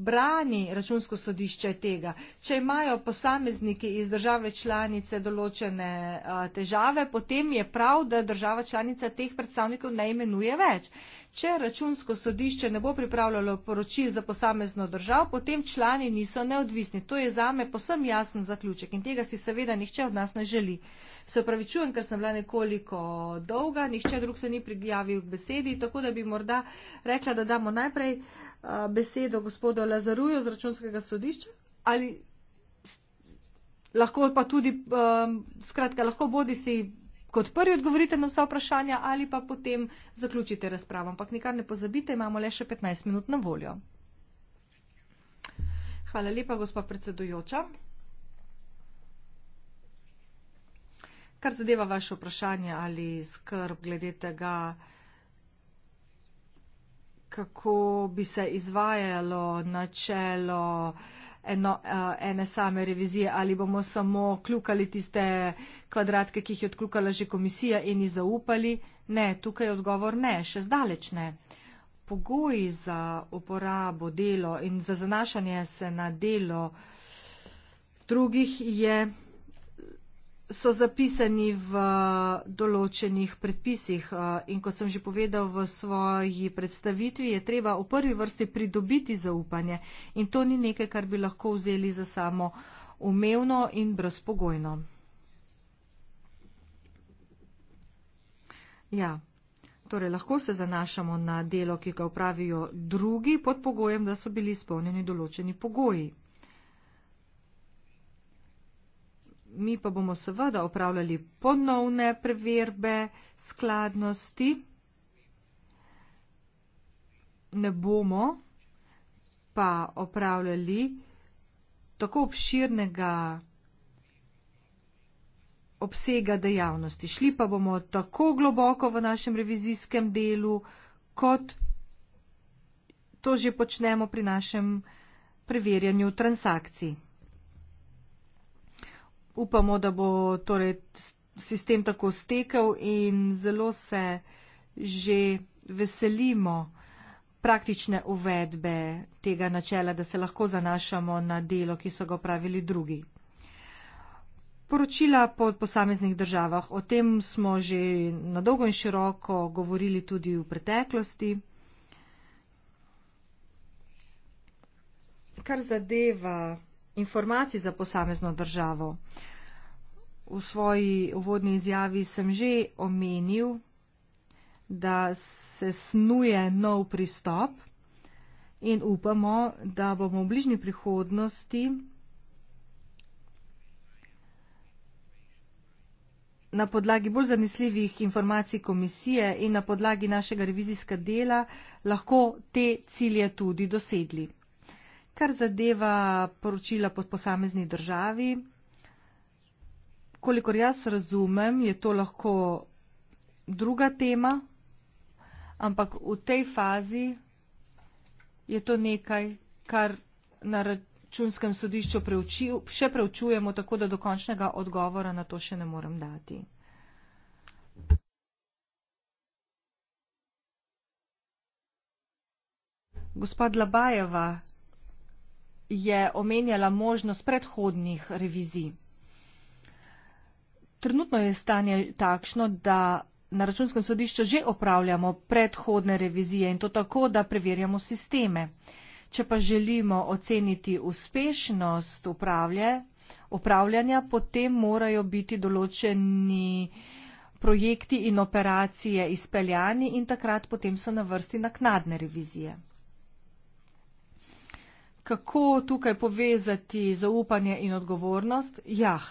brani računsko sodišče tega. Če imajo posamezniki iz države članice določene eh, težave, potem je prav, da država članica teh predstavnikov ne imenuje več. Če računsko sodišče ne bo pripravljalo poročil za posamezno državo, potem člani niso neodvisni. To je zame posem jasen zaključek in tega si seveda nihče od nas ne želi. Se opravičujem, ker sem bila nekoliko dolga, nihče drug se ni prijavil k besedi, tako da bi morda rekla, da damo najprej besedo gospodu Lazaruju z računskega sodišča ali lahko pa tudi, skratka, lahko bodi si kot prvi odgovorite na vsa vprašanja ali pa potem zaključite razpravo. Ampak nikar ne pozabite, imamo le še 15 minut na voljo. Hvala lepa, gospod predsedujoča. Kar zadeva vaše vprašanje ali skrb glede tega, kako bi se izvajalo načelo eno, ene same revizije ali bomo samo kljukali tiste kvadratke, ki jih je odkljukala že komisija in jih zaupali. Ne, tukaj je odgovor ne, še zdaleč ne. Pogoji za uporabo delo in za zanašanje se na delo drugih je so zapisani v določenih predpisih. Eh, in kot sem že povedal v svoji predstavitvi, je treba v prvi vrsti pridobiti zaupanje. In to ni nekaj, kar bi lahko vzeli za samo umevno in brezpogojno. Ja. Torej, lahko se zanašamo na delo, ki ga upravijo drugi, pod pogojem, da so bili izpolnjeni določeni pogoji. mi pa bomo seveda upravljali ponovne preverbe skladnosti. Ne bomo pa opravljali tako obširnega obsega dejavnosti. Šli pa bomo tako globoko v našem revizijskem delu, kot to že počnemo pri našem preverjanju transakcij upamo, da bo torej sistem tako stekel in zelo se že veselimo praktične uvedbe tega načela, da se lahko zanašamo na delo, ki so ga pravili drugi. Poročila po posameznih državah, o tem smo že na dolgo in široko govorili tudi v preteklosti. Kar zadeva informacij za posamezno državo. V svoji uvodni izjavi sem že omenil, da se snuje nov pristop in upamo, da bomo v bližnji prihodnosti na podlagi bolj zanesljivih informacij komisije in na podlagi našega revizijskega dela lahko te cilje tudi dosedli kar zadeva poročila pod posamezni državi. Kolikor jaz razumem, je to lahko druga tema, ampak v tej fazi je to nekaj, kar na računskem sodišču preučil, še preučujemo, tako da dokončnega odgovora na to še ne morem dati. Gospod Labajeva, je omenjala možnost predhodnih revizij. Trenutno je stanje takšno, da na računskem sodišču že opravljamo predhodne revizije in to tako, da preverjamo sisteme. Če pa želimo oceniti uspešnost upravlje, upravljanja, potem morajo biti določeni projekti in operacije izpeljani in takrat potem so na vrsti naknadne revizije kako tukaj povezati zaupanje in odgovornost? Jah,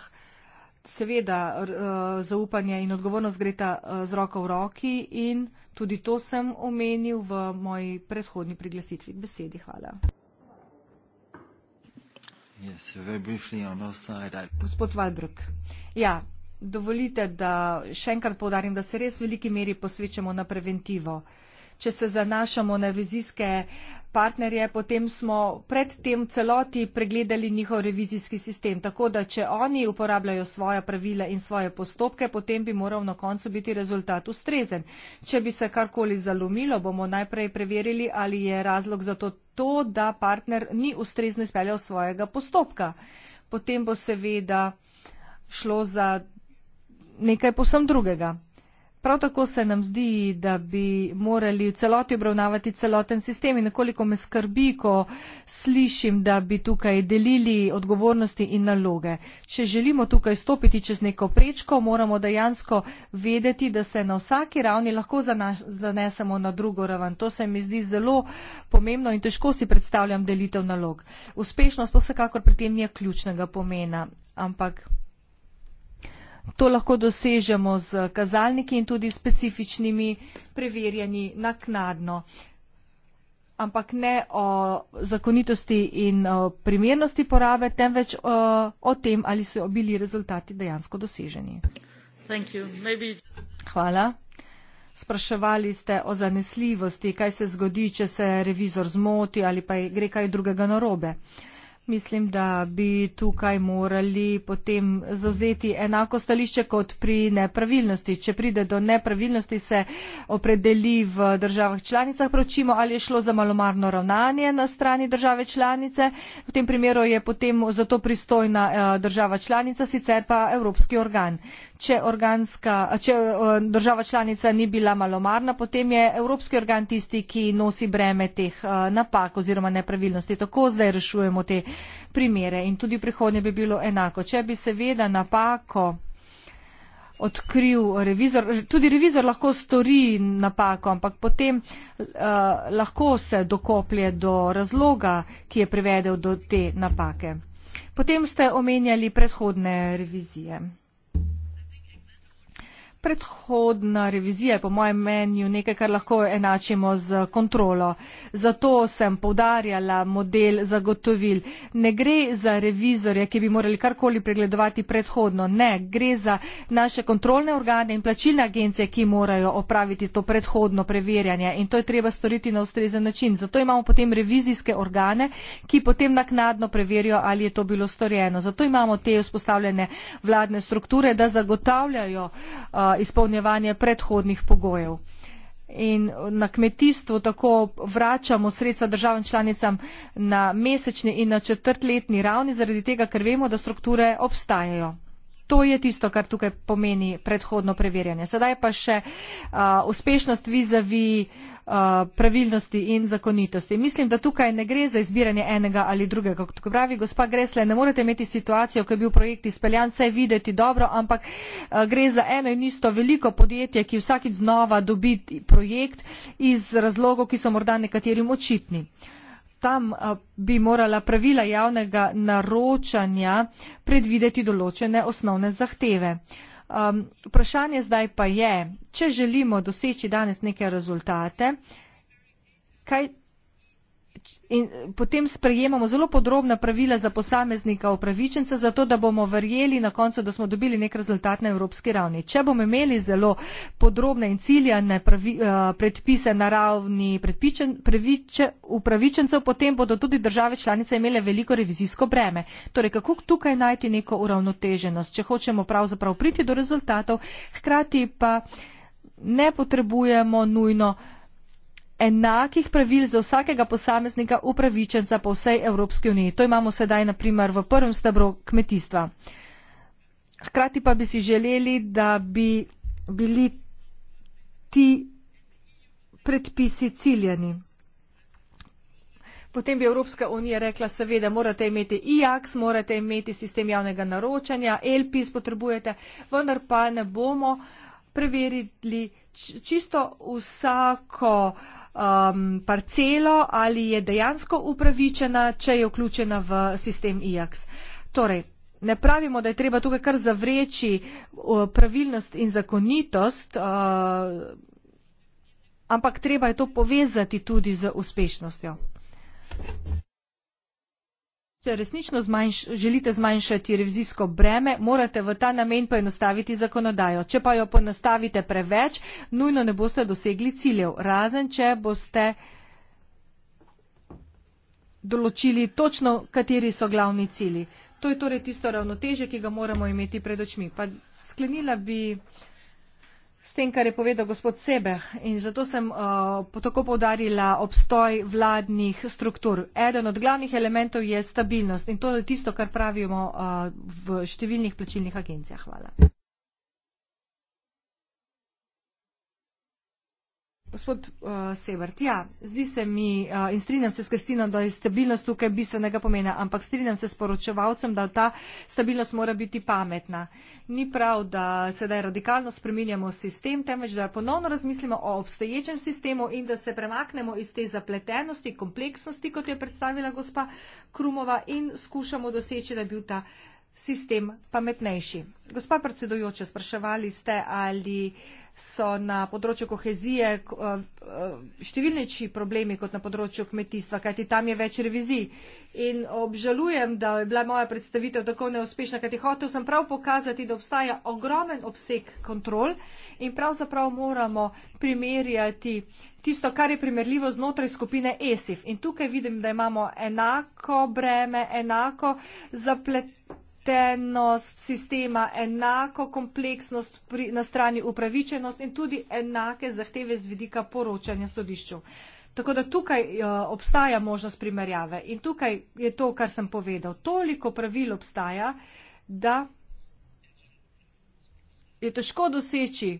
seveda eh, zaupanje in odgovornost greta eh, z roko v roki in tudi to sem omenil v moji predhodni priglasitvi k besedi. Hvala. Yes, Gospod Valbrk, ja, dovolite, da še enkrat povdarim, da se res v veliki meri posvečamo na preventivo če se zanašamo na revizijske partnerje, potem smo predtem celoti pregledali njihov revizijski sistem. Tako da, če oni uporabljajo svoje pravila in svoje postopke, potem bi moral na koncu biti rezultat ustrezen. Če bi se karkoli zalomilo, bomo najprej preverili, ali je razlog za to to, da partner ni ustrezno izpeljal svojega postopka. Potem bo seveda šlo za nekaj posem drugega. Prav tako se nam zdi, da bi morali v celoti obravnavati celoten sistem in nekoliko me skrbi, ko slišim, da bi tukaj delili odgovornosti in naloge. Če želimo tukaj stopiti čez neko prečko, moramo dejansko vedeti, da se na vsaki ravni lahko zanesemo na drugo raven. To se mi zdi zelo pomembno in težko si predstavljam delitev nalog. Uspešnost pa vsekakor pri tem je ključnega pomena. Ampak To lahko dosežemo z kazalniki in tudi specifičnimi preverjanji naknadno. Ampak ne o zakonitosti in primernosti porabe, temveč o, o tem, ali so bili rezultati dejansko doseženi. Maybe... Hvala. Spraševali ste o zanesljivosti, kaj se zgodi, če se revizor zmoti ali pa gre kaj drugega narobe. Uh, Mislim, da bi tukaj morali potem zauzeti enako stališče kot pri nepravilnosti. Če pride do nepravilnosti, se opredeli v državah članicah, pročimo, ali je šlo za malomarno ravnanje na strani države članice. V tem primeru je potem zato pristojna eh, država članica, sicer pa evropski organ. Če, organska, če eh, država članica ni bila malomarna, potem je evropski organ tisti, ki nosi breme teh eh, napak oziroma nepravilnosti. Tako zdaj rešujemo te primere in tudi v prihodnje bi bilo enako. Če bi seveda napako odkril revizor, tudi revizor lahko stori napako, ampak potem uh, lahko se dokoplje do razloga, ki je privedel do te napake. Potem ste omenjali predhodne revizije predhodna revizija je po mojem mnenju nekaj, kar lahko enačimo z kontrolo. Zato sem povdarjala model zagotovil. Ne gre za revizorje, ki bi morali karkoli pregledovati predhodno. Ne, gre za naše kontrolne organe in plačilne agencije, ki morajo opraviti to predhodno preverjanje in to je treba storiti na ustrezen način. Zato imamo potem revizijske organe, ki potem naknadno preverijo, ali je to bilo storjeno. Zato imamo te vzpostavljene vladne strukture, da zagotavljajo uh, izpolnjevanje predhodnih pogojev. In na kmetijstvu tako vračamo sredstva državam članicam na mesečni in na četrtletni ravni, zaradi tega, ker vemo, da strukture obstajajo. To je tisto, kar tukaj pomeni predhodno preverjanje. Sedaj pa še uh, uspešnost vizavi uh, pravilnosti in zakonitosti. Mislim, da tukaj ne gre za izbiranje enega ali drugega. Kot pravi gospa Gresle, ne morete imeti situacijo, ko je bil projekt izpeljan, saj videti dobro, ampak uh, gre za eno in isto veliko podjetje, ki vsakič znova dobi projekt iz razlogov, ki so morda nekaterim očitni. Uh, tam eh, bi morala pravila javnega naročanja predvideti določene osnovne zahteve. Um, vprašanje zdaj pa je, če želimo doseči danes neke rezultate, kaj in potem sprejemamo zelo podrobna pravila za posameznika upravičence, zato da bomo verjeli na koncu, da smo dobili nek rezultat na evropski ravni. Če bomo imeli zelo podrobne in ciljane pravi, uh, predpise na ravni upravičencev, potem bodo tudi države članice imele veliko revizijsko breme. Torej, kako tukaj najti neko uravnoteženost, če hočemo pravzaprav priti do rezultatov, hkrati pa ne potrebujemo nujno enakih pravil za vsakega posameznega upravičenca po vsej Evropski uniji. To imamo sedaj naprimer v prvem stebru kmetijstva. Hkrati pa bi si želeli, da bi bili ti predpisi ciljeni. Potem bi Evropska unija rekla, seveda morate imeti IAX, morate imeti sistem javnega naročanja, ELPIS potrebujete, vendar pa ne bomo preverili čisto vsako uh, um, parcelo ali je dejansko upravičena, če je vključena v sistem IAX. Torej, ne pravimo, da je treba tukaj kar zavreči uh, pravilnost in zakonitost, uh, ampak treba je to povezati tudi z uspešnostjo. Thank you. Če resnično zmanjš, želite zmanjšati revizijsko breme, morate v ta namen poenostaviti zakonodajo. Če pa jo poenostavite preveč, nujno ne boste dosegli ciljev, razen če boste določili točno, kateri so glavni cilji. To je torej tisto ravnoteže, ki ga moramo imeti pred očmi. Pa sklenila bi s tem, kar je povedal gospod Sebeh. In zato sem uh, tako povdarila obstoj vladnih struktur. Eden od glavnih elementov je stabilnost in to je tisto, kar pravimo uh, v številnih plačilnih agencijah. Hvala. Gospod uh, eh, Severt, ja, zdi se mi uh, in strinjam se s Kristino, da je stabilnost tukaj bistvenega pomena, ampak strinjam se s poročevalcem, da ta stabilnost mora biti pametna. Ni prav, da sedaj radikalno spreminjamo sistem, temveč da ponovno razmislimo o obstoječem sistemu in da se premaknemo iz te zapletenosti, kompleksnosti, kot je predstavila gospa Krumova in skušamo doseči, da bi bil ta uh, sistem pametnejši. Gospa predsedujoča, spraševali ste, ali so na področju kohezije eh, eh, številnejši problemi kot na področju kmetijstva, kajti tam je več revizij. In obžalujem, da je bila moja predstavitev tako neuspešna, kajti hotel sem prav pokazati, da obstaja ogromen obseg kontrol in pravzaprav moramo primerjati tisto, kar je primerljivo znotraj skupine ESIF. In tukaj vidim, da imamo enako breme, enako zapletenje zapletenost sistema, enako kompleksnost pri, na strani upravičenost in tudi enake zahteve z vidika poročanja sodišču. Tako da tukaj uh, obstaja možnost primerjave in tukaj je to, kar sem povedal. Toliko pravil obstaja, da je težko doseči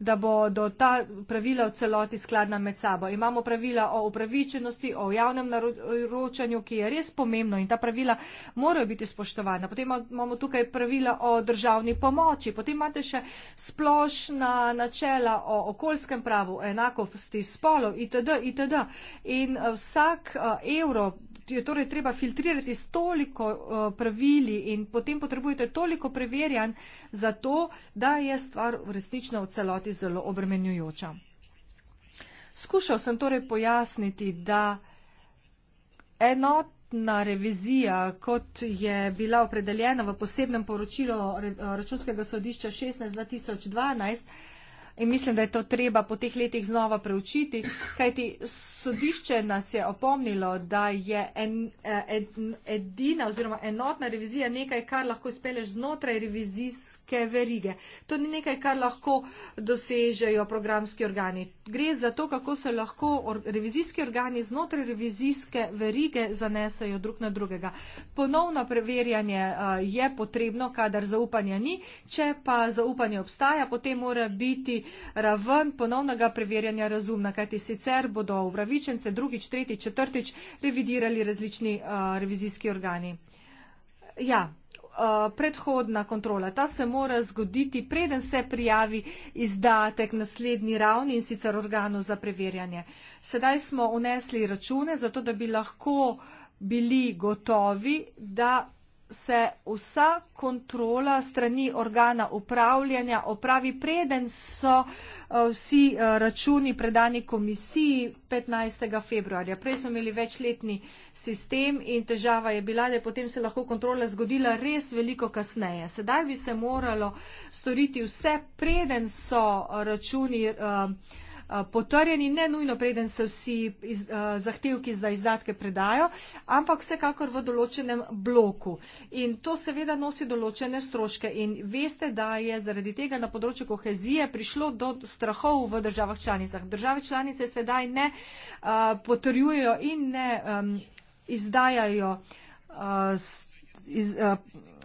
da bodo ta pravila v celoti skladna med sabo. Imamo pravila o upravičenosti, o javnem naročanju, ki je res pomembno in ta pravila morajo biti spoštovana. Potem imamo tukaj pravila o državni pomoči, potem imate še splošna načela o okoljskem pravu, enakosti spolov itd. itd. In eh, vsak eh, evro je torej treba filtrirati s toliko uh, pravili in potem potrebujete toliko preverjanj za to, da je stvar resnično v celoti zelo obremenjujoča. Skušal sem torej pojasniti, da enot na revizija, kot je bila opredeljena v posebnem poročilu eh, računskega sodišča 16 2012, In mislim, da je to treba po teh letih znova preučiti, kajti sodišče nas je opomnilo, da je en, ed, edina oziroma enotna revizija nekaj, kar lahko izpeleš znotraj revizijske verige. To ni nekaj, kar lahko dosežejo programski organi. Gre za to, kako se lahko or, revizijski organi znotraj revizijske verige zanesajo drug na drugega. Ponovno preverjanje uh, je potrebno, kadar zaupanja ni. Če pa zaupanje obstaja, potem mora biti uh, raven ponovnega preverjanja razumna, kajti sicer bodo upravičence drugič, tretjič, četrtič revidirali različni uh, revizijski organi. Ja, uh, predhodna kontrola, ta se mora zgoditi, preden se prijavi izdatek naslednji ravni in sicer organu za preverjanje. Sedaj smo unesli račune, zato da bi lahko bili gotovi, da se vsa kontrola strani organa upravljanja opravi, preden so eh, vsi eh, računi predani komisiji 15. februarja. Prej smo imeli večletni sistem in težava je bila, da je potem se lahko kontrola zgodila res veliko kasneje. Sedaj bi se moralo storiti vse, preden so eh, računi. Uh, Eh, potrjeni, ne nujno preden se vsi iz, eh, zahtevki za izdatke predajo, ampak vsekakor v določenem bloku. In to seveda nosi določene stroške. In veste, da je zaradi tega na področju kohezije prišlo do strahov v državah članicah. Države članice sedaj ne eh, potrjujejo in ne ehm, izdajajo. Iz,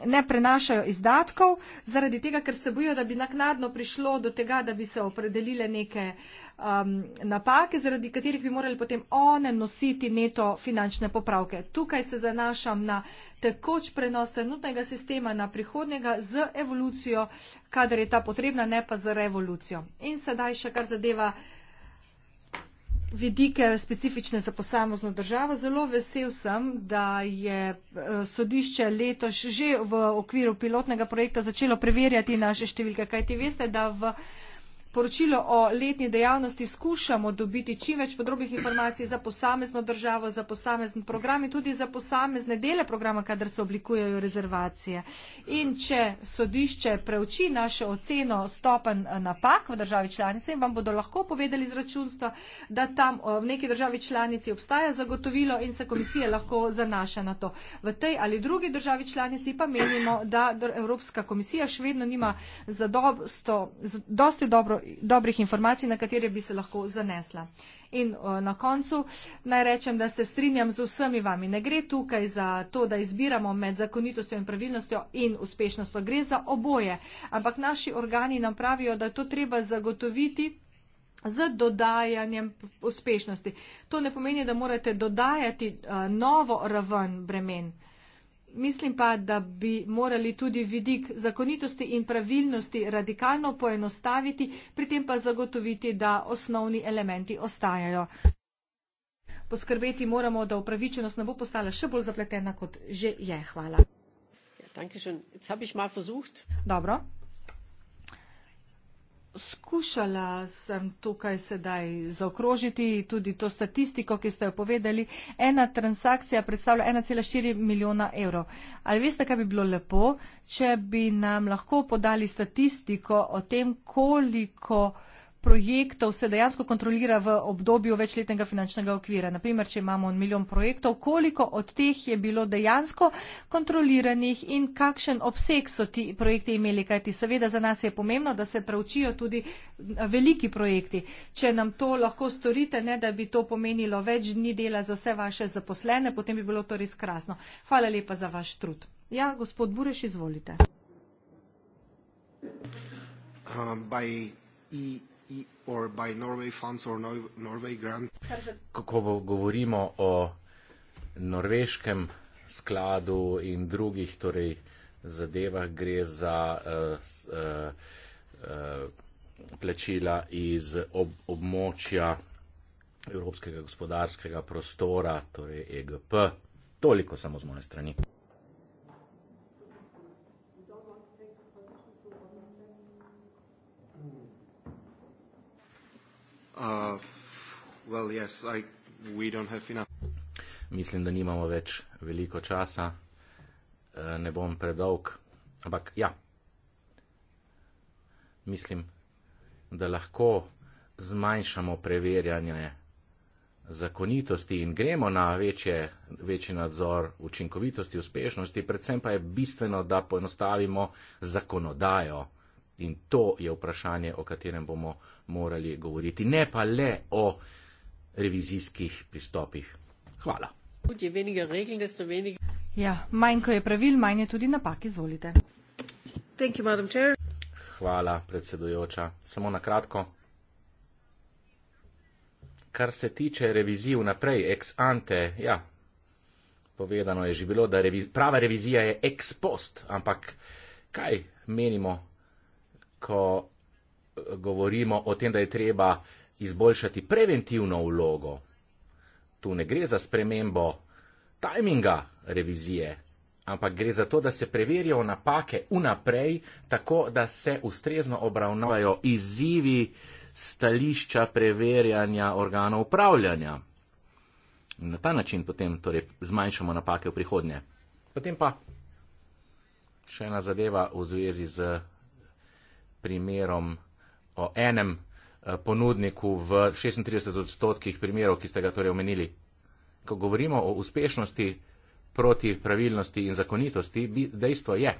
ne prenašajo izdatkov, zaradi tega, ker se bojijo, da bi naknadno prišlo do tega, da bi se opredelile neke um, napake, zaradi katerih bi morali potem one nositi neto finančne popravke. Tukaj se zanašam na tekoč prenos trenutnega sistema na prihodnjega z evolucijo, kadar je ta potrebna, ne pa z revolucijo. In sedaj še kar zadeva uh, vidike specifične za posamozno državo. Zelo vesel sem, da je eh, sodišče letos že v okviru pilotnega projekta začelo preverjati naše številke, kajti veste, da v poročilo o letni dejavnosti skušamo dobiti čim več podrobnih informacij za posamezno državo, za posamezni program in tudi za posamezne dele programa, kadar se oblikujejo rezervacije. In če sodišče preuči našo oceno stopen eh, napak v državi članice in vam bodo lahko povedali z računstva, da tam eh, v neki državi članici obstaja zagotovilo in se komisija lahko zanaša na to. V tej ali drugi državi članici pa menimo, da Evropska komisija še vedno nima zadosto dobro dobrih informacij, na katere bi se lahko zanesla. In na koncu naj rečem, da se strinjam z vsemi vami. Ne gre tukaj za to, da izbiramo med zakonitostjo in pravilnostjo in uspešnostjo. Gre za oboje. Ampak naši organi nam pravijo, da to treba zagotoviti z dodajanjem uspešnosti. To ne pomeni, da morate dodajati novo raven bremen mislim pa, da bi morali tudi vidik zakonitosti in pravilnosti radikalno poenostaviti, pri tem pa zagotoviti, da osnovni elementi ostajajo. Poskrbeti moramo, da upravičenost ne bo postala še bolj zapletena, kot že je. Hvala. Ja, Dobro. Skušala sem tukaj sedaj zaokrožiti tudi to statistiko, ki ste jo povedali. Ena transakcija predstavlja 1,4 milijona evrov. Ali veste, kaj bi bilo lepo, če bi nam lahko podali statistiko o tem, koliko projektov se dejansko kontrolira v obdobju večletnega finančnega okvira. Naprimer, če imamo milijon projektov, koliko od teh je bilo dejansko kontroliranih in kakšen obseg so ti projekti imeli, kajti seveda za nas je pomembno, da se preučijo tudi eh, veliki projekti. Če nam to lahko storite, ne da bi to pomenilo več dni dela za vse vaše zaposlene, potem bi bilo to res krasno. Hvala lepa za vaš trud. Ja, gospod Bureš, izvolite. Um, by e or by Norway funds or Norway grant. Ko govorimo o norveškem skladu in drugih torej zadevah, gre za uh, uh, plačila iz ob, območja Evropskega gospodarskega prostora, torej EGP. Toliko samo z moje strani. Uh, well, yes, I, we don't have enough. Mislim, da nimamo več veliko časa, eh, ne bom predolg, ampak ja, mislim, da lahko zmanjšamo preverjanje zakonitosti in gremo na večje, večji nadzor učinkovitosti, uspešnosti, predvsem pa je bistveno, da poenostavimo zakonodajo. In to je vprašanje, o katerem bomo morali govoriti, ne pa le o revizijskih pristopih. Hvala. Ja, manj, ko je pravil, manj je tudi napak. Izvolite. Hvala, predsedujoča. Samo na kratko. Kar se tiče revizij vnaprej, ex ante, ja, povedano je že bilo, da revi prava revizija je ex post, ampak kaj menimo ko eh, govorimo o tem, da je treba izboljšati preventivno vlogo. Tu ne gre za spremembo tajminga revizije, ampak gre za to, da se preverijo napake unaprej, tako da se ustrezno obravnavajo izzivi stališča preverjanja organov upravljanja. Na ta način potem torej, zmanjšamo napake v prihodnje. Potem pa še ena zadeva v zvezi z primerom, o enem eh, ponudniku v 36 odstotkih primerov, ki ste ga torej omenili. Ko govorimo o uspešnosti proti pravilnosti in zakonitosti, dejstvo je,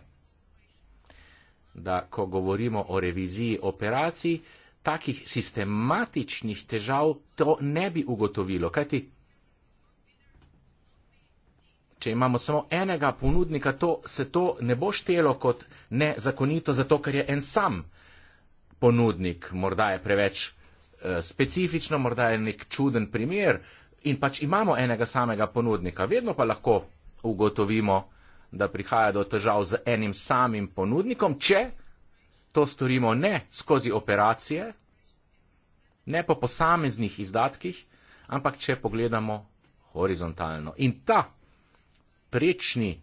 da ko govorimo o reviziji operacij, takih sistematičnih težav to ne bi ugotovilo. Kajti če imamo samo enega ponudnika, to, se to ne bo štelo kot nezakonito, zato ker je en sam ponudnik, morda je preveč e, specifično, morda je nek čuden primer in pač imamo enega samega ponudnika. Vedno pa lahko ugotovimo, da prihaja do težav z enim samim ponudnikom, če to storimo ne skozi operacije, ne po posameznih izdatkih, ampak če pogledamo horizontalno. In ta prečni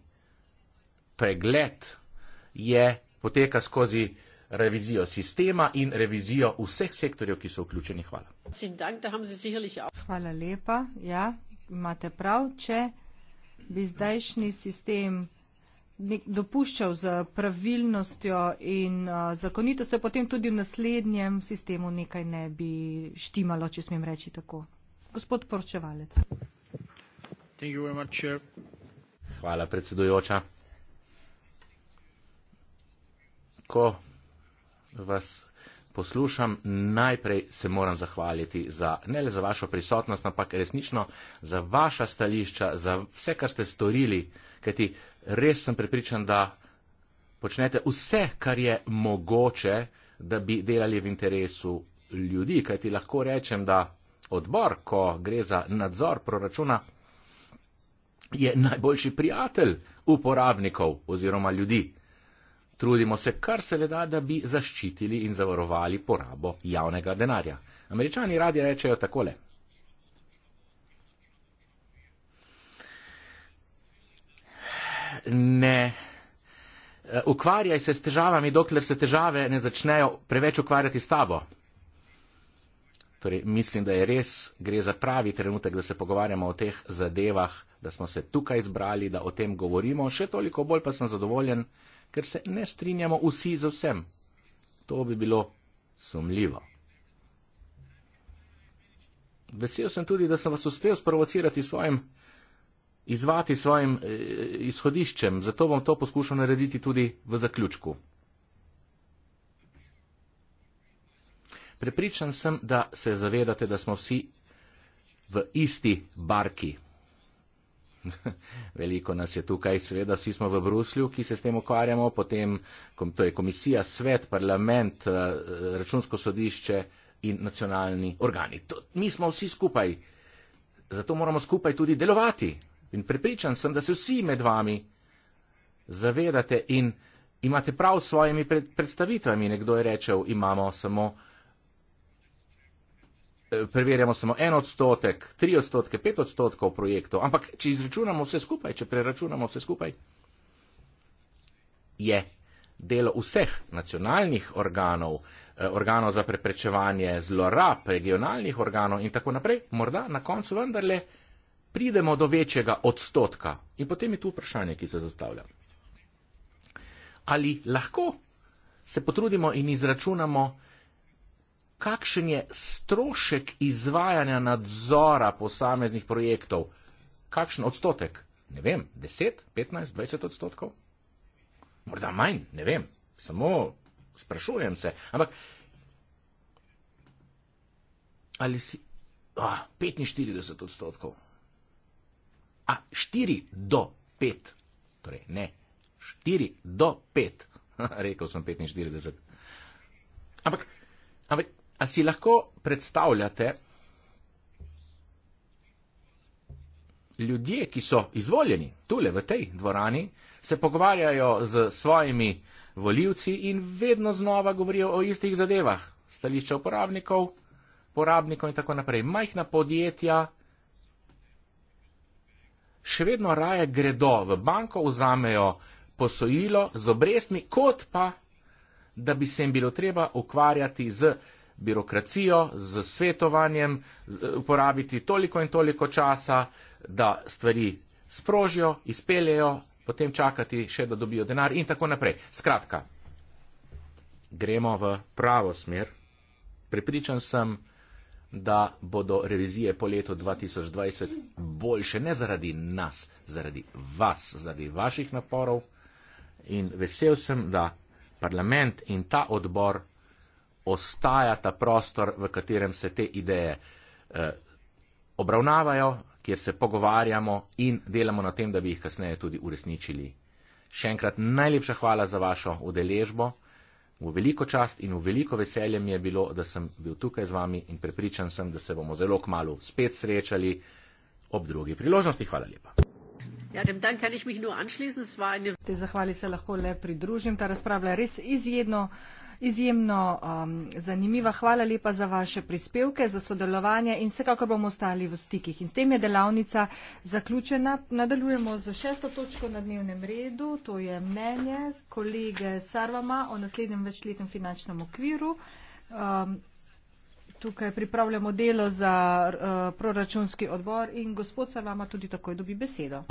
pregled je poteka skozi revizijo sistema in revizijo vseh sektorjev, ki so vključeni. Hvala. Hvala lepa. Ja, imate prav, če bi zdajšnji sistem dopuščal z pravilnostjo in uh, zakonitostjo, potem tudi v naslednjem sistemu nekaj ne bi štimalo, če smem reči tako. Gospod poročevalec. Thank you very much, Chair. Hvala, predsedujoča. Ko vas poslušam, najprej se moram zahvaliti za, ne le za vašo prisotnost, ampak resnično za vaša stališča, za vse, kar ste storili, kajti res sem prepričan, da počnete vse, kar je mogoče, da bi delali v interesu ljudi, kajti lahko rečem, da odbor, ko gre za nadzor proračuna, je najboljši prijatelj uporabnikov oziroma ljudi. Trudimo se kar se le da, da bi zaščitili in zavarovali porabo javnega denarja. Američani radi rečejo takole. Ne. Eh, ukvarjaj se s težavami, dokler se težave ne začnejo preveč ukvarjati s tabo. Torej, mislim, da je res, gre za pravi trenutek, da se pogovarjamo o teh zadevah, da smo se tukaj zbrali, da o tem govorimo. Še toliko bolj pa sem zadovoljen, ker se ne strinjamo vsi z vsem. To bi bilo sumljivo. Vesel sem tudi, da sem vas uspel sprovocirati svojim, izvati svojim eh, izhodiščem, zato bom to poskušal narediti tudi v zaključku. Prepričan sem, da se zavedate, da smo vsi v isti barki. Veliko nas je tukaj, seveda, vsi smo v Bruslju, ki se s tem ukvarjamo, potem to je komisija, svet, parlament, eh, računsko sodišče in nacionalni organi. To, mi smo vsi skupaj, zato moramo skupaj tudi delovati. In prepričan sem, da se vsi med vami zavedate in imate prav s svojimi predstavitvami. Nekdo je rekel, imamo samo preverjamo samo en odstotek, tri odstotke, pet odstotkov projektov, ampak če izračunamo vse skupaj, če preračunamo vse skupaj, je delo vseh nacionalnih organov, eh, organov za preprečevanje zlorab, regionalnih organov in tako naprej, morda na koncu vendarle pridemo do večjega odstotka. In potem je tu vprašanje, ki se zastavlja. Ali lahko se potrudimo in izračunamo, kakšen je strošek izvajanja nadzora posameznih projektov? Kakšen odstotek? Ne vem, 10, 15, 20 odstotkov? Morda manj, ne vem, samo sprašujem se. Ampak ali si. A, 45 odstotkov. A, 4 do 5. Torej, ne, 4 do 5. Rekl sem 45. Ampak, ampak A si lahko predstavljate ljudje, ki so izvoljeni tule v tej dvorani, se pogovarjajo z svojimi voljivci in vedno znova govorijo o istih zadevah, stališča uporabnikov, uporabnikov in tako naprej, majhna podjetja, še vedno raje gredo v banko, vzamejo posojilo z obrestmi, kot pa, da bi se jim bilo treba ukvarjati z birokracijo, z svetovanjem, eh, uporabiti toliko in toliko časa, da stvari sprožijo, izpeljejo, potem čakati še, da dobijo denar in tako naprej. Skratka, gremo v pravo smer. Pripričan sem, da bodo revizije po letu 2020 boljše, ne zaradi nas, zaradi vas, zaradi vaših naporov. In vesel sem, da parlament in ta odbor ostaja ta prostor, v katerem se te ideje eh, obravnavajo, kjer se pogovarjamo in delamo na tem, da bi jih kasneje tudi uresničili. Še enkrat najlepša hvala za vašo udeležbo. V veliko čast in v veliko veselje mi je bilo, da sem bil tukaj z vami in prepričan sem, da se bomo zelo kmalo spet srečali ob drugi priložnosti. Hvala lepa. Ja, dem dan kan ich mich nur anschließen, es war eine... Te zahvali se lahko le pridružim, ta razprava je res izjedno. Izjemno um, zanimiva. Hvala lepa za vaše prispevke, za sodelovanje in vsekakor bomo ostali v stikih. In s tem je delavnica zaključena. Nadaljujemo z šesto točko na dnevnem redu. To je mnenje kolege Sarvama o naslednjem večletnem finančnem okviru. Um, tukaj pripravljamo delo za uh, proračunski odbor in gospod Sarvama tudi takoj dobi besedo.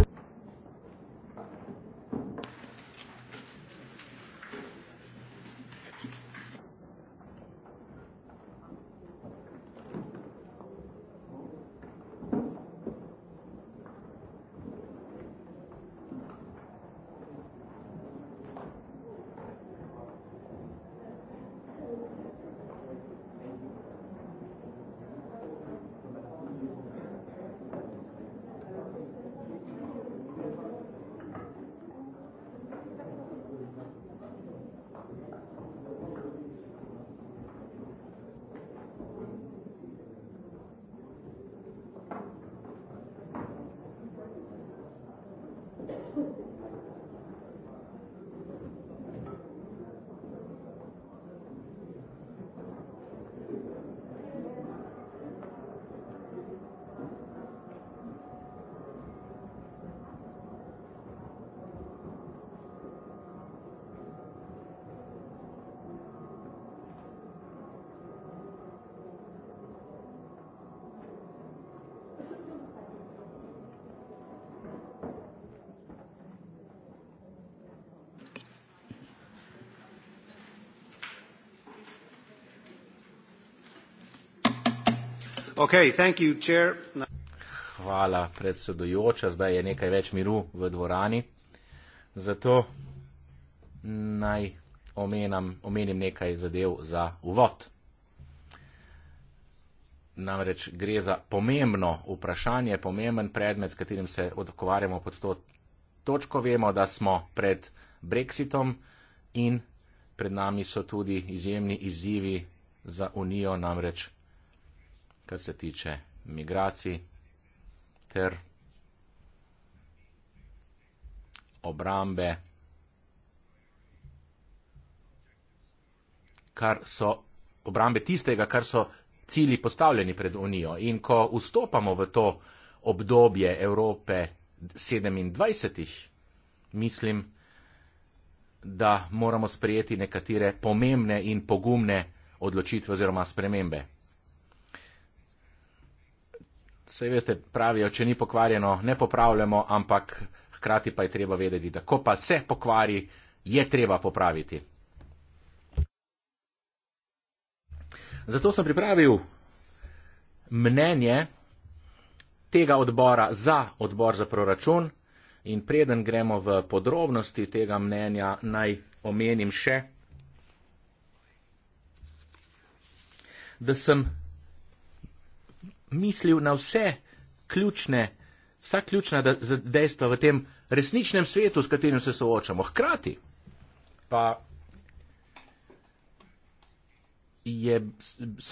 Okay, thank you, chair. No. Hvala, predsedujoča. Zdaj je nekaj več miru v dvorani. Zato naj omenam, omenim nekaj zadev za uvod. Namreč gre za pomembno vprašanje, pomemben predmet, s katerim se odkovarjamo pod to točko. Vemo, da smo pred Brexitom in pred nami so tudi izjemni izzivi za Unijo, namreč kar se tiče migracij ter obrambe, kar so obrambe tistega, kar so cilji postavljeni pred Unijo. In ko vstopamo v to obdobje Evrope 27, mislim, da moramo sprejeti nekatere pomembne in pogumne odločitve oziroma spremembe. Vse veste, pravijo, če ni pokvarjeno, ne popravljamo, ampak hkrati pa je treba vedeti, da ko pa se pokvari, je treba popraviti. Zato sem pripravil mnenje tega odbora za odbor za proračun in preden gremo v podrobnosti tega mnenja, naj omenim še, da sem mislil na vse ključne, vsa ključna dejstva v tem resničnem svetu, s katerim se soočamo. Hkrati pa je,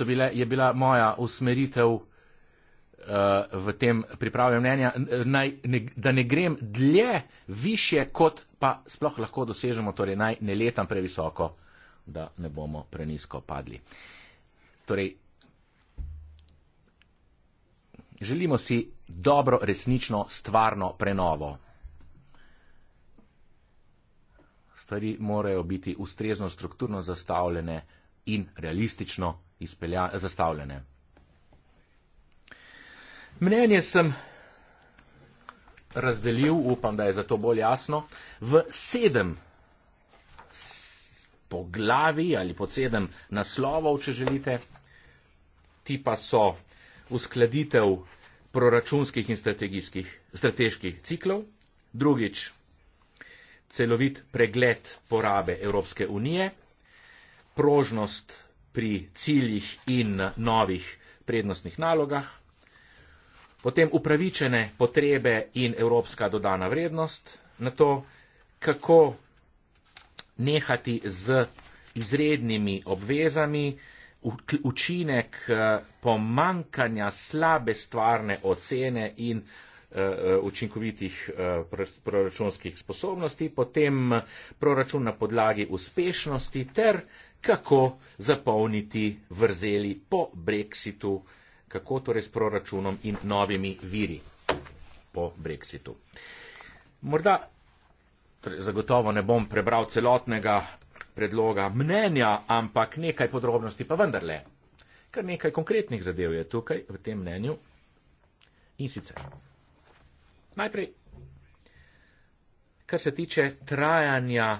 bile, je bila moja usmeritev uh, v tem pripravljanju mnenja, naj, ne, da ne grem dlje više, kot pa sploh lahko dosežemo, torej naj ne letam previsoko, da ne bomo prenisko padli. Torej, Želimo si dobro, resnično, stvarno prenovo. Stvari morajo biti ustrezno strukturno zastavljene in realistično izpelja, zastavljene. Mnenje sem razdelil, upam, da je zato bolj jasno, v sedem poglavi ali pod sedem naslovov, če želite. Ti pa so uskladitev proračunskih in strategijskih, strateških ciklov, drugič celovit pregled porabe Evropske unije, prožnost pri ciljih in novih prednostnih nalogah, potem upravičene potrebe in evropska dodana vrednost, na to, kako nehati z izrednimi obvezami, učinek eh, pomankanja slabe stvarne ocene in eh, eh, učinkovitih proračunskih sposobnosti, potem proračun na podlagi uspešnosti ter kako zapolniti vrzeli po brexitu, kako torej s proračunom in novimi viri po brexitu. Morda, torej zagotovo ne bom prebral celotnega predloga mnenja, ampak nekaj podrobnosti pa vendarle. Kar nekaj konkretnih zadev je tukaj v tem mnenju. In sicer. Najprej, kar se tiče trajanja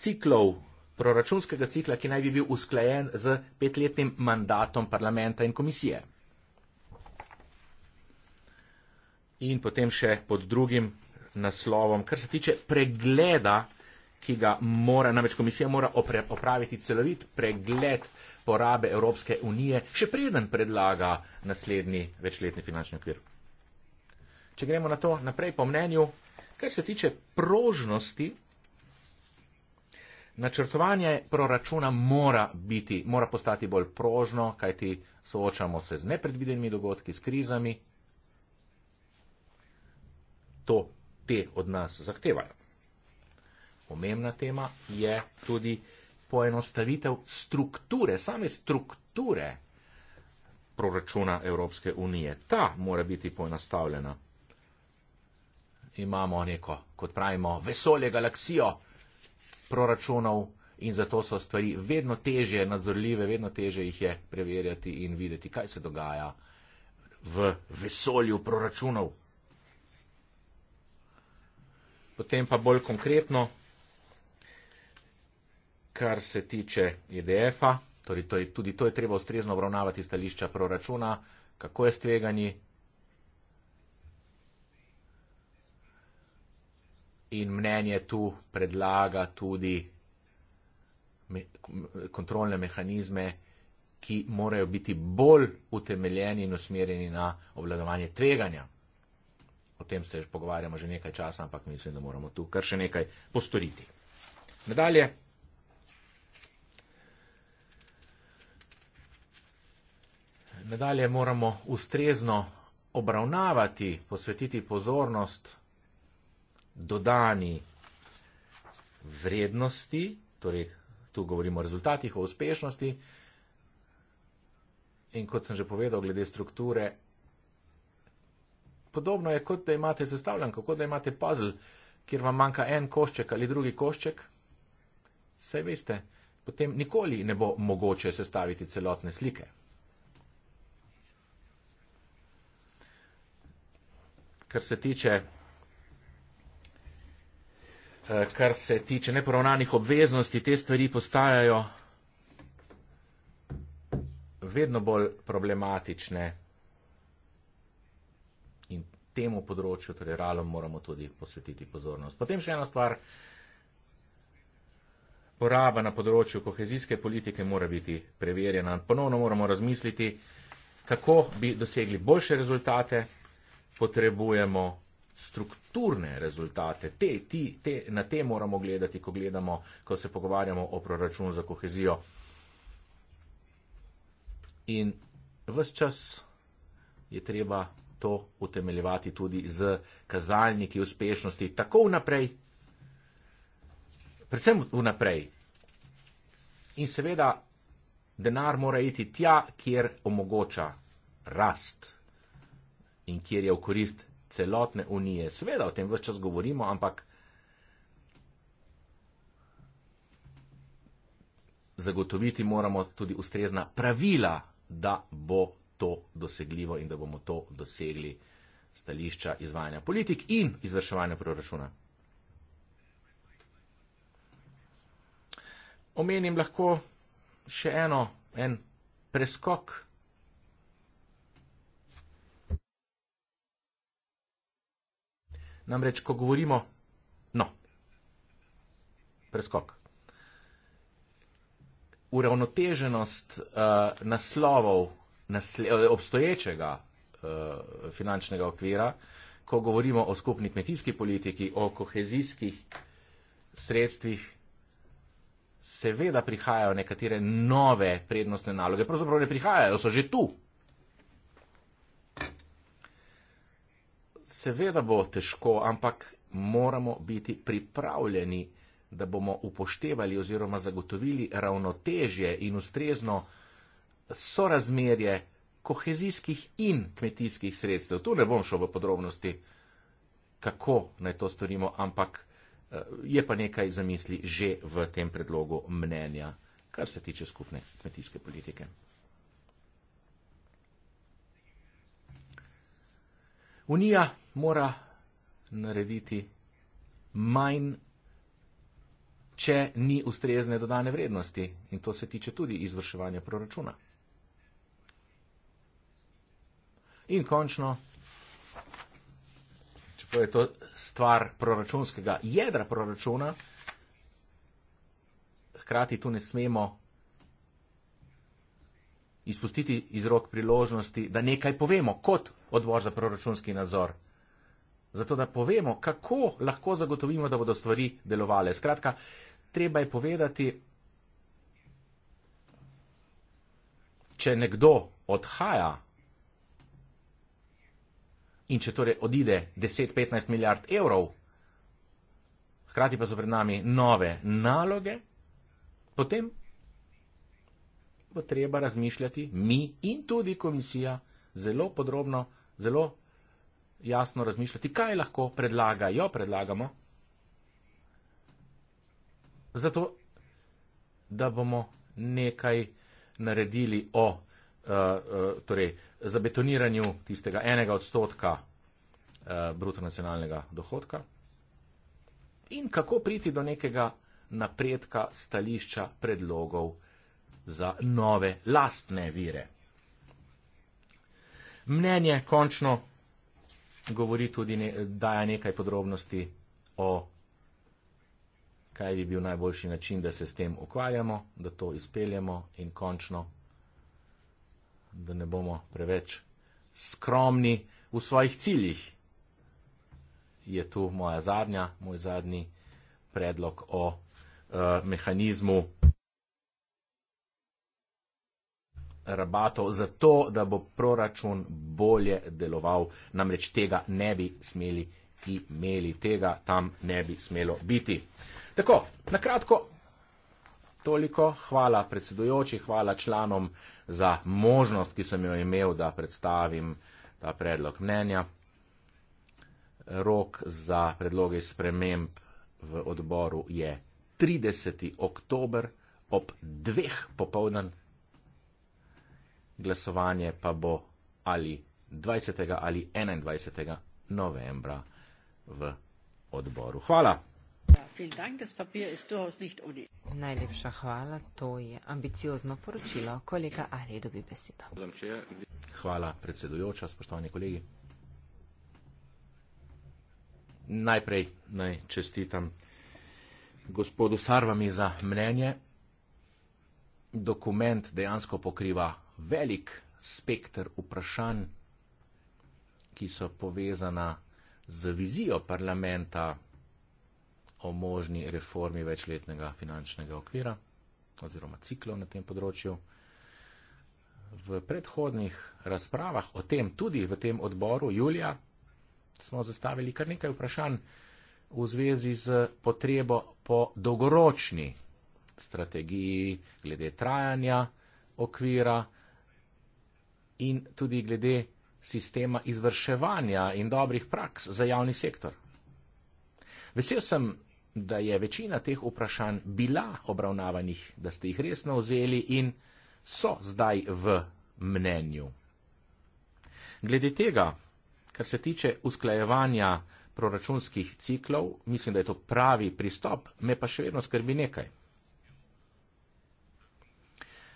ciklov, proračunskega cikla, ki naj bi bil usklajen z petletnim mandatom parlamenta in komisije. In potem še pod drugim naslovom, kar se tiče pregleda, ki ga mora, namreč komisija mora opraviti celovit pregled porabe Evropske unije, še preden predlaga naslednji večletni finančni okvir. Če gremo na to naprej, po mnenju, kar se tiče prožnosti, načrtovanje proračuna mora biti, mora postati bolj prožno, kajti soočamo se z nepredvidenimi dogodki, s krizami. To te od nas zahtevajo. Pomembna tema je tudi poenostavitev strukture, same strukture proračuna Evropske unije. Ta mora biti poenostavljena. Imamo neko, kot pravimo, vesolje galaksijo proračunov in zato so stvari vedno težje nadzorljive, vedno težje jih je preverjati in videti, kaj se dogaja v vesolju proračunov. Potem pa bolj konkretno, kar se tiče IDF-a, e torej to je, tudi to je treba ustrezno obravnavati stališča proračuna, kako je streganji in mnenje tu predlaga tudi me, kontrolne mehanizme, ki morajo biti bolj utemeljeni in usmerjeni na obladovanje tveganja. O tem se pogovarjamo že nekaj časa, ampak mislim, da moramo tu kar še nekaj postoriti. Nadalje. Nadalje moramo ustrezno obravnavati, posvetiti pozornost dodani vrednosti, torej tu govorimo o rezultatih, o uspešnosti. In kot sem že povedal, glede strukture podobno je, kot da imate sestavljen, kot da imate puzzle, kjer vam manjka en košček ali drugi košček. Sej veste, potem nikoli ne bo mogoče sestaviti celotne slike. Kar se tiče. Eh, kar se tiče neporavnanih obveznosti, te stvari postajajo vedno bolj problematične temu področju, torej realom, moramo tudi posvetiti pozornost. Potem še ena stvar. Poraba na področju kohezijske politike mora biti preverjena. Ponovno moramo razmisliti, kako bi dosegli boljše rezultate. Potrebujemo strukturne rezultate. Te, ti, te, na te moramo gledati, ko, gledamo, ko se pogovarjamo o proračunu za kohezijo. In vse čas je treba to utemeljevati tudi z kazalniki uspešnosti, tako vnaprej, predvsem vnaprej. In seveda, denar mora iti tja, kjer omogoča rast in kjer je v korist celotne unije. Seveda, o tem vse čas govorimo, ampak zagotoviti moramo tudi ustrezna pravila, da bo to dosegljivo in da bomo to dosegli stališča izvajanja politik in izvrševanja proračuna. Omenim lahko še eno, en preskok. Namreč, ko govorimo, no, preskok. Uravnoteženost uh, naslovov obstoječega eh, finančnega okvira, ko govorimo o skupni kmetijski politiki, o kohezijskih sredstvih, seveda prihajajo nekatere nove prednostne naloge. Pravzaprav ne prihajajo, so že tu. Seveda bo težko, ampak moramo biti pripravljeni, da bomo upoštevali oziroma zagotovili ravnotežje in ustrezno sorazmerje kohezijskih in kmetijskih sredstev. Tu ne bom šel v podrobnosti, kako naj to storimo, ampak eh, je pa nekaj za misli že v tem predlogu mnenja, kar se tiče skupne kmetijske politike. Unija mora narediti manj, če ni ustrezne dodane vrednosti in to se tiče tudi izvrševanja proračuna. In končno, čeprav je to stvar proračunskega jedra proračuna, hkrati tu ne smemo izpustiti iz rok priložnosti, da nekaj povemo kot odbor za proračunski nadzor. Zato, da povemo, kako lahko zagotovimo, da bodo stvari delovale. Skratka, treba je povedati, če nekdo odhaja In če torej odide 10-15 milijard evrov, hkrati pa so pred nami nove naloge, potem bo treba razmišljati mi in tudi komisija zelo podrobno, zelo jasno razmišljati, kaj lahko predlagajo, predlagamo, zato da bomo nekaj naredili o uh, uh, torej, uh, zabetoniranju tistega enega odstotka eh, bruto nacionalnega dohodka in kako priti do nekega napredka stališča predlogov za nove lastne vire. Mnenje končno govori tudi, daja nekaj podrobnosti o kaj bi bil najboljši način, da se s tem ukvarjamo, da to izpeljamo in končno da ne bomo preveč skromni v svojih ciljih. Je tu moja zadnja, moj zadnji predlog o uh, mehanizmu rabatov, zato da bo proračun bolje deloval. Namreč tega ne bi smeli imeli, tega tam ne bi smelo biti. Tako, na kratko Toliko hvala predsedujoči, hvala članom za možnost, ki sem jo imel, da predstavim ta predlog mnenja. Rok za predloge sprememb v odboru je 30. oktober ob dveh popovdan. Glasovanje pa bo ali 20. ali 21. novembra v odboru. Hvala. Najlepša hvala, to je ambiciozno poročilo. Kolega Ali dobi besedo. Hvala, predsedujoča, spoštovani kolegi. Najprej naj čestitam gospodu Sarvami za mnenje. Dokument dejansko pokriva velik spektr vprašanj, ki so povezana z vizijo parlamenta o možni reformi večletnega finančnega okvira oziroma ciklov na tem področju. V predhodnih razpravah o tem, tudi v tem odboru julija, smo zastavili kar nekaj vprašanj v zvezi z potrebo po dolgoročni strategiji glede trajanja okvira in tudi glede sistema izvrševanja in dobrih praks za javni sektor. Vesel sem, da je večina teh vprašanj bila obravnavanih, da ste jih resno vzeli in so zdaj v mnenju. Glede tega, kar se tiče usklajevanja proračunskih ciklov, mislim, da je to pravi pristop, me pa še vedno skrbi nekaj.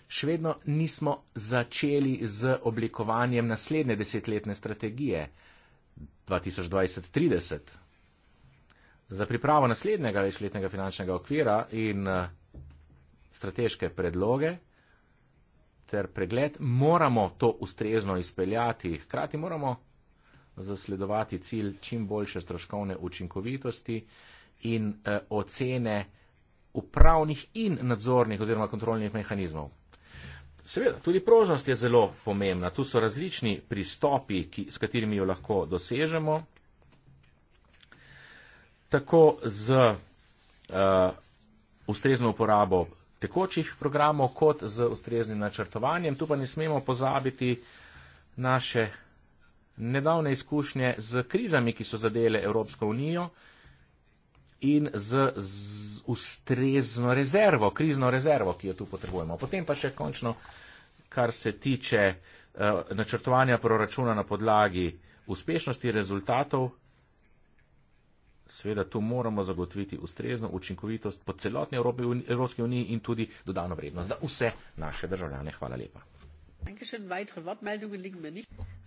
Še vedno nismo začeli z oblikovanjem naslednje desetletne strategije 2020-30 za pripravo naslednjega večletnega finančnega okvira in eh, strateške predloge ter pregled, moramo to ustrezno izpeljati. Hkrati moramo zasledovati cilj čim boljše stroškovne učinkovitosti in eh, ocene upravnih in nadzornih oziroma kontrolnih mehanizmov. Seveda, tudi prožnost je zelo pomembna. Tu so različni pristopi, ki, s katerimi jo lahko dosežemo tako z uh, ustrezno uporabo tekočih programov, kot z ustreznim načrtovanjem. Tu pa ne smemo pozabiti naše nedavne izkušnje z krizami, ki so zadele Evropsko unijo in z, z ustrezno rezervo, krizno rezervo, ki jo tu potrebujemo. Potem pa še končno, kar se tiče uh, načrtovanja proračuna na podlagi uspešnosti rezultatov Sveda tu moramo zagotoviti ustrezno učinkovitost po celotni Evropi, Evropski uniji in tudi dodano vrednost za vse naše državljane. Hvala lepa.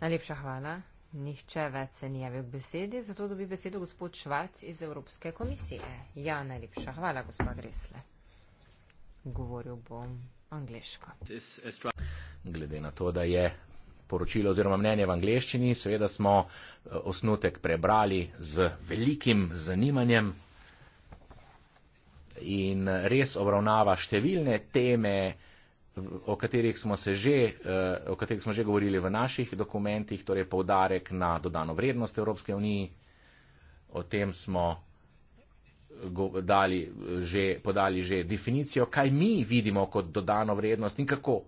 Najlepša hvala. Nihče več se ni javil k besedi, zato dobi besedo gospod Švarc iz Evropske komisije. Ja, najlepša hvala, gospod Gresle. Govoril bom angliško. Glede na to, da je poročilo oziroma mnenje v angleščini. Seveda smo eh, osnutek prebrali z velikim zanimanjem in eh, res obravnava številne teme, o katerih smo, se že, eh, o katerih smo že govorili v naših dokumentih, torej poudarek na dodano vrednost Evropske unije. O tem smo dali že, podali že definicijo, kaj mi vidimo kot dodano vrednost in kako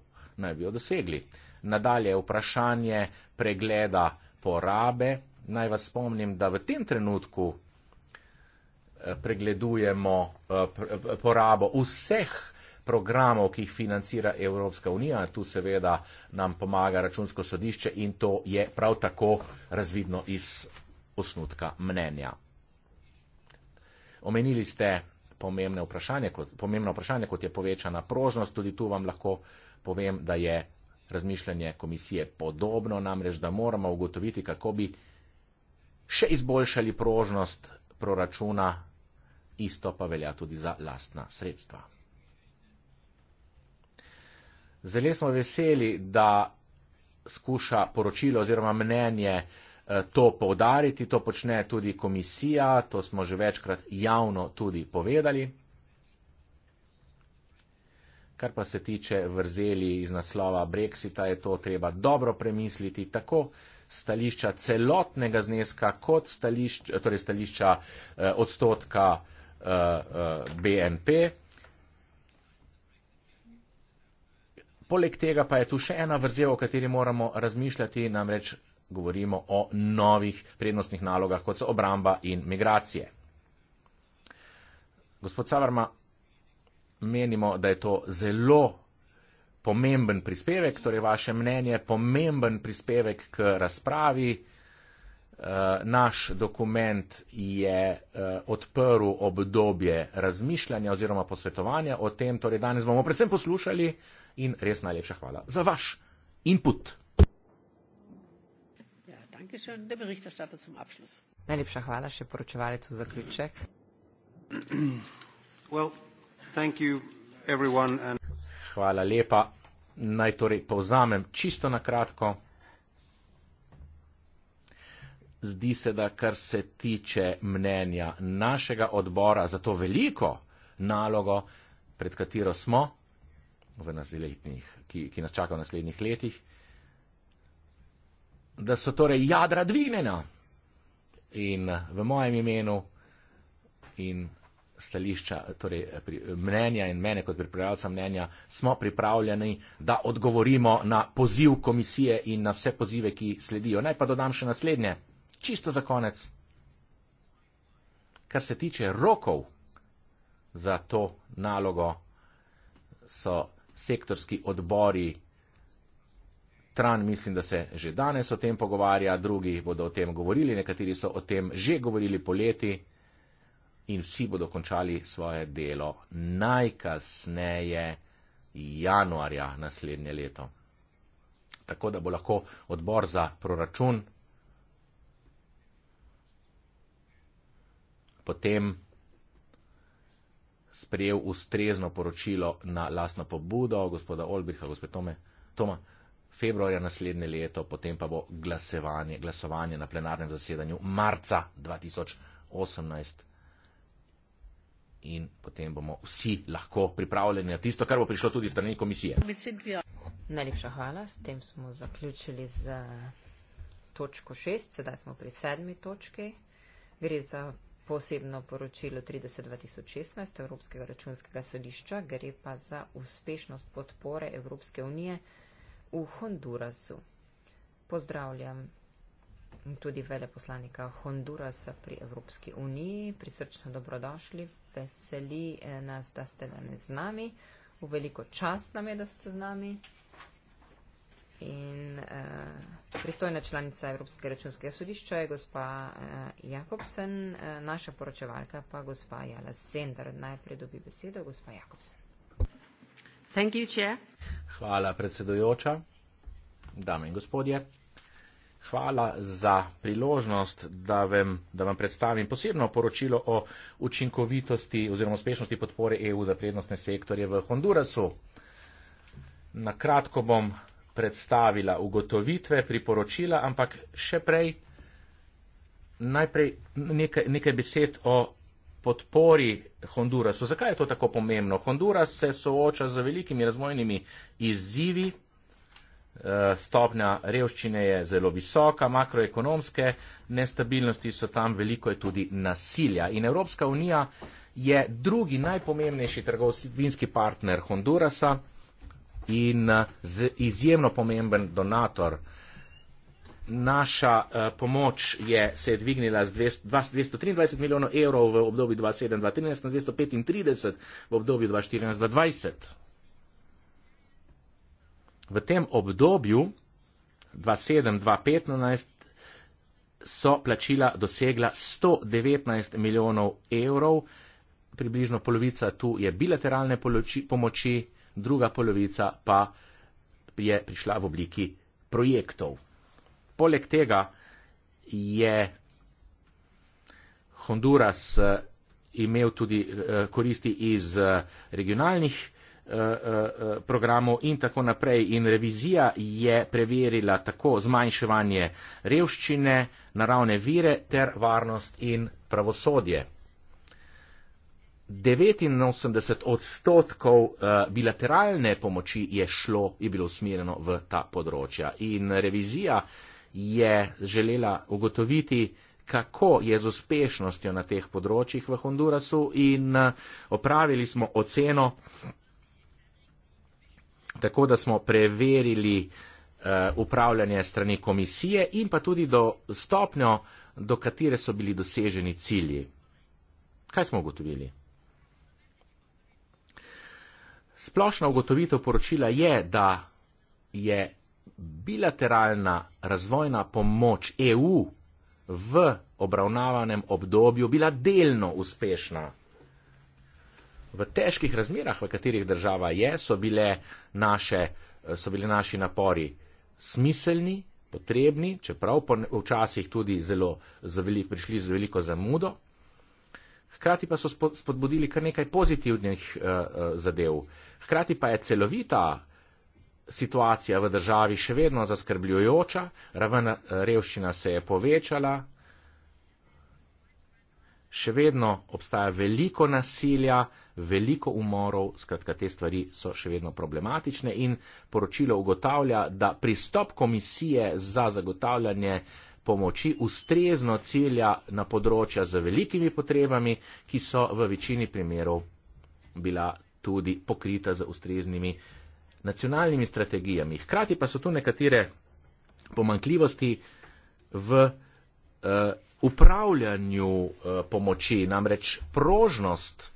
naj bi jo dosegli. Nadalje je vprašanje pregleda porabe. Naj vas spomnim, da v tem trenutku eh, pregledujemo eh, eh, porabo vseh programov, ki jih financira Evropska unija. Tu seveda nam pomaga računsko sodišče in to je prav tako razvidno iz osnutka mnenja. Omenili ste pomembne vprašanje, kot, pomembno vprašanje, kot je povečana prožnost. Tudi tu vam lahko povem, da je razmišljanje komisije podobno, namreč da moramo ugotoviti, kako bi še izboljšali prožnost proračuna, isto pa velja tudi za lastna sredstva. Zelo smo veseli, da skuša poročilo oziroma mnenje eh, to poudariti, to počne tudi komisija, to smo že večkrat javno tudi povedali. Kar pa se tiče vrzeli iz naslova Brexita, je to treba dobro premisliti, tako stališča celotnega zneska, kot stališč, torej stališča eh, odstotka eh, eh, BNP. Poleg tega pa je tu še ena vrzel, o kateri moramo razmišljati, namreč govorimo o novih prednostnih nalogah, kot so obramba in migracije. Gospod Savarma, menimo, da je to zelo pomemben prispevek, torej vaše mnenje, pomemben prispevek k razpravi. Eh, naš dokument je eh, odprl obdobje razmišljanja oziroma posvetovanja o tem, torej danes bomo predvsem poslušali in res najlepša hvala za vaš input. Ja, najlepša hvala še poročevalcu zaključek. Well, Hvala lepa. Naj torej povzamem čisto na kratko. Zdi se, da kar se tiče mnenja našega odbora za to veliko nalogo, pred katero smo, ki, ki nas čaka v naslednjih letih, da so torej jadra dvignjena. In v mojem imenu in stališča, torej pri, mnenja in mene kot pripravljalca mnenja, smo pripravljeni, da odgovorimo na poziv komisije in na vse pozive, ki sledijo. Naj pa dodam še naslednje, čisto za konec. Kar se tiče rokov za to nalogo, so sektorski odbori. Tran, mislim, da se že danes o tem pogovarja, drugi bodo o tem govorili, nekateri so o tem že govorili poleti in vsi bodo končali svoje delo najkasneje januarja naslednje leto. Tako da bo lahko odbor za proračun potem sprejel ustrezno poročilo na lastno pobudo gospoda Olbrika, gospod Tome, Toma, februarja naslednje leto, potem pa bo glasovanje, glasovanje na plenarnem zasedanju marca 2018 in potem bomo vsi lahko pripravljeni na tisto, kar bo prišlo tudi strani komisije. Najlepša hvala, s tem smo zaključili z eh, točko 6, sedaj smo pri sedmi točki. Gre za posebno poročilo 32.016 Evropskega računskega sodišča, gre pa za uspešnost podpore Evropske unije v Hondurasu. Pozdravljam. Tudi veleposlanika Hondurasa pri Evropski uniji, prisrčno dobrodošli v veseli eh, nas, da ste danes z nami. V veliko čast nam je, da ste z nami. In eh, pristojna članica Evropske računske sodišča je gospa eh, Jakobsen, eh, naša poročevalka pa gospa Jala Sender. Najprej dobi besedo gospa Jakobsen. Thank you, Hvala predsedujoča, dame in gospodje. Hvala za priložnost, da vam, da vam predstavim posebno poročilo o učinkovitosti oziroma uspešnosti podpore EU za prednostne sektorje v Hondurasu. Na kratko bom predstavila ugotovitve, priporočila, ampak še prej najprej nekaj, nekaj besed o podpori Hondurasu. Zakaj je to tako pomembno? Honduras se sooča z velikimi razvojnimi izzivi Eh, stopnja revščine je zelo visoka, makroekonomske nestabilnosti so tam, veliko je tudi nasilja. In Evropska unija je drugi najpomembnejši trgovinski partner Hondurasa in eh, izjemno pomemben donator. Naša eh, pomoč je, se je dvignila z 223 milijonov evrov v obdobju 2007-2013 na 235 v obdobju 2014-2020 v tem obdobju 2007-2015 so plačila dosegla 119 milijonov evrov, približno polovica tu je bilateralne pomoči, druga polovica pa je prišla v obliki projektov. Poleg tega je Honduras eh, imel tudi eh, koristi iz eh, regionalnih projektov, Eh, eh, programov in tako naprej. In revizija je preverila tako zmanjševanje revščine, naravne vire ter varnost in pravosodje. 89 odstotkov eh, bilateralne pomoči je šlo, je bilo usmerjeno v ta področja. In revizija je želela ugotoviti, kako je z uspešnostjo na teh področjih v Hondurasu in opravili smo oceno, tako da smo preverili uh, upravljanje strani komisije in pa tudi do stopnjo, do katere so bili doseženi cilji. Kaj smo ugotovili? Splošna ugotovitev poročila je, da je bilateralna razvojna pomoč EU v obravnavanem obdobju bila delno uspešna v težkih razmerah, v katerih država je, so, bile naše, so bili naši napori smiselni, potrebni, čeprav včasih tudi zelo zavelik, prišli z veliko zamudo. Hkrati pa so spodbudili kar nekaj pozitivnih uh, zadev. Hkrati pa je celovita situacija v državi še vedno zaskrbljujoča, raven eh, revščina se je povečala, še vedno obstaja veliko nasilja, veliko umorov, skratka, te stvari so še vedno problematične in poročilo ugotavlja, da pristop komisije za zagotavljanje pomoči ustrezno cilja na področja z velikimi potrebami, ki so v večini primerov bila tudi pokrita z ustreznimi nacionalnimi strategijami. Hkrati pa so tu nekatere pomankljivosti v eh, upravljanju eh, pomoči, namreč prožnost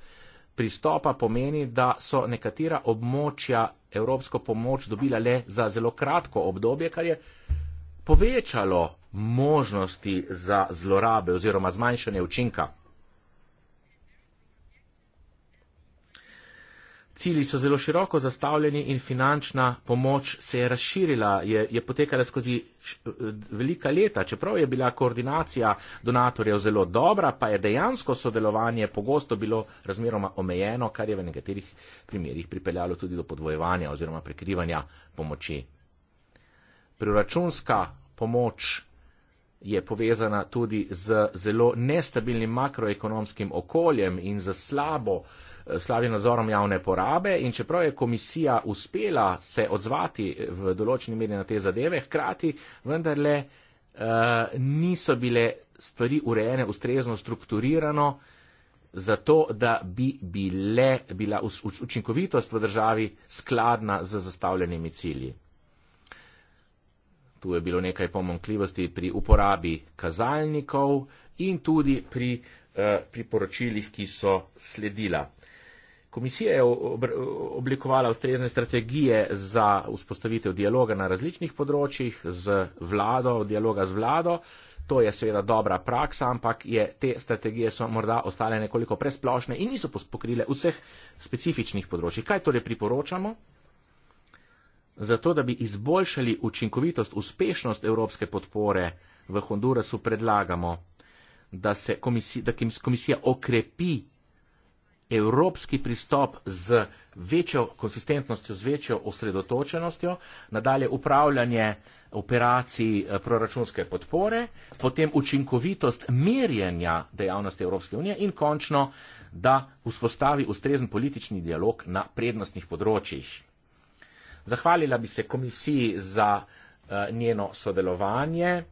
pristopa pomeni, da so nekatera območja evropsko pomoč dobila le za zelo kratko obdobje, kar je povečalo možnosti za zlorabe oziroma zmanjšanje učinka. Cili so zelo široko zastavljeni in finančna pomoč se je razširila, je, je potekala skozi š, eh, velika leta. Čeprav je bila koordinacija donatorjev zelo dobra, pa je dejansko sodelovanje pogosto bilo razmeroma omejeno, kar je v nekaterih primerjih pripeljalo tudi do podvojevanja oziroma prekrivanja pomoči. Proračunska pomoč je povezana tudi z zelo nestabilnim makroekonomskim okoljem in z slabo Eh, slabim nadzorom javne porabe in čeprav je komisija uspela se odzvati eh, v določeni meri na te zadeve, hkrati vendarle uh, niso bile stvari urejene ustrezno strukturirano, zato da bi bile, bila učinkovitost v državi skladna z zastavljenimi cilji. Tu je bilo nekaj pomankljivosti pri uporabi kazalnikov in tudi pri eh, priporočilih, ki so sledila. Komisija je oblikovala ustrezne strategije za vzpostavitev dialoga na različnih področjih z vlado, dialoga z vlado. To je seveda dobra praksa, ampak te strategije so morda ostale nekoliko presplošne in niso pospokrile vseh specifičnih področjih. Kaj torej priporočamo? Zato, da bi izboljšali učinkovitost, uspešnost evropske podpore v Hondurasu, predlagamo, da se komisija, da komisija okrepi evropski pristop z večjo konsistentnostjo, z večjo osredotočenostjo, nadalje upravljanje operacij eh, proračunske podpore, potem učinkovitost merjenja dejavnosti Evropske unije in končno, da vzpostavi ustrezen politični dialog na prednostnih področjih. Zahvalila bi se komisiji za eh, njeno sodelovanje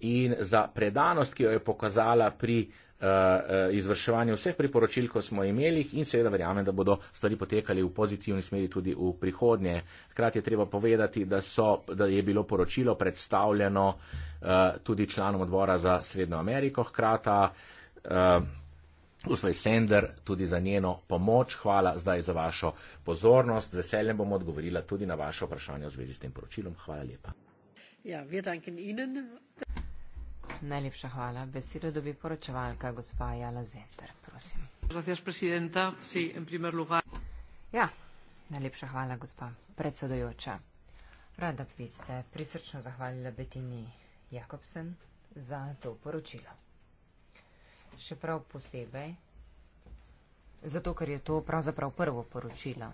in za predanost, ki jo je pokazala pri Eh, eh, izvrševanje vseh priporočil, ko smo imeli in seveda verjamem, da bodo stvari potekali v pozitivni smeri tudi v prihodnje. Hkrati je treba povedati, da, so, da je bilo poročilo predstavljeno eh, tudi članom odbora za Srednjo Ameriko, hkrata gospod Sender tudi za njeno pomoč. Hvala zdaj za vašo pozornost. Z veseljem bom odgovorila tudi na vaše vprašanje v zvezi s tem poročilom. Hvala lepa. Ja, Najlepša hvala. Besedo dobi poročevalka gospa Jala Zenter. Prosim. Ja, najlepša hvala, gospa predsedojoča. Rada bi se prisrčno zahvalila Betini Jakobsen za to poročilo. Še prav posebej, zato ker je to pravzaprav prvo poročilo.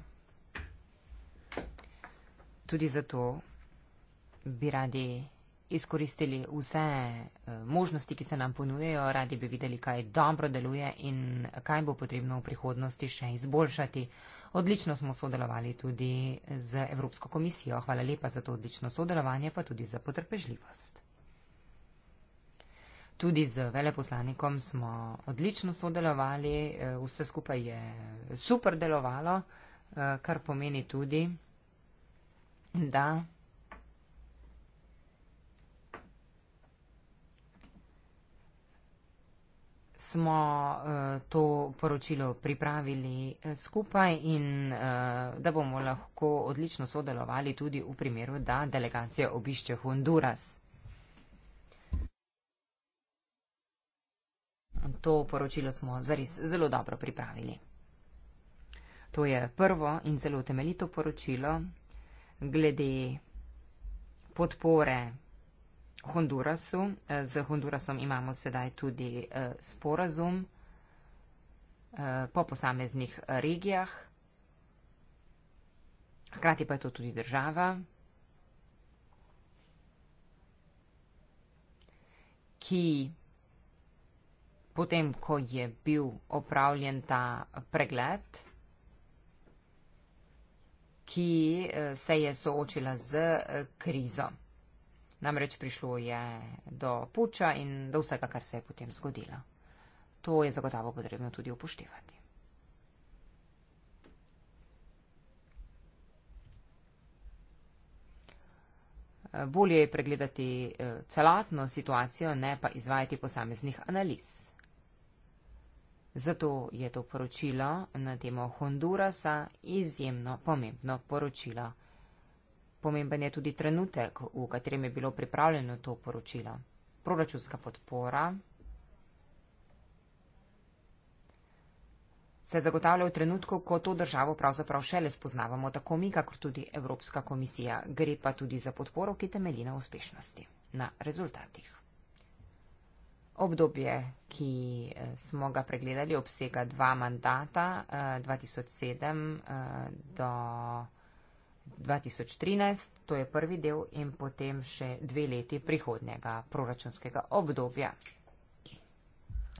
Tudi zato bi radi izkoristili vse eh, možnosti, ki se nam ponujejo, radi bi videli, kaj dobro deluje in kaj bo potrebno v prihodnosti še izboljšati. Odlično smo sodelovali tudi z Evropsko komisijo. Hvala lepa za to odlično sodelovanje, pa tudi za potrpežljivost. Tudi z veleposlanikom smo odlično sodelovali, eh, vse skupaj je super delovalo, eh, kar pomeni tudi, da smo eh, to poročilo pripravili eh, skupaj in eh, da bomo lahko odlično sodelovali tudi v primeru, da delegacija obišče Honduras. To poročilo smo zares zelo dobro pripravili. To je prvo in zelo temeljito poročilo glede podpore Hondurasu. Eh, z Hondurasom imamo sedaj tudi eh, sporazum eh, po posameznih regijah. Hkrati pa je to tudi država, ki potem, ko je bil opravljen ta pregled, ki se je soočila z krizo. Namreč prišlo je do puča in do vsega, kar se je potem zgodilo. To je zagotovo potrebno tudi upoštevati. Bolje je pregledati eh, celotno situacijo, ne pa izvajati posameznih analiz. Zato je to poročilo na temo Hondurasa izjemno pomembno poročilo. Pomemben je tudi trenutek, v katerem je bilo pripravljeno to poročilo. Proračunska podpora se zagotavlja v trenutku, ko to državo pravzaprav šele spoznavamo, tako mi, kakor tudi Evropska komisija. Gre pa tudi za podporo, ki temelji na uspešnosti, na rezultatih. Obdobje, ki eh, smo ga pregledali, obsega dva mandata 2007 eh, eh, do 2007. 2013, to je prvi del in potem še dve leti prihodnjega proračunskega obdobja.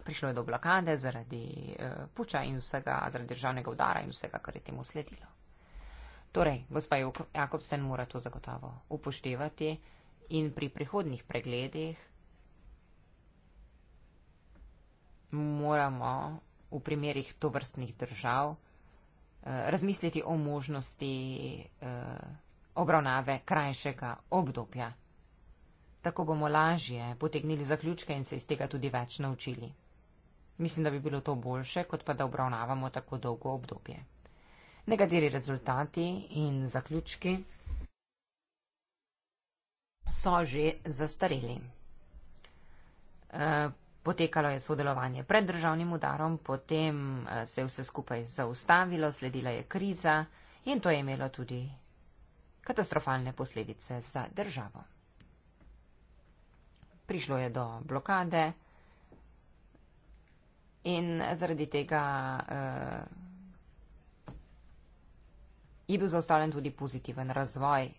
Prišlo je do blokade zaradi eh, puča in vsega, zaradi državnega udara in vsega, kar je temu sledilo. Torej, gospa Jakobsen mora to zagotovo upoštevati in pri prihodnih pregledih moramo v primerih tovrstnih držav Eh, razmisliti o možnosti eh, obravnave krajšega obdobja. Tako bomo lažje potegnili zaključke in se iz tega tudi več naučili. Mislim, da bi bilo to boljše, kot pa da obravnavamo tako dolgo obdobje. Nekateri rezultati in zaključki so že zastareli. Eh, Potekalo je sodelovanje pred državnim udarom, potem eh, se je vse skupaj zaustavilo, sledila je kriza in to je imelo tudi katastrofalne posledice za državo. Prišlo je do blokade in zaradi tega uh, je bil zaustavljen tudi pozitiven razvoj.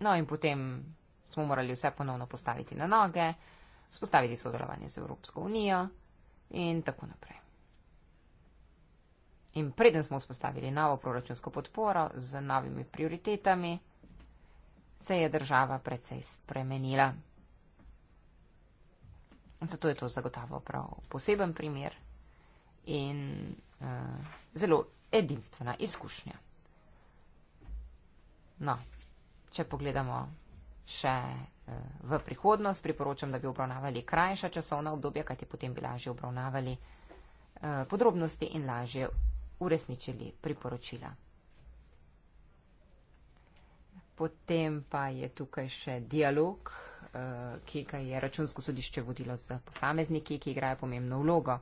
No in potem smo morali vse ponovno postaviti na noge, spostaviti sodelovanje z Evropsko unijo in tako naprej. In preden smo spostavili novo proračunsko podporo z novimi prioritetami, se je država precej spremenila. Zato je to zagotovo prav poseben primer in uh, zelo edinstvena izkušnja. No, če pogledamo še eh, v prihodnost. Priporočam, da bi obravnavali krajša časovna obdobja, kajti potem bi lažje obravnavali eh, podrobnosti in lažje uresničili priporočila. Potem pa je tukaj še dialog, eh, ki ga je računsko sodišče vodilo z posamezniki, ki igrajo pomembno vlogo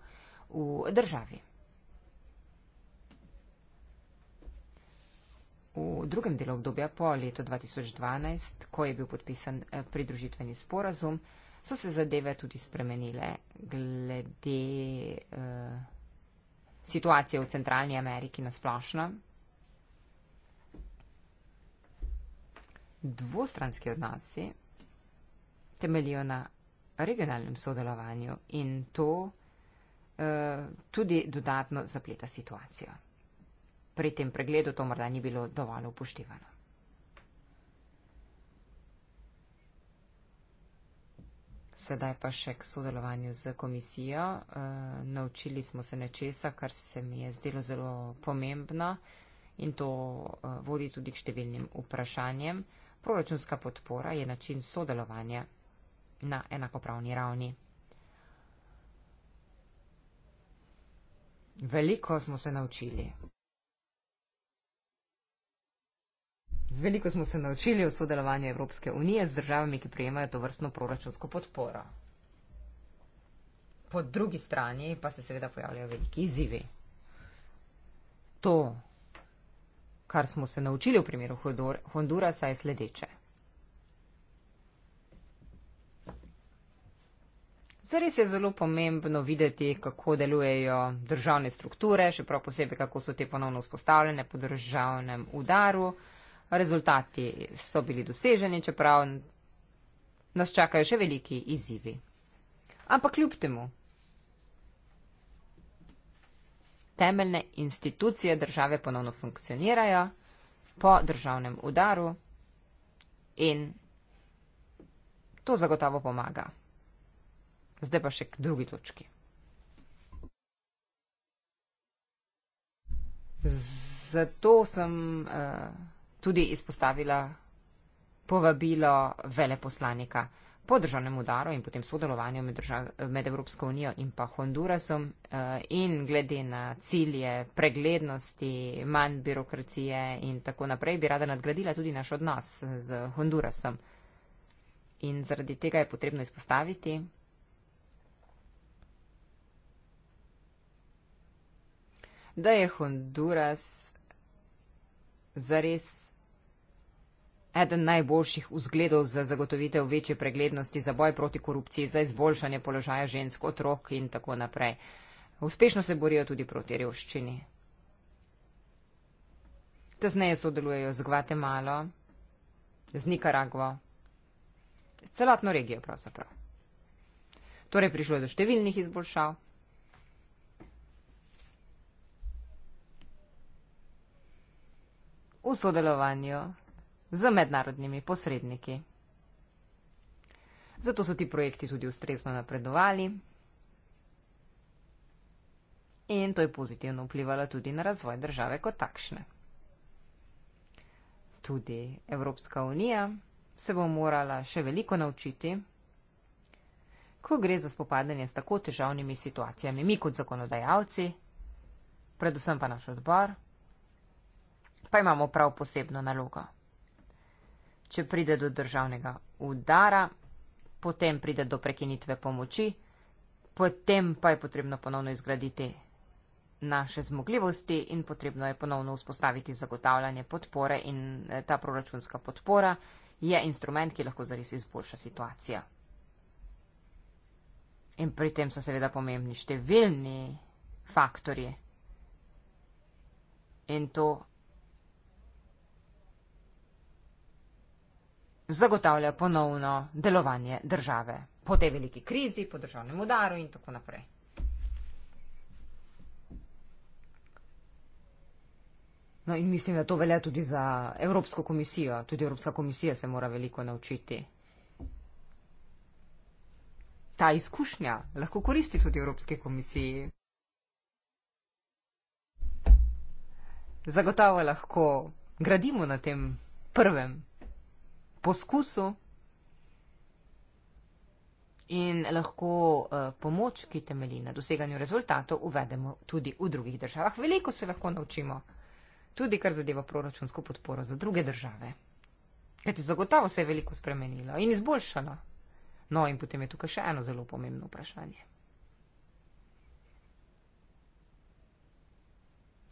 v državi. v drugem delu obdobja po letu 2012, ko je bil podpisan eh, pridružitveni sporazum, so se zadeve tudi spremenile glede uh, situacije v Centralni Ameriki na splošno. Dvostranski odnosi temeljijo na regionalnem sodelovanju in to uh, tudi dodatno zapleta situacijo pri tem pregledu to morda ni bilo dovolj upoštevano. Sedaj pa še k sodelovanju z komisijo. E, naučili smo se nečesa, kar se mi je zdelo zelo pomembno in to e, vodi tudi k številnim vprašanjem. Proračunska podpora je način sodelovanja na enakopravni ravni. Veliko smo se naučili. veliko smo se naučili o sodelovanju Evropske unije z državami, ki prijemajo to vrstno proračunsko podporo. Po drugi strani pa se seveda pojavljajo veliki izzivi. To, kar smo se naučili v primeru Hondurasa, je sledeče. Zares je zelo pomembno videti, kako delujejo državne strukture, še prav posebej, kako so te ponovno vzpostavljene po državnem udaru rezultati so bili doseženi, čeprav nas čakajo še veliki izzivi. Ampak kljub temu, temeljne institucije države ponovno funkcionirajo po državnem udaru in to zagotovo pomaga. Zdaj pa še k drugi točki. Zato sem. Uh, tudi izpostavila povabilo veleposlanika po državnem udaru in potem sodelovanju med, držav, med Evropsko unijo in pa Hondurasom eh, in glede na cilje preglednosti, manj birokracije in tako naprej, bi rada nadgradila tudi naš odnos z Hondurasom. In zaradi tega je potrebno izpostaviti, da je Honduras zares eden najboljših vzgledov za zagotovitev večje preglednosti za boj proti korupciji, za izboljšanje položaja žensk, otrok in tako naprej. Uspešno se borijo tudi proti revščini. Tesneje sodelujejo z Gvatemalo, z Nikaragvo, z celotno regijo pravzaprav. Torej prišlo je do številnih izboljšav. V sodelovanju z mednarodnimi posredniki. Zato so ti projekti tudi ustrezno napredovali in to je pozitivno vplivalo tudi na razvoj države kot takšne. Tudi Evropska unija se bo morala še veliko naučiti, ko gre za spopadanje s tako težavnimi situacijami mi kot zakonodajalci, predvsem pa naš odbor, pa imamo prav posebno nalogo če pride do državnega udara, potem pride do prekinitve pomoči, potem pa je potrebno ponovno izgraditi naše zmogljivosti in potrebno je ponovno vzpostaviti zagotavljanje podpore in eh, ta proračunska podpora je instrument, ki lahko zares izboljša situacijo. In pri tem so seveda pomembni številni faktorji. In to zagotavlja ponovno delovanje države po tej veliki krizi, po državnem udaru in tako naprej. No in mislim, da to velja tudi za Evropsko komisijo. Tudi Evropska komisija se mora veliko naučiti. Ta izkušnja lahko koristi tudi Evropske komisiji. Zagotavo lahko gradimo na tem prvem poskusu in lahko uh, pomoč, ki temelji na doseganju rezultatov, uvedemo tudi v drugih državah. Veliko se lahko naučimo, tudi kar zadeva proračunsko podporo za druge države. Ker zagotovo se je veliko spremenilo in izboljšalo. No, in potem je tukaj še eno zelo pomembno vprašanje,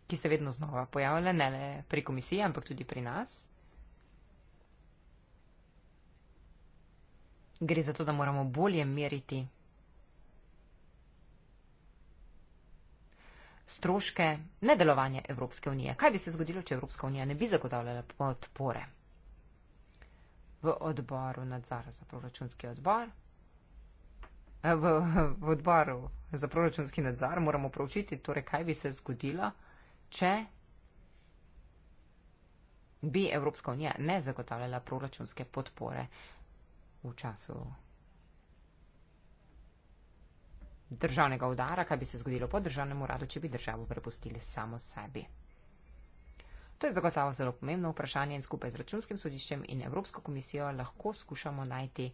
ki se vedno znova pojavlja, ne le pri komisiji, ampak tudi pri nas. gre za to, da moramo bolje meriti stroške nedelovanja Evropske unije. Kaj bi se zgodilo, če Evropska unija ne bi zagotavljala podpore v odboru nadzora za proračunski odbor? Eh, v, v odboru za proračunski nadzor moramo pravčiti, torej kaj bi se zgodilo, če bi Evropska unija ne zagotavljala proračunske podpore v času državnega udara, kaj bi se zgodilo po državnem uradu, če bi državo prepustili samo sebi. To je zagotovo zelo pomembno vprašanje in skupaj z računskim sodiščem in Evropsko komisijo lahko skušamo najti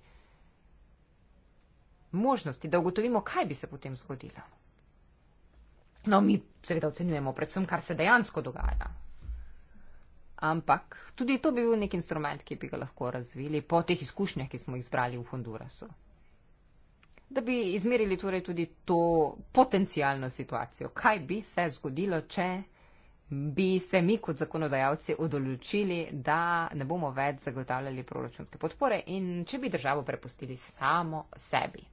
možnosti, da ugotovimo, kaj bi se potem zgodilo. No, mi seveda ocenjujemo predvsem, kar se dejansko dogaja, ampak tudi to bi bil nek instrument, ki bi ga lahko razvili po teh izkušnjah, ki smo jih zbrali v Hondurasu. Da bi izmerili torej tudi to potencijalno situacijo, kaj bi se zgodilo, če bi se mi kot zakonodajalci odločili, da ne bomo več zagotavljali proračunske podpore in če bi državo prepustili samo sebi.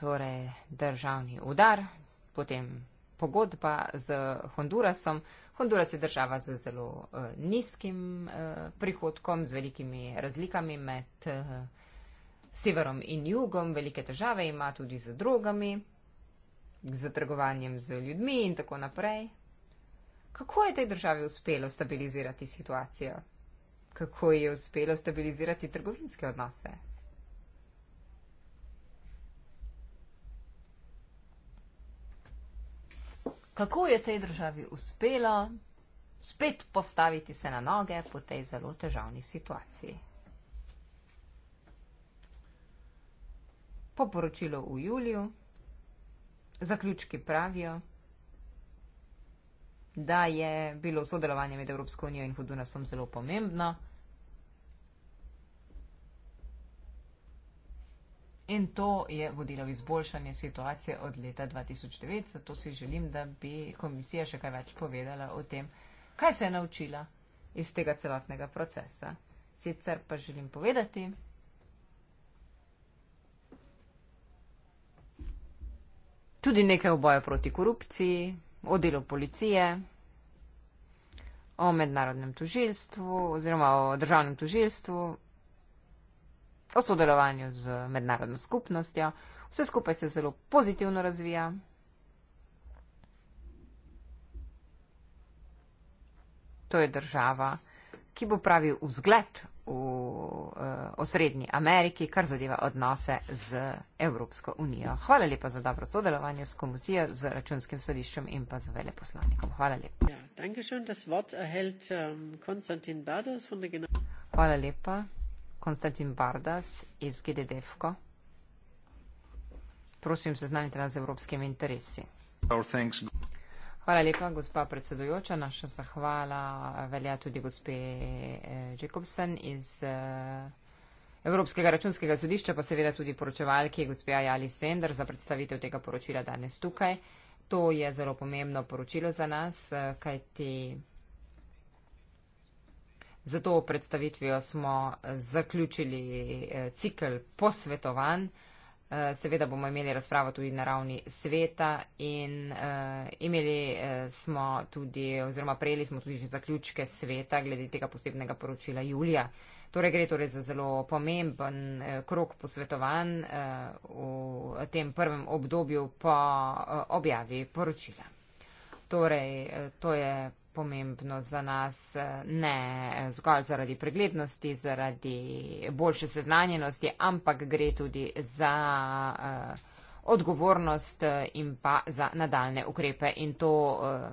Torej, državni udar, potem pogodba z Hondurasom. Honduras je država z zelo eh, nizkim eh, prihodkom, z velikimi razlikami med eh, severom in jugom, velike težave ima tudi z drogami, z trgovanjem z ljudmi in tako naprej. Kako je tej državi uspelo stabilizirati situacijo? Kako je uspelo stabilizirati trgovinske odnose? kako je tej državi uspelo spet postaviti se na noge po tej zelo težavni situaciji. Po poročilu v juliju zaključki pravijo, da je bilo sodelovanje med Evropsko unijo in Hudunasom zelo pomembno. In to je vodilo v izboljšanje situacije od leta 2009, zato si želim, da bi komisija še kaj več povedala o tem, kaj se je naučila iz tega celotnega procesa. Sicer pa želim povedati, tudi nekaj o boju proti korupciji, o delu policije, o mednarodnem tužilstvu oziroma o državnem tužilstvu, o sodelovanju z mednarodno skupnostjo. Vse skupaj se zelo pozitivno razvija. To je država, ki bo pravi vzgled v uh, osrednji Ameriki, kar zadeva odnose z Evropsko unijo. Hvala lepa za dobro sodelovanje s komisijo, z računskim sodiščem in pa z veleposlanikom. Hvala lepa. Ja, schön, erhält, um, Hvala lepa. Konstantin Bardas iz GDDFKO. Prosim, seznanite nas z evropskimi interesi. Hvala lepa, gospa predsedujoča. Naša zahvala velja tudi gospe eh, Jacobsen iz eh, Evropskega računskega sodišča, pa seveda tudi poročevalki gospe Ajali Sender za predstavitev tega poročila danes tukaj. To je zelo pomembno poročilo za nas, eh, kajti. Z to predstavitvijo smo eh, zaključili eh, cikl posvetovanj. Eh, seveda bomo imeli razpravo tudi na ravni sveta in uh, imeli smo tudi, oziroma prejeli smo tudi že zaključke sveta glede tega posebnega poročila Julija. Torej gre torej za zelo pomemben krok posvetovanj uh, v tem prvem obdobju po uh, objavi poročila. Torej, uh, to je pomembno za nas, eh, ne eh, zgolj zaradi preglednosti, zaradi boljše seznanjenosti, ampak gre tudi za eh, odgovornost in pa za nadaljne ukrepe. In to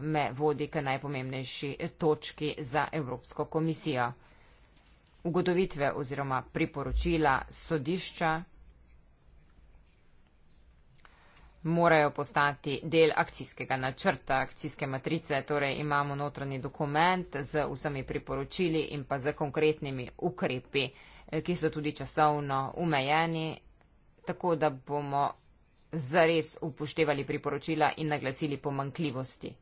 me vodi k najpomembnejši točki za Evropsko komisijo. Ugotovitve oziroma priporočila sodišča morajo postati del akcijskega načrta, akcijske matrice, torej imamo notranji dokument z vsemi priporočili in pa z konkretnimi ukrepi, eh, ki so tudi časovno umejeni, tako da bomo zares upoštevali priporočila in naglasili pomankljivosti,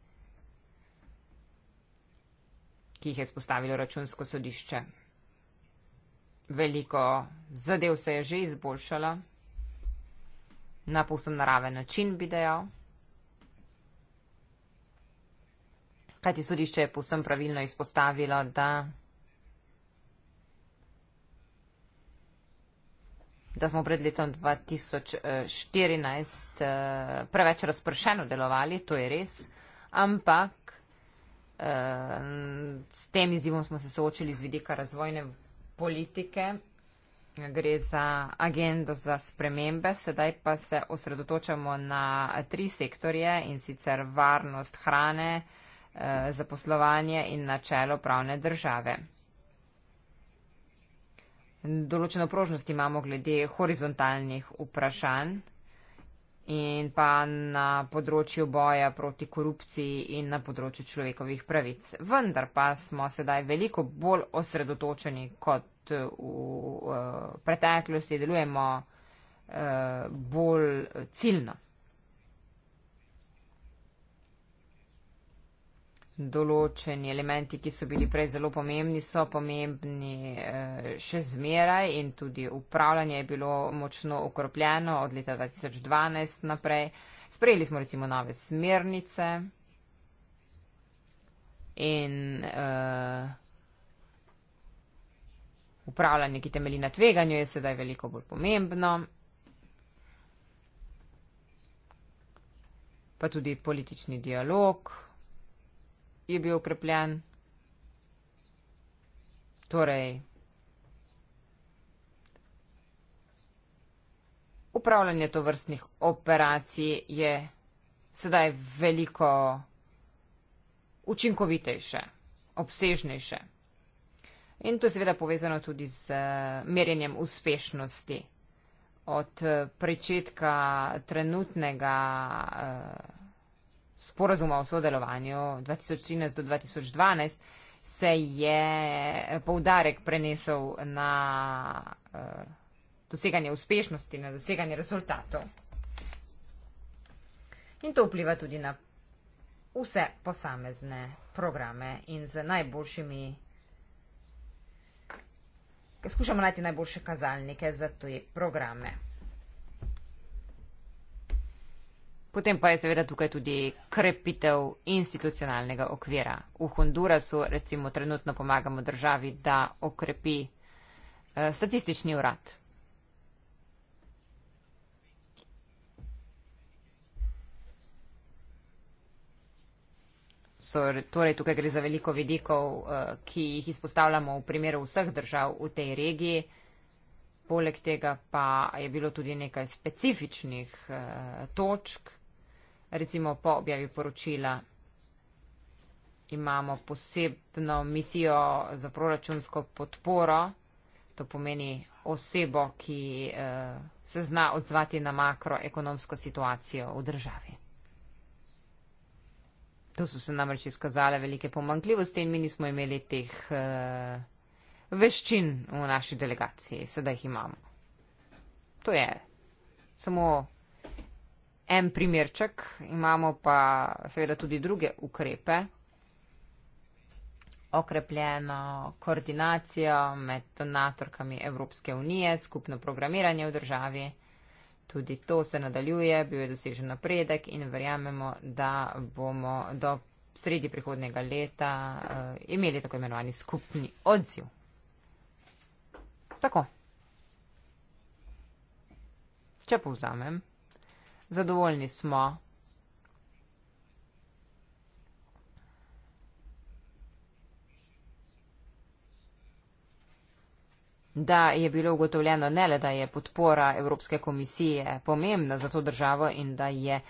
ki jih je spostavilo računsko sodišče. Veliko zadev se je že izboljšala na posebno naraven način, bi dejal. Kajti sodišče je posebno pravilno izpostavilo, da, da smo pred letom 2014 eh, preveč razpršeno delovali, to je res, ampak eh, s tem izzivom smo se soočili z vidika razvojne politike gre za agendo za spremembe. Sedaj pa se osredotočamo na tri sektorje in sicer varnost hrane, eh, zaposlovanje in načelo pravne države. Določeno prožnost imamo glede horizontalnih vprašanj in pa na področju boja proti korupciji in na področju človekovih pravic. Vendar pa smo sedaj veliko bolj osredotočeni kot tudi v uh, preteklosti delujemo uh, bolj ciljno. Določeni elementi, ki so bili prej zelo pomembni, so pomembni eh, še zmeraj in tudi upravljanje je bilo močno okropljeno od leta 2012 naprej. Sprejeli smo recimo nove smernice in. Uh, Upravljanje, ki temelji na tveganju, je sedaj veliko bolj pomembno. Pa tudi politični dialog je bil ukrepljen. Torej, upravljanje tovrstnih operacij je sedaj veliko učinkovitejše, obsežnejše. In to je seveda povezano tudi z eh, merjenjem uspešnosti od eh, pričetka trenutnega eh, sporazuma o sodelovanju 2013 do 2012 se je poudarek prenesel na doseganje uspešnosti, na doseganje rezultatov. In to vpliva tudi na vse posamezne programe in z najboljšimi programe ker skušamo najti najboljše kazalnike za te programe. Potem pa je seveda tukaj tudi krepitev institucionalnega okvira. V Hondurasu recimo trenutno pomagamo državi, da okrepi eh, statistični urad, So, torej tukaj gre za veliko vidikov, eh, ki jih izpostavljamo v primeru vseh držav v tej regiji. Poleg tega pa je bilo tudi nekaj specifičnih eh, točk. Recimo po objavi poročila imamo posebno misijo za proračunsko podporo. To pomeni osebo, ki eh, se zna odzvati na makroekonomsko situacijo v državi. To so se namreč izkazale velike pomankljivosti in mi nismo imeli teh uh, veščin v naši delegaciji, sedaj jih imamo. To je samo en primerček, imamo pa seveda tudi druge ukrepe, okrepljeno koordinacijo med donatorkami Evropske unije, skupno programiranje v državi. Tudi to se nadaljuje, bil je dosežen napredek in verjamemo, da bomo do sredi prihodnega leta uh, imeli tako imenovani skupni odziv. Tako. Če povzamem, zadovoljni smo da je bilo ugotovljeno ne le, da je podpora Evropske komisije pomembna za to državo in da je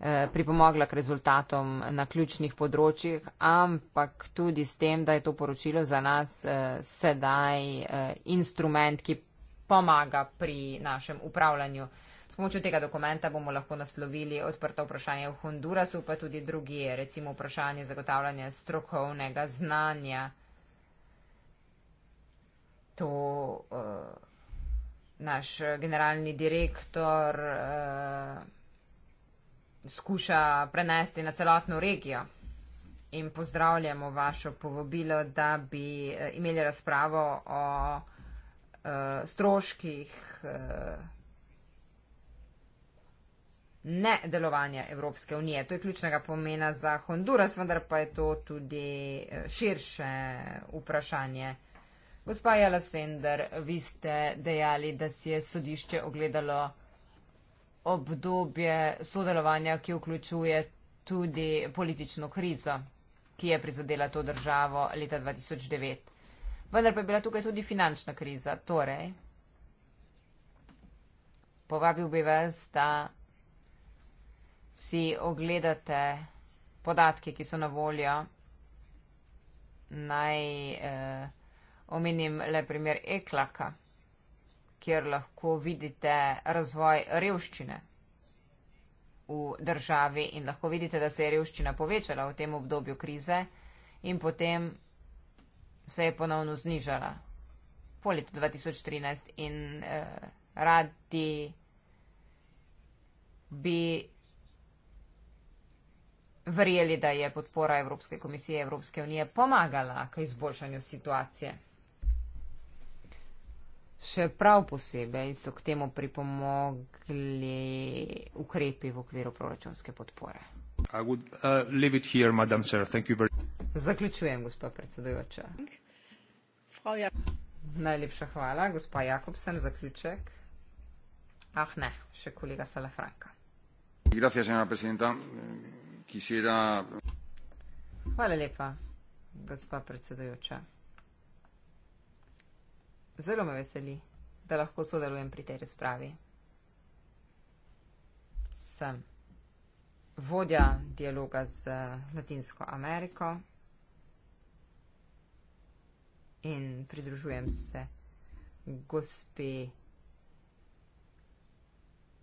eh, pripomogla k rezultatom na ključnih področjih, ampak tudi s tem, da je to poročilo za nas eh, sedaj eh, instrument, ki pomaga pri našem upravljanju. S pomočjo tega dokumenta bomo lahko naslovili odprta vprašanja v Hondurasu, pa tudi druge, recimo vprašanje zagotavljanja strokovnega znanja to uh, naš generalni direktor uh, skuša prenesti na celotno regijo. In pozdravljamo vašo povabilo, da bi uh, imeli razpravo o uh, stroških. Uh, Ne delovanja Evropske unije. To je ključnega pomena za Honduras, vendar pa je to tudi širše vprašanje. Gospa Jala Sender, vi ste dejali, da si je sodišče ogledalo obdobje sodelovanja, ki vključuje tudi politično krizo, ki je prizadela to državo leta 2009. Vendar pa je bila tukaj tudi finančna kriza. Torej, povabil bi vas, da si ogledate podatke, ki so na voljo naj. Eh, omenim le primer Eklaka, kjer lahko vidite razvoj revščine v državi in lahko vidite, da se je revščina povečala v tem obdobju krize in potem se je ponovno znižala po letu 2013 in eh, radi bi verjeli, da je podpora Evropske komisije Evropske unije pomagala k izboljšanju situacije še prav posebej so k temu pripomogli ukrepi v okviru proračunske podpore. Would, uh, here, very... Zaključujem, gospa predsedujoča. Oh, ja. Najlepša hvala, gospa Jakobsen, zaključek. Ah ne, še kolega Salafranka. Hvala lepa, gospa predsedujoča. Zelo me veseli, da lahko sodelujem pri tej razpravi. Sem vodja dialoga z Latinsko Ameriko in pridružujem se gospe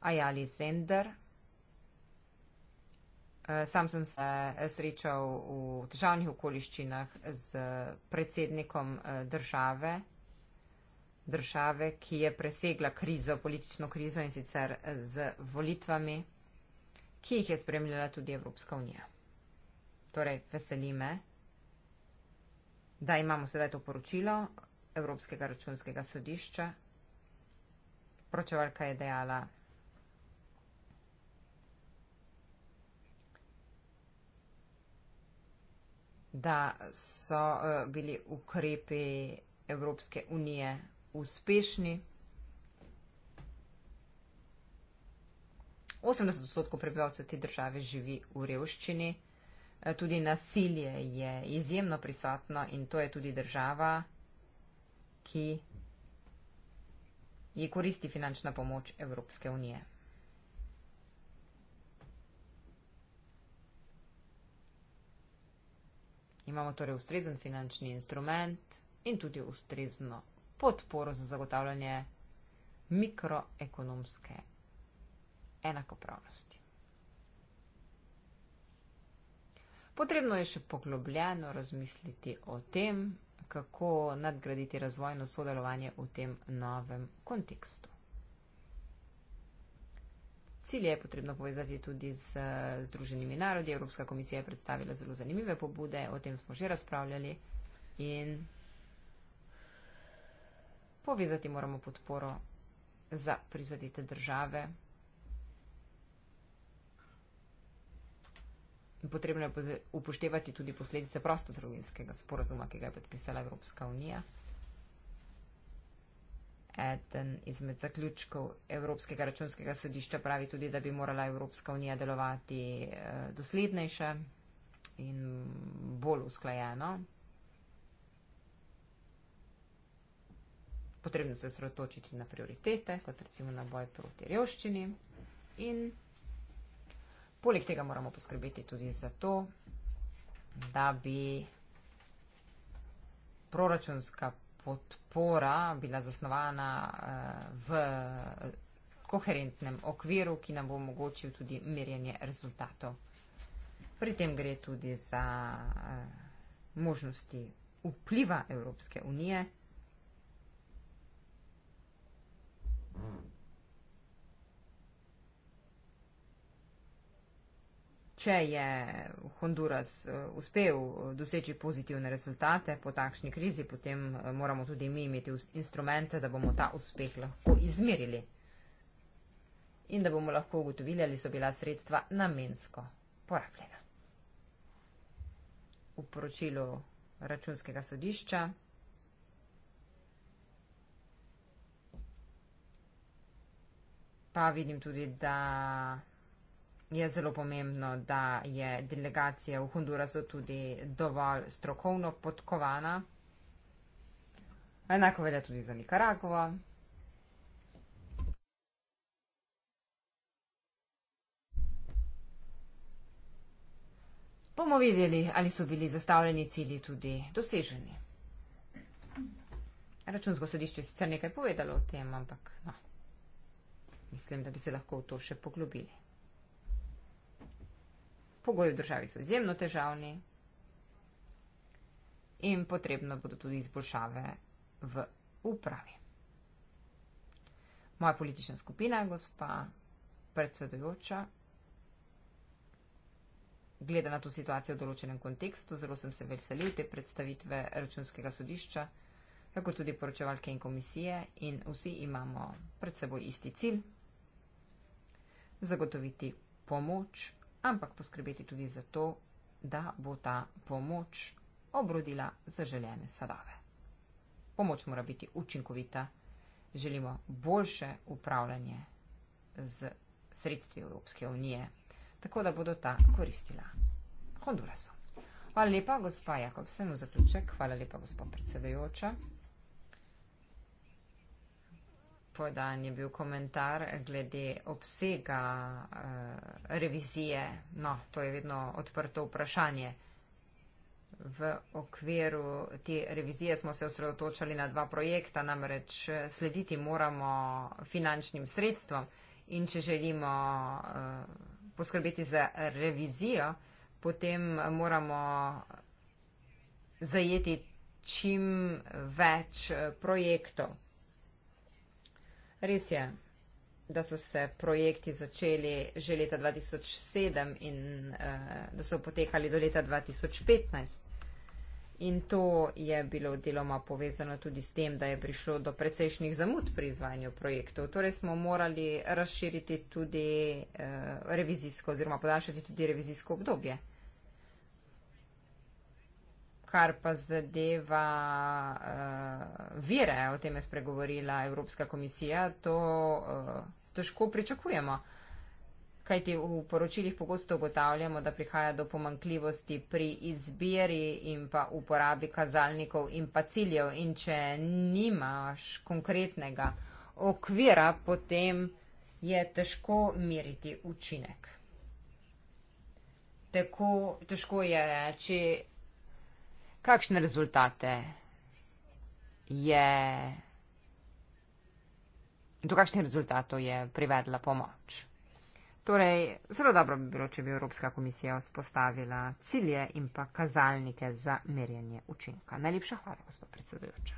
Ajali Zender. Eh, sam sem se srečal v težavnih okoliščinah z predsednikom eh, države države, ki je presegla krizo, politično krizo in sicer z volitvami, ki jih je spremljala tudi Evropska unija. Torej, veseli me, da imamo sedaj to poročilo Evropskega računskega sodišča. Pročevalka je dejala, da so eh, bili ukrepi Evropske unije uspešni. 80 odstotkov prebivalcev te države živi v revščini. Eh, tudi nasilje je izjemno prisotno in to je tudi država, ki ji koristi finančna pomoč Evropske unije. Imamo torej ustrezen finančni instrument in tudi ustrezno podporo za zagotavljanje mikroekonomske enakopravnosti. Potrebno je še poglobljeno razmisliti o tem, kako nadgraditi razvojno sodelovanje v tem novem kontekstu. Cilje je potrebno povezati tudi z Združenimi narodi. Evropska komisija je predstavila zelo zanimive pobude, o tem smo že razpravljali in Povezati moramo podporo za prizadete države. In potrebno je upoštevati tudi posledice prostotrovinskega sporazuma, ki ga je podpisala Evropska unija. Eden izmed zaključkov Evropskega računskega sodišča pravi tudi, da bi morala Evropska unija delovati eh, doslednejše in bolj usklajeno. potrebno se osredotočiti na prioritete, kot recimo na boj proti revščini. In poleg tega moramo poskrbeti tudi za to, da bi proračunska podpora bila zasnovana eh, v koherentnem okviru, ki nam bo omogočil tudi merjenje rezultatov. Pri tem gre tudi za eh, možnosti vpliva Evropske unije Če je Honduras eh, uspel eh, doseči pozitivne rezultate po takšni krizi, potem eh, moramo tudi mi imeti instrumente, da bomo ta uspeh lahko izmerili in da bomo lahko ugotovili, ali so bila sredstva namensko porabljena. V poročilu računskega sodišča. pa vidim tudi, da je zelo pomembno, da je delegacija v Hondurasu tudi dovolj strokovno podkovana. Enako velja tudi za Nikaragvo. Bomo videli, ali so bili zastavljeni cilji tudi doseženi. Računsko sodišče je sicer nekaj povedalo o tem, ampak no. Mislim, da bi se lahko v to še poglobili. Pogoji v državi so izjemno težavni in potrebno bodo tudi izboljšave v upravi. Moja politična skupina, gospa predsedujoča, gleda na to situacijo v določenem kontekstu. Zelo sem se veselil te predstavitve računskega sodišča, kako tudi poročevalke in komisije in vsi imamo pred seboj isti cilj zagotoviti pomoč, ampak poskrbeti tudi za to, da bo ta pomoč obrodila zaželjene sadove. Pomoč mora biti učinkovita, želimo boljše upravljanje z sredstvi Evropske unije, tako da bodo ta koristila Hondurasu. Hvala lepa, gospa Jakobsen, v zaključek. Hvala lepa, gospod predsedojoča podan je bil komentar glede obsega uh, revizije. No, to je vedno odprto vprašanje. V okviru te revizije smo se osredotočali na dva projekta, namreč eh, slediti moramo finančnim sredstvom in če želimo uh, poskrbeti za revizijo, potem moramo zajeti čim več projektov. Res je, da so se projekti začeli že leta 2007 in uh, da so potekali do leta 2015. In to je bilo deloma povezano tudi s tem, da je prišlo do precejšnjih zamud pri izvajanju projektov. Torej smo morali razširiti tudi uh, revizijsko oziroma podaljšati tudi revizijsko obdobje. Uh, kar pa zadeva uh, vire, o tem je spregovorila Evropska komisija, to uh, težko pričakujemo. Kajti v poročilih pogosto ugotavljamo, da prihaja do pomankljivosti pri izbiri in pa uporabi kazalnikov in pa ciljev. In če nimaš konkretnega okvira, potem je težko meriti učinek. Tako težko je reči, Kakšne rezultate je, do kakšnih rezultatov je privedla pomoč? Torej, zelo dobro bi bilo, če bi Evropska komisija vzpostavila cilje in pa kazalnike za merjenje učinka. Najlepša hvala, gospod predsedujoča.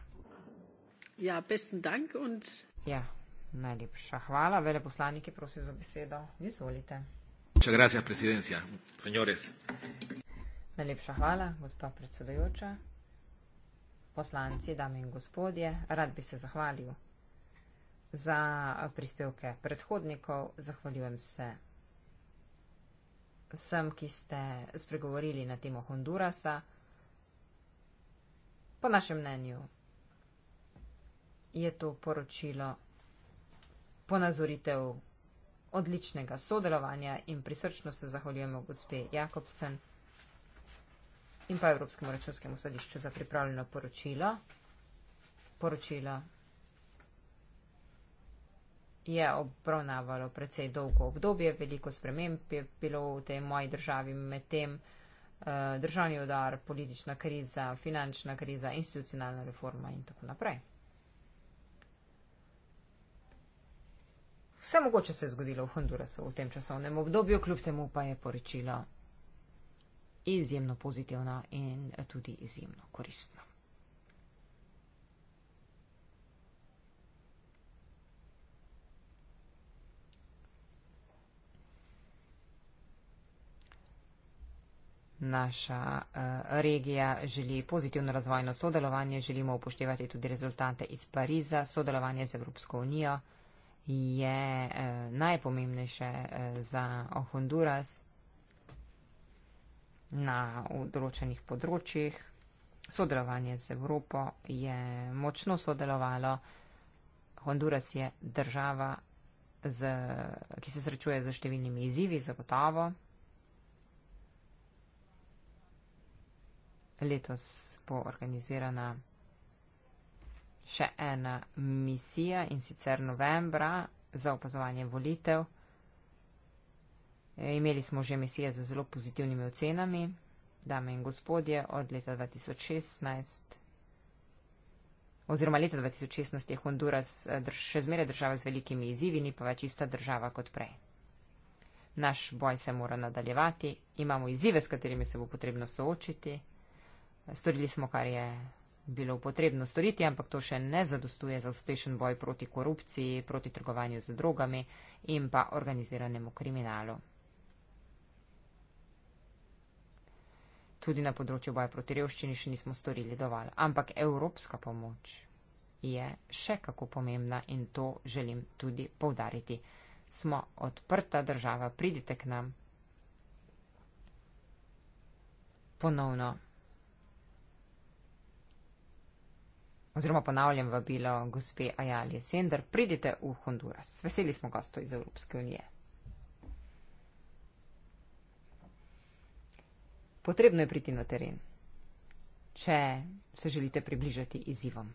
Ja, besten dank. Und... Ja, najlepša hvala. Vele poslanike prosim za besedo. Izvolite. Hvala, predsedujoča. Najlepša hvala, gospa predsedojoča. Poslanci, dame in gospodje, rad bi se zahvalil za prispevke predhodnikov. Zahvaljujem se vsem, ki ste spregovorili na temo Hondurasa. Po našem mnenju je to poročilo ponazoritev odličnega sodelovanja in prisrčno se zahvaljujemo gospe Jakobsen in pa Evropskemu računskemu sodišču za pripravljeno poročilo. Poročila je obravnavalo precej dolgo obdobje, veliko sprememb je bilo v tej moji državi med tem eh, državni udar, politična kriza, finančna kriza, institucionalna reforma in tako naprej. Vse mogoče se je zgodilo v Hondurasu v tem časovnem obdobju, kljub temu pa je poročilo izjemno pozitivna in tudi izjemno koristna. Naša uh, regija želi pozitivno razvojno sodelovanje, želimo upoštevati tudi rezultate iz Pariza. Sodelovanje z Evropsko unijo je uh, najpomembnejše uh, za Honduras na določenih področjih. Sodelovanje z Evropo je močno sodelovalo. Honduras je država, z, ki se srečuje z številnimi izzivi, zagotovo. Letos bo organizirana še ena misija in sicer novembra za opazovanje volitev. E, imeli smo že misije za zelo pozitivnimi ocenami, dame in gospodje, od leta 2016. Oziroma leta 2016 je Honduras e, še zmeraj država z velikimi izzivi, ni pa več ista država kot prej. Naš boj se mora nadaljevati, imamo izzive, s katerimi se bo potrebno soočiti. E, storili smo, kar je bilo potrebno storiti, ampak to še ne zadostuje za uspešen boj proti korupciji, proti trgovanju z drogami in pa organiziranemu kriminalu. tudi na področju boja proti revščini še nismo storili dovolj, ampak evropska pomoč je še kako pomembna in to želim tudi povdariti. Smo odprta država, pridite k nam. Ponovno. Oziroma ponavljam vabilo gospe Ajali Sender, pridite v Honduras. Veseli smo gostov iz Evropske unije. Potrebno je priti na teren, če se želite približati izzivom.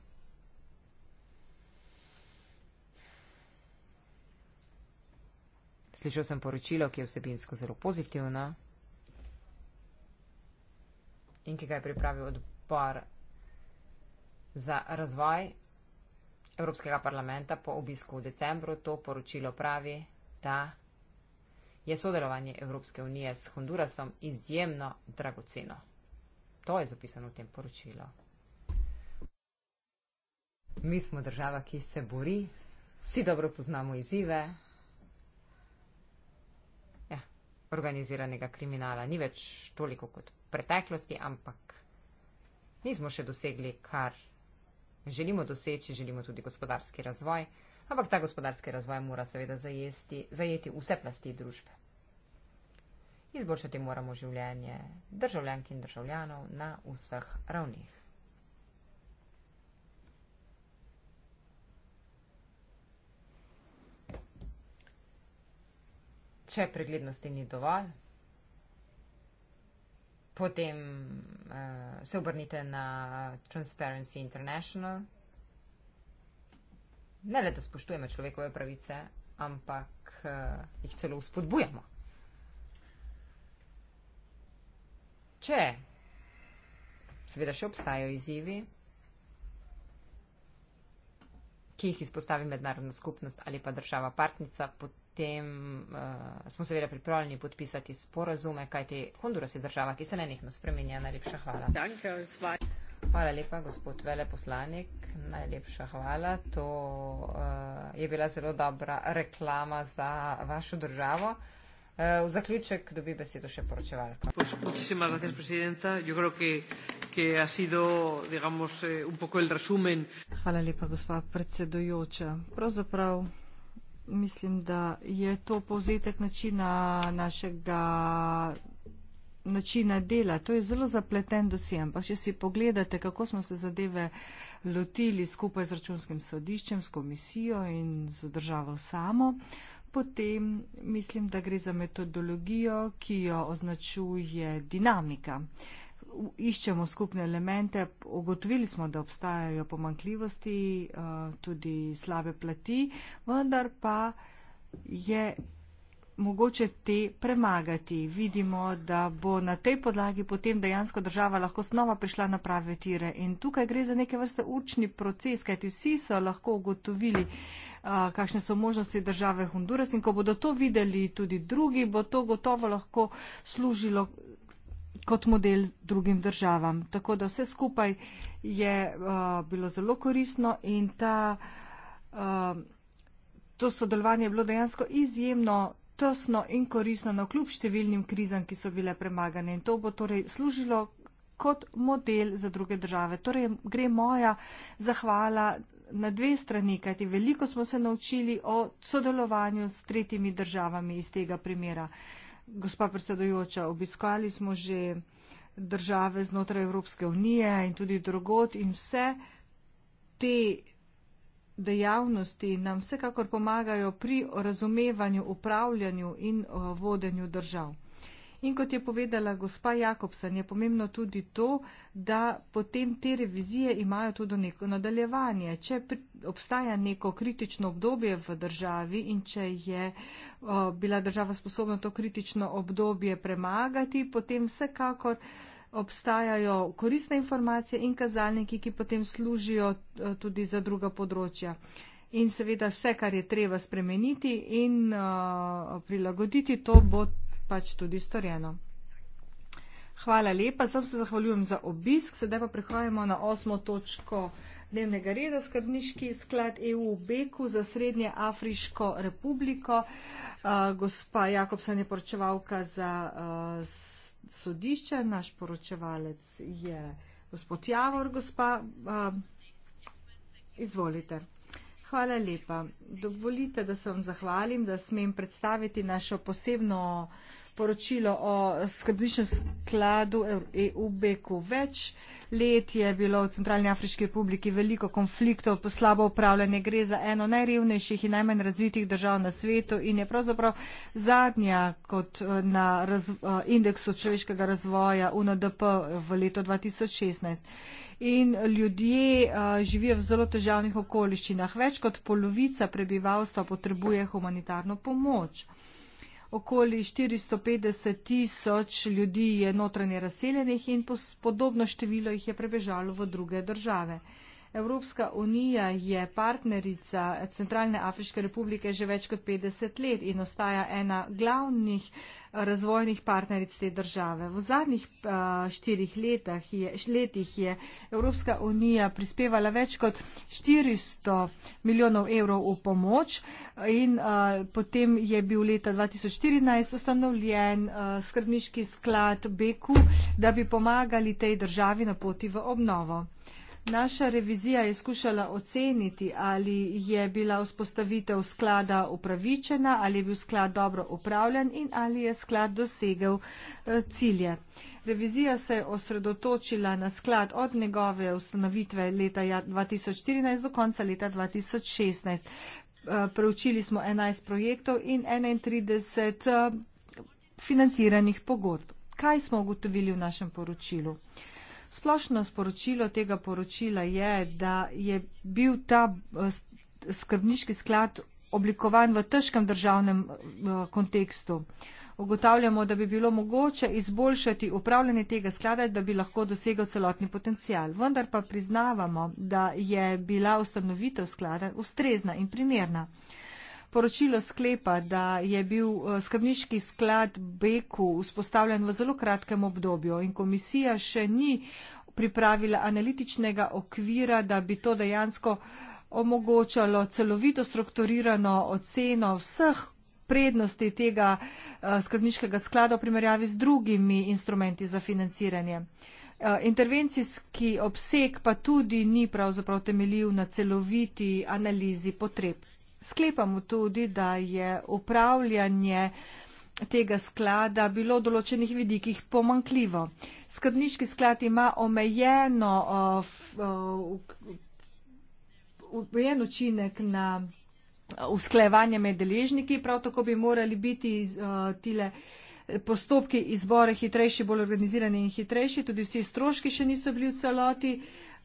Slišal sem poročilo, ki je vsebinsko zelo pozitivno in ki ga je pripravil odbor za razvoj Evropskega parlamenta po obisku v decembru. To poročilo pravi, da je sodelovanje Evropske unije s Hondurasom izjemno dragoceno. To je zapisano v tem poročilu. Mi smo država, ki se bori, vsi dobro poznamo izzive. Ja, organiziranega kriminala ni več toliko kot v preteklosti, ampak nismo še dosegli, kar želimo doseči, želimo tudi gospodarski razvoj ampak ta gospodarski razvoj mora seveda zajesti, zajeti vse plasti družbe. Izboljšati moramo življenje državljank in državljanov na vseh ravnih. Če preglednosti ni dovolj, potem uh, se obrnite na Transparency International ne le, da spoštujemo človekove pravice, ampak uh, jih celo spodbujamo. Če seveda še obstajajo izzivi, ki jih izpostavi mednarodna skupnost ali pa država partnica, potem uh, smo seveda pripravljeni podpisati sporazume, kajti Honduras je država, ki se nenehno spremenja. Najlepša hvala. Danke, Hvala lepa, gospod veleposlanik. Najlepša hvala. To uh, je bila zelo dobra reklama za vašo državo. Uh, v zaključek dobi besedo še poročevalka. Pues, muchísimas gracias, presidenta. Yo creo que, que ha sido, digamos, eh, un poco el resumen. Hvala lepa, gospod predsedujoča. Pravzaprav mislim, da je to povzetek načina našega načina dela. To je zelo zapleten dosi, ampak če si pogledate, kako smo se zadeve lotili skupaj z računskim sodiščem, s komisijo in z državo samo, potem mislim, da gre za metodologijo, ki jo označuje dinamika. Iščemo skupne elemente, ugotovili smo, da obstajajo pomankljivosti, eh, tudi slabe plati, vendar pa je mogoče te premagati. Vidimo, da bo na tej podlagi potem dejansko država lahko znova prišla na prave tire. In tukaj gre za neke vrste učni proces, kajti vsi so lahko ugotovili, kakšne so možnosti države Honduras in ko bodo to videli tudi drugi, bo to gotovo lahko služilo kot model drugim državam. Tako da vse skupaj je uh, bilo zelo koristno in ta, uh, to sodelovanje je bilo dejansko izjemno tesno in korisno, na kljub številnim krizam, ki so bile premagane. In to bo torej služilo kot model za druge države. Torej gre moja zahvala na dve strani, kajti veliko smo se naučili o sodelovanju s tretjimi državami iz tega primera. Gospa predsedujoča, obiskali smo že države znotraj Evropske unije in tudi drugot in vse te dejavnosti nam vsekakor pomagajo pri razumevanju, upravljanju in vodenju držav. In kot je povedala gospa Jakobsen, je pomembno tudi to, da potem te revizije imajo tudi neko nadaljevanje. Če obstaja neko kritično obdobje v državi in če je bila država sposobna to kritično obdobje premagati, potem vsekakor obstajajo koristne informacije in kazalniki, ki potem služijo eh, tudi za druga področja. In seveda vse, kar je treba spremeniti in uh, prilagoditi, to bo pač tudi storjeno. Hvala lepa, sem se zahvaljujem za obisk. Sedaj pa prehajamo na osmo točko dnevnega reda, skrbniški sklad EU v Beku za Srednje Afriško republiko. Uh, gospa Jakobsen je poročevalka za uh, sodišče, naš poročevalec je gospod Javor, gospa, a, izvolite. Hvala lepa. Dovolite, da se vam zahvalim, da smem predstaviti našo posebno poročilo o skrbniškem skladu EU Beku. Več let je bilo v Centralni Afriški republiki veliko konfliktov, poslabo upravljanje gre za eno najrevnejših in najmanj razvitih držav na svetu in je pravzaprav zadnja kot eh, na raz, eh, indeksu človeškega razvoja UNDP v letu 2016. In ljudje uh, živijo v zelo težavnih okoliščinah. Več kot polovica prebivalstva potrebuje humanitarno pomoč okoli 450 tisoč ljudi je notranje razseljenih in podobno število jih je prebežalo v druge države. Evropska unija je partnerica Centralne Afriške republike že več kot 50 let in ostaja ena glavnih eh, razvojnih partneric te države. V zadnjih eh, štirih letih je, letih je Evropska unija prispevala več kot 400 milijonov evrov v pomoč in a, eh, potem je bil leta 2014 ustanovljen a, skrbniški sklad Beku, da bi pomagali tej državi na poti v obnovo. Naša revizija je skušala oceniti, ali je bila vzpostavitev sklada upravičena, ali je bil sklad dobro upravljen in ali je sklad dosegel eh, cilje. Revizija se je osredotočila na sklad od njegove ustanovitve leta 2014 ja-, do konca leta 2016. Eh, Preučili smo 11 projektov in 31 eh, financiranih pogodb. Kaj smo ugotovili v našem poročilu? Splošno sporočilo tega poročila je, da je bil ta eh, skrbniški sklad oblikovan v težkem državnem eh, kontekstu. Ugotavljamo, da bi bilo mogoče izboljšati upravljanje tega sklada, da bi lahko dosegel celotni potencial. Vendar pa priznavamo, da je bila ustanovitev sklada ustrezna in primerna. Poročilo sklepa, da je bil eh, skrbniški sklad Beku vzpostavljen v zelo kratkem obdobju in komisija še ni pripravila analitičnega okvira, da bi to dejansko omogočalo celovito strukturirano oceno vseh prednosti tega eh, skrbniškega sklada v primerjavi z drugimi instrumenti za financiranje. Eh, intervencijski obseg pa tudi ni pravzaprav temeljiv na celoviti analizi potreb sklepamo tudi, da je upravljanje tega sklada bilo v določenih vidikih pomankljivo. Skrbniški sklad ima omejeno omejen učinek na usklajevanje med deležniki, prav tako bi morali biti tile postopki izbore hitrejši, bolj organizirani in hitrejši, tudi vsi stroški še niso bili v celoti.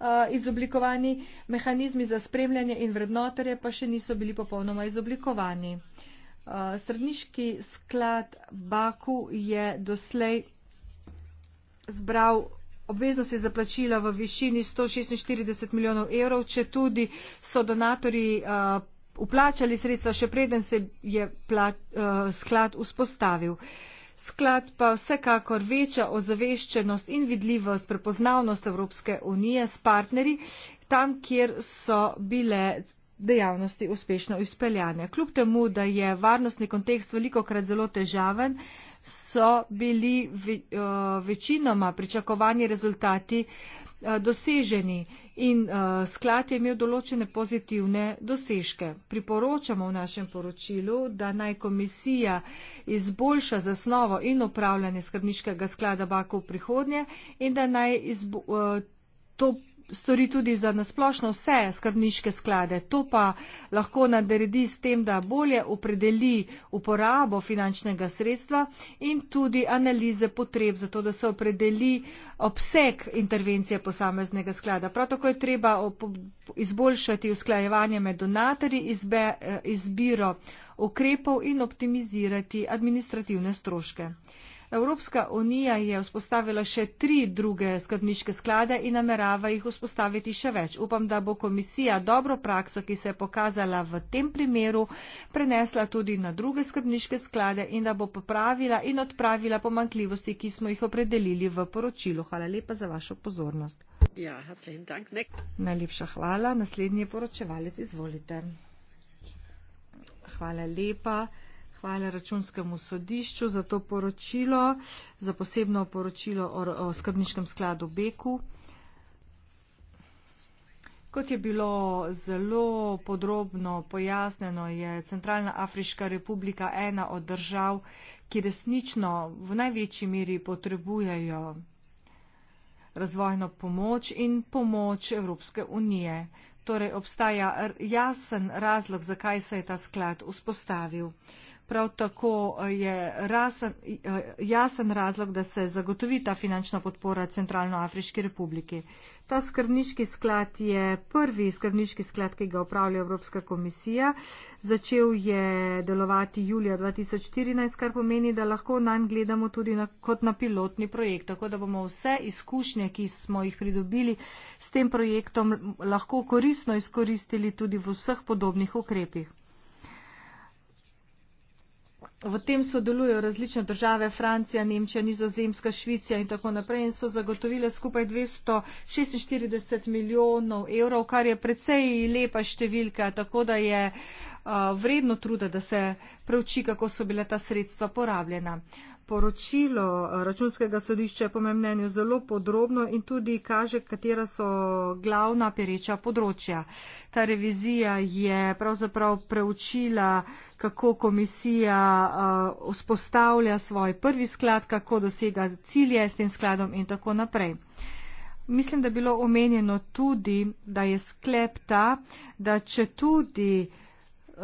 Eh, izoblikovani, mehanizmi za spremljanje in vrednotarje pa še niso bili popolnoma izoblikovani. Eh, Srdniški sklad Baku je doslej zbral obveznosti za plačila v višini 146 milijonov evrov, če tudi so donatori uh, eh, uplačali sredstva, še preden se je plat, uh, sklad vzpostavil. Uh, Sklad pa vsekakor veča ozaveščenost in vidljivost, prepoznavnost Evropske unije s partnerji tam, kjer so bile dejavnosti uspešno izpeljane. Kljub temu, da je varnostni kontekst veliko krat zelo težaven, so bili eh, večinoma pričakovani rezultati uh, Eh, doseženi in eh, sklad je imel določene pozitivne dosežke. Priporočamo v našem poročilu, da naj komisija izboljša zasnovo in upravljanje skrbniškega sklada Baku v prihodnje in da naj izbo, eh, to stori tudi za nasplošno vse skrbniške sklade. To pa lahko naredi s tem, da bolje opredeli uporabo finančnega sredstva in tudi analize potreb, zato da se opredeli obseg intervencije posameznega sklada. Prav tako je treba izboljšati usklajevanje med donatorji, eh, izbiro ukrepov in optimizirati administrativne stroške. Evropska unija je vzpostavila še tri druge skrbniške sklade in namerava jih vzpostaviti še več. Upam, da bo komisija dobro prakso, ki se je pokazala v tem primeru, prenesla tudi na druge skrbniške sklade in da bo popravila in odpravila pomankljivosti, ki smo jih opredelili v poročilu. Hvala lepa za vašo pozornost. Ja, dank, Najlepša hvala. Naslednji je poročevalec. Izvolite. Hvala lepa. Hvala računskemu sodišču za to poročilo, za posebno poročilo o, o skrbniškem skladu Beku. Kot je bilo zelo podrobno pojasneno, je Centralna Afriška republika ena od držav, ki resnično v največji meri potrebujejo razvojno pomoč in pomoč Evropske unije. Torej obstaja jasen razlog, zakaj se je ta sklad vzpostavil. Prav tako eh, je rasen, eh, jasen razlog, da se zagotovi ta finančna podpora Centralnoafriški republiki. Ta skrbniški sklad je prvi skrbniški sklad, ki ga upravlja Evropska komisija. Začel je delovati julija 2014, kar pomeni, da lahko nanj gledamo tudi na, kot na pilotni projekt, tako da bomo vse izkušnje, ki smo jih pridobili s tem projektom, lahko koristno izkoristili tudi v vseh podobnih ukrepih v tem sodelujo različne države, Francija, Nemčija, Nizozemska, Švica in tako naprej in so zagotovile skupaj 246 milijonov evrov, kar je precej lepa številka, tako da je uh, vredno truda, da se preuči, kako so bile ta sredstva porabljena. Poročilo računskega sodišča je po mojem mnenju zelo podrobno in tudi kaže, katera so glavna pereča področja. Ta revizija je pravzaprav preučila, kako komisija uh, vzpostavlja svoj prvi sklad, kako dosega cilje s tem skladom in tako naprej. Mislim, da je bilo omenjeno tudi, da je sklep ta, da če tudi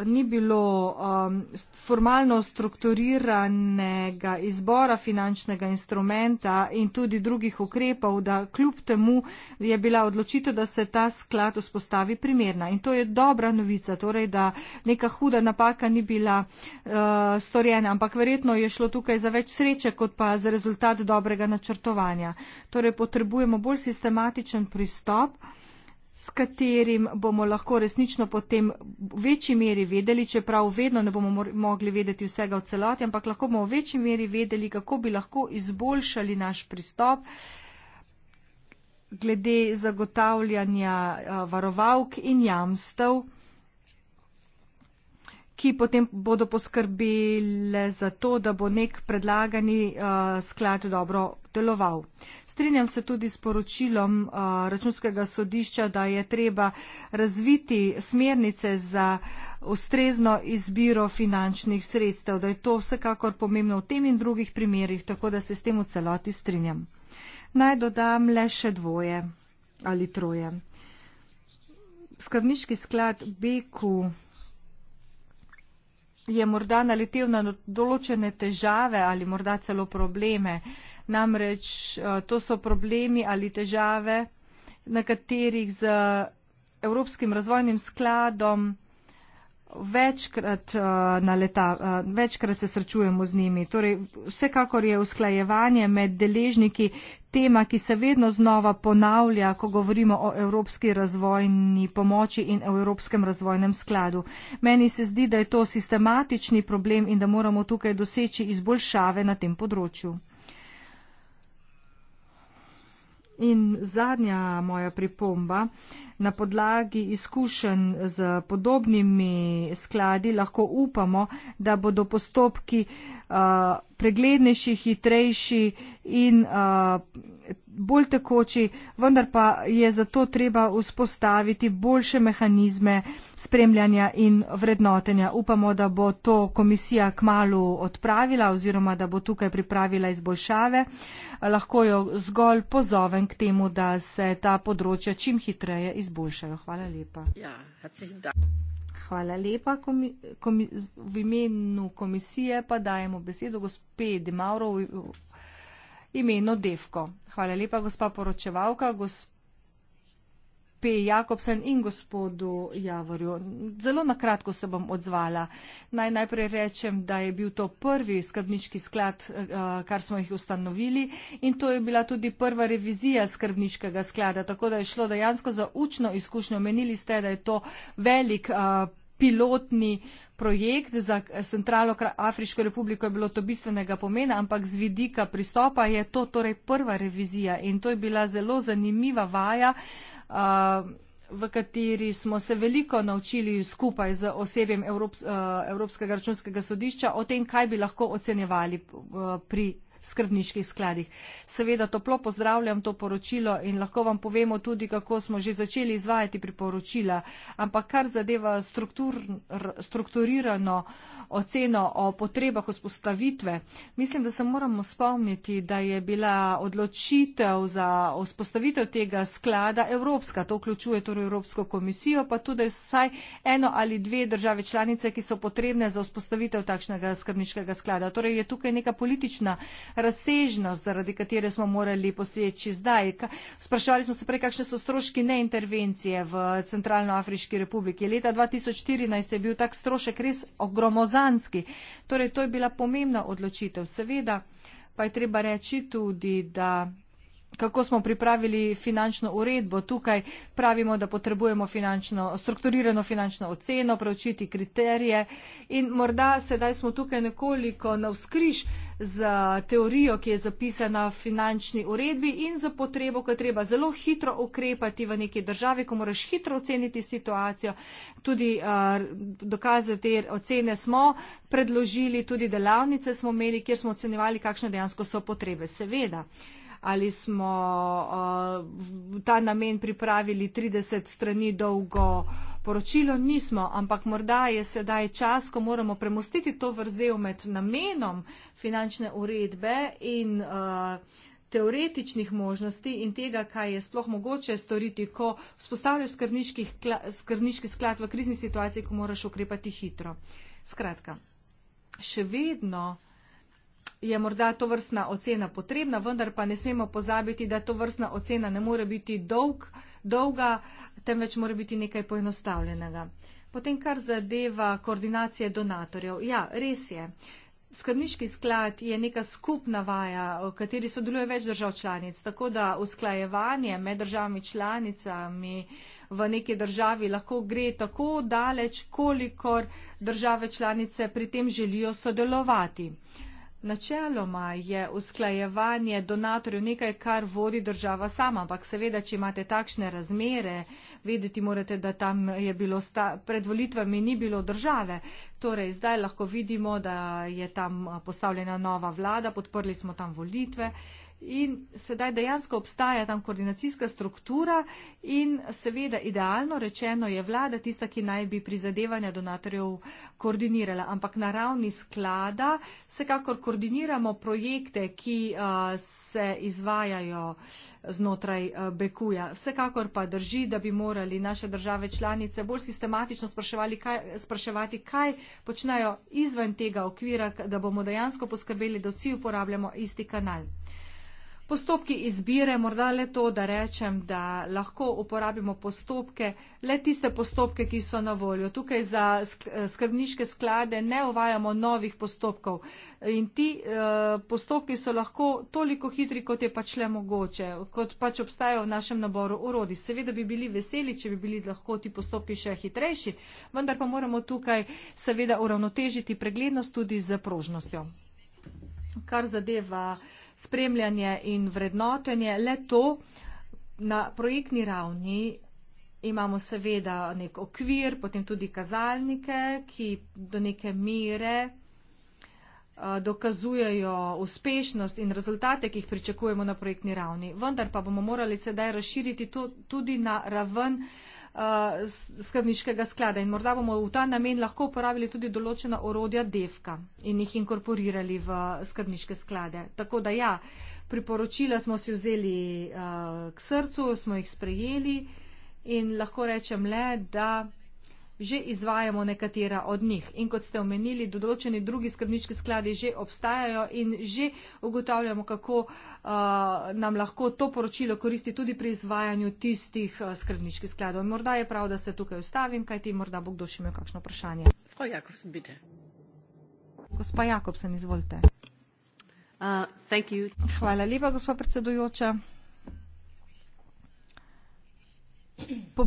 ni bilo um, formalno strukturiranega izbora finančnega instrumenta in tudi drugih ukrepov, da kljub temu je bila odločitev, da se ta sklad vzpostavi primerna. In to je dobra novica, torej, da neka huda napaka ni bila uh, storjena, ampak verjetno je šlo tukaj za več sreče, kot pa za rezultat dobrega načrtovanja. Torej, potrebujemo bolj sistematičen pristop s katerim bomo lahko resnično potem v večji meri vedeli, čeprav vedno ne bomo mogli vedeti vsega v celoti, ampak lahko bomo v večji meri vedeli, kako bi lahko izboljšali naš pristop glede zagotavljanja eh, varovalk in jamstev ki potem bodo poskrbele za to, da bo nek predlagani uh, sklad dobro deloval. Strinjam se tudi s poročilom uh, računskega sodišča, da je treba razviti smernice za ustrezno izbiro finančnih sredstev, da je to vsekakor pomembno v tem in drugih primerjih, tako da se s tem v celoti strinjam. Naj dodam le še dvoje ali troje. Skrbniški sklad BQ je morda naletel na določene težave ali morda celo probleme. Namreč eh, to so problemi ali težave, na katerih z Evropskim razvojnim skladom večkrat, eh, naleta, eh, večkrat se srečujemo z njimi. Torej, vsekakor je usklajevanje med deležniki tema, ki se vedno znova ponavlja, ko govorimo o Evropski razvojni pomoči in o Evropskem razvojnem skladu. Meni se zdi, da je to sistematični problem in da moramo tukaj doseči izboljšave na tem področju. In zadnja moja pripomba na podlagi izkušenj z podobnimi skladi lahko upamo, da bodo postopki uh, preglednejši, hitrejši in uh, bolj tekoči, vendar pa je zato treba vzpostaviti boljše mehanizme spremljanja in vrednotenja. Upamo, da bo to komisija k malu odpravila oziroma da bo tukaj pripravila izboljšave. Lahko jo zgolj pozovem k temu, da se ta področja čim hitreje izboljšajo. Hvala lepa. Ja, Hvala lepa. Komi, komi, v imenu komisije pa dajemo besedo gospe Dimaurovi imeno Defko. Hvala lepa, gospa poročevalka, gospe Jakobsen in gospodu Javorju. Zelo nakratko se bom odzvala. Naj najprej rečem, da je bil to prvi skrbniški sklad, eh, kar smo jih ustanovili in to je bila tudi prva revizija skrbniškega sklada, tako da je šlo dejansko za učno izkušnjo. Menili ste, da je to velik. Uh, pilotni projekt za Centralno Afriško republiko je bilo to bistvenega pomena, ampak z vidika pristopa je to torej prva revizija in to je bila zelo zanimiva vaja, v kateri smo se veliko naučili skupaj z osebjem Evropskega računskega sodišča o tem, kaj bi lahko ocenjevali pri skrbniških skladih. Seveda toplo pozdravljam to poročilo in lahko vam povemo tudi, kako smo že začeli izvajati priporočila, ampak kar zadeva struktur, strukturirano oceno o potrebah vzpostavitve, mislim, da se moramo spomniti, da je bila odločitev za vzpostavitev tega sklada Evropska, to vključuje torej Evropsko komisijo, pa tudi vsaj eno ali dve države članice, ki so potrebne za vzpostavitev takšnega skrbniškega sklada. Torej je tukaj neka politična razsežnost, zaradi katere smo morali poseči zdaj. Sprašvali smo se prej, kakšne so stroški neintervencije v Centralnoafriški republiki. Leta 2014 je bil tak strošek res ogromozanski. Torej, to je bila pomembna odločitev. Seveda pa je treba reči tudi, da kako smo pripravili finančno uredbo. Tukaj pravimo, da potrebujemo finančno, strukturirano finančno oceno, preučiti kriterije in morda sedaj smo tukaj nekoliko na vzkriž z teorijo, ki je zapisana v finančni uredbi in za potrebo, ko treba zelo hitro ukrepati v neki državi, ko moraš hitro oceniti situacijo. Tudi eh, dokaze te ocene smo predložili, tudi delavnice smo imeli, kjer smo ocenjevali, kakšne dejansko so potrebe. Seveda ali smo v ta namen pripravili 30 strani dolgo poročilo, nismo, ampak morda je sedaj čas, ko moramo premustiti to vrzel med namenom finančne uredbe in teoretičnih možnosti in tega, kaj je sploh mogoče storiti, ko vzpostavljaš skrbniški sklad v krizni situaciji, ko moraš ukrepati hitro. Skratka, še vedno je morda to vrstna ocena potrebna, vendar pa ne smemo pozabiti, da to vrstna ocena ne more biti dolg, dolga, temveč mora biti nekaj poenostavljenega. Potem, kar zadeva koordinacije donatorjev. Ja, res je. Skrbniški sklad je neka skupna vaja, v kateri sodeluje več držav članic, tako da usklajevanje med državami članicami v neki državi lahko gre tako daleč, kolikor države članice pri tem želijo sodelovati. Uh, Načeloma je usklajevanje donatorjev nekaj, kar vodi država sama, ampak seveda, če imate takšne razmere, vedeti morate, da tam je bilo sta, pred volitvami ni bilo države. Torej, zdaj lahko vidimo, da je tam postavljena nova vlada, podprli smo tam volitve. In sedaj dejansko obstaja tam koordinacijska struktura in seveda idealno rečeno je vlada tista, ki naj bi prizadevanja donatorjev koordinirala. Ampak na ravni sklada vsekakor koordiniramo projekte, ki uh, se izvajajo znotraj uh, Bekuja. Vsekakor pa drži, da bi morali naše države članice bolj sistematično kaj, spraševati, kaj počnejo izven tega okvira, da bomo dejansko poskrbeli, da vsi uporabljamo isti kanal postopki izbire, morda le to, da rečem, da lahko uporabimo postopke, le tiste postopke, ki so na voljo. Tukaj za eh, skrbniške sklade ne uvajamo novih postopkov in ti uh, postopki so lahko toliko hitri, kot je pač le mogoče, kot pač obstajajo v našem naboru urodi. Seveda bi bili veseli, če bi bili lahko ti postopki še hitrejši, vendar pa moramo tukaj seveda uravnotežiti preglednost tudi z prožnostjo. Kar zadeva uh, spremljanje in vrednotenje. Le to na projektni ravni imamo seveda nek okvir, potem tudi kazalnike, ki do neke mere dokazujejo uspešnost in rezultate, ki jih pričakujemo na projektni ravni. Vendar pa bomo morali sedaj razširiti to tudi na raven Eh, skrbniškega sklada in morda bomo v ta namen lahko uporabili tudi določena orodja DEFK-a in jih inkorporirali v skrbniške sklade. Tako da ja, priporočila smo si vzeli uh, k srcu, smo jih sprejeli in lahko rečem le, da že izvajamo nekatera od njih. In kot ste omenili, določeni drugi skrbnički skladi že obstajajo in že ugotavljamo, kako uh, nam lahko to poročilo koristi tudi pri izvajanju tistih uh, skrbničkih skladov. In morda je prav, da se tukaj ustavim, kajti morda bo kdo še imel kakšno vprašanje. Frau Jakobsen, bitte. Gospa Jakobsen, izvolite. Uh, Hvala lepa, gospa predsedujoča. Po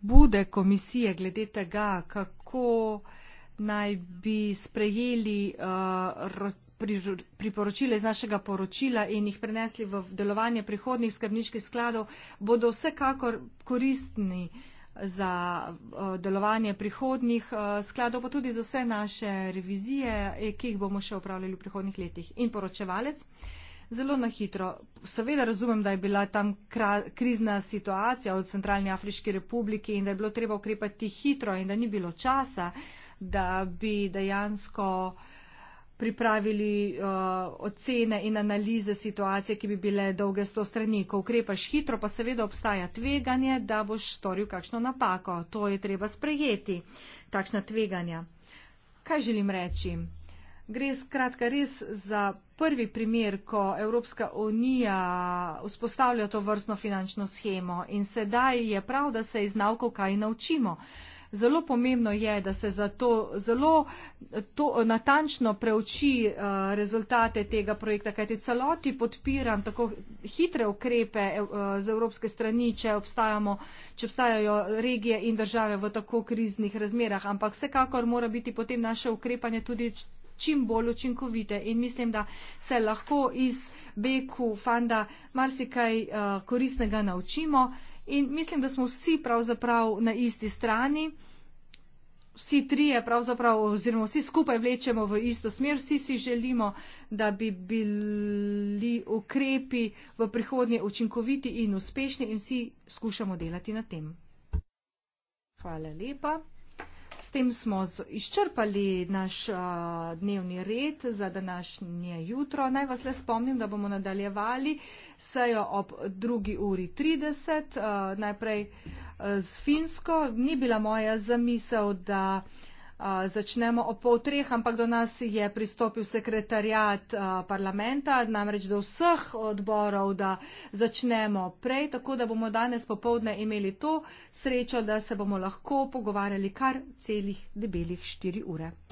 pobude komisije glede tega, kako naj bi sprejeli uh, priporočile iz našega poročila in jih prenesli v delovanje prihodnih skrbniških skladov, bodo vsekakor koristni za uh, delovanje prihodnih uh, eh, skladov, pa tudi za vse naše revizije, ki jih bomo še upravljali v prihodnih letih. In poročevalec. Uh, zelo na hitro. Seveda razumem, da je bila tam krizna situacija v Centralni Afriški republiki in da je bilo treba ukrepati hitro in da ni bilo časa, da bi dejansko pripravili uh, ocene in analize situacije, ki bi bile dolge sto strani. Ko ukrepaš hitro, pa seveda obstaja tveganje, da boš storil kakšno napako. To je treba sprejeti, takšna tveganja. Kaj želim reči? Gre skratka res za prvi primer, ko Evropska unija vzpostavlja to vrstno finančno schemo in sedaj je prav, da se iz navkov kaj naučimo. Zelo pomembno je, da se za to zelo to, natančno preuči uh, rezultate tega projekta, kajti celoti podpiram tako hitre ukrepe uh, z evropske strani, če, če obstajajo regije in države v tako kriznih razmerah, ampak vsekakor mora biti potem naše ukrepanje tudi čim bolj učinkovite. In mislim, da se lahko iz Beku Fanda marsikaj uh, koristnega naučimo. In mislim, da smo vsi pravzaprav na isti strani. Vsi trije, oziroma vsi skupaj vlečemo v isto smer, vsi si želimo, da bi bili ukrepi v prihodnje učinkoviti in uspešni, in vsi skušamo delati na tem. Hvala lepa. S tem smo izčrpali naš dnevni red za današnje jutro. Naj vas le spomnim, da bomo nadaljevali sejo ob 2.30. Najprej z Finsko. Ni bila moja zamisel, da začnemo o pol treh, ampak do nas je pristopil sekretarjat uh, parlamenta, namreč do vseh odborov, da začnemo prej, tako da bomo danes popovdne imeli to srečo, da se bomo lahko pogovarjali kar celih debelih štiri ure.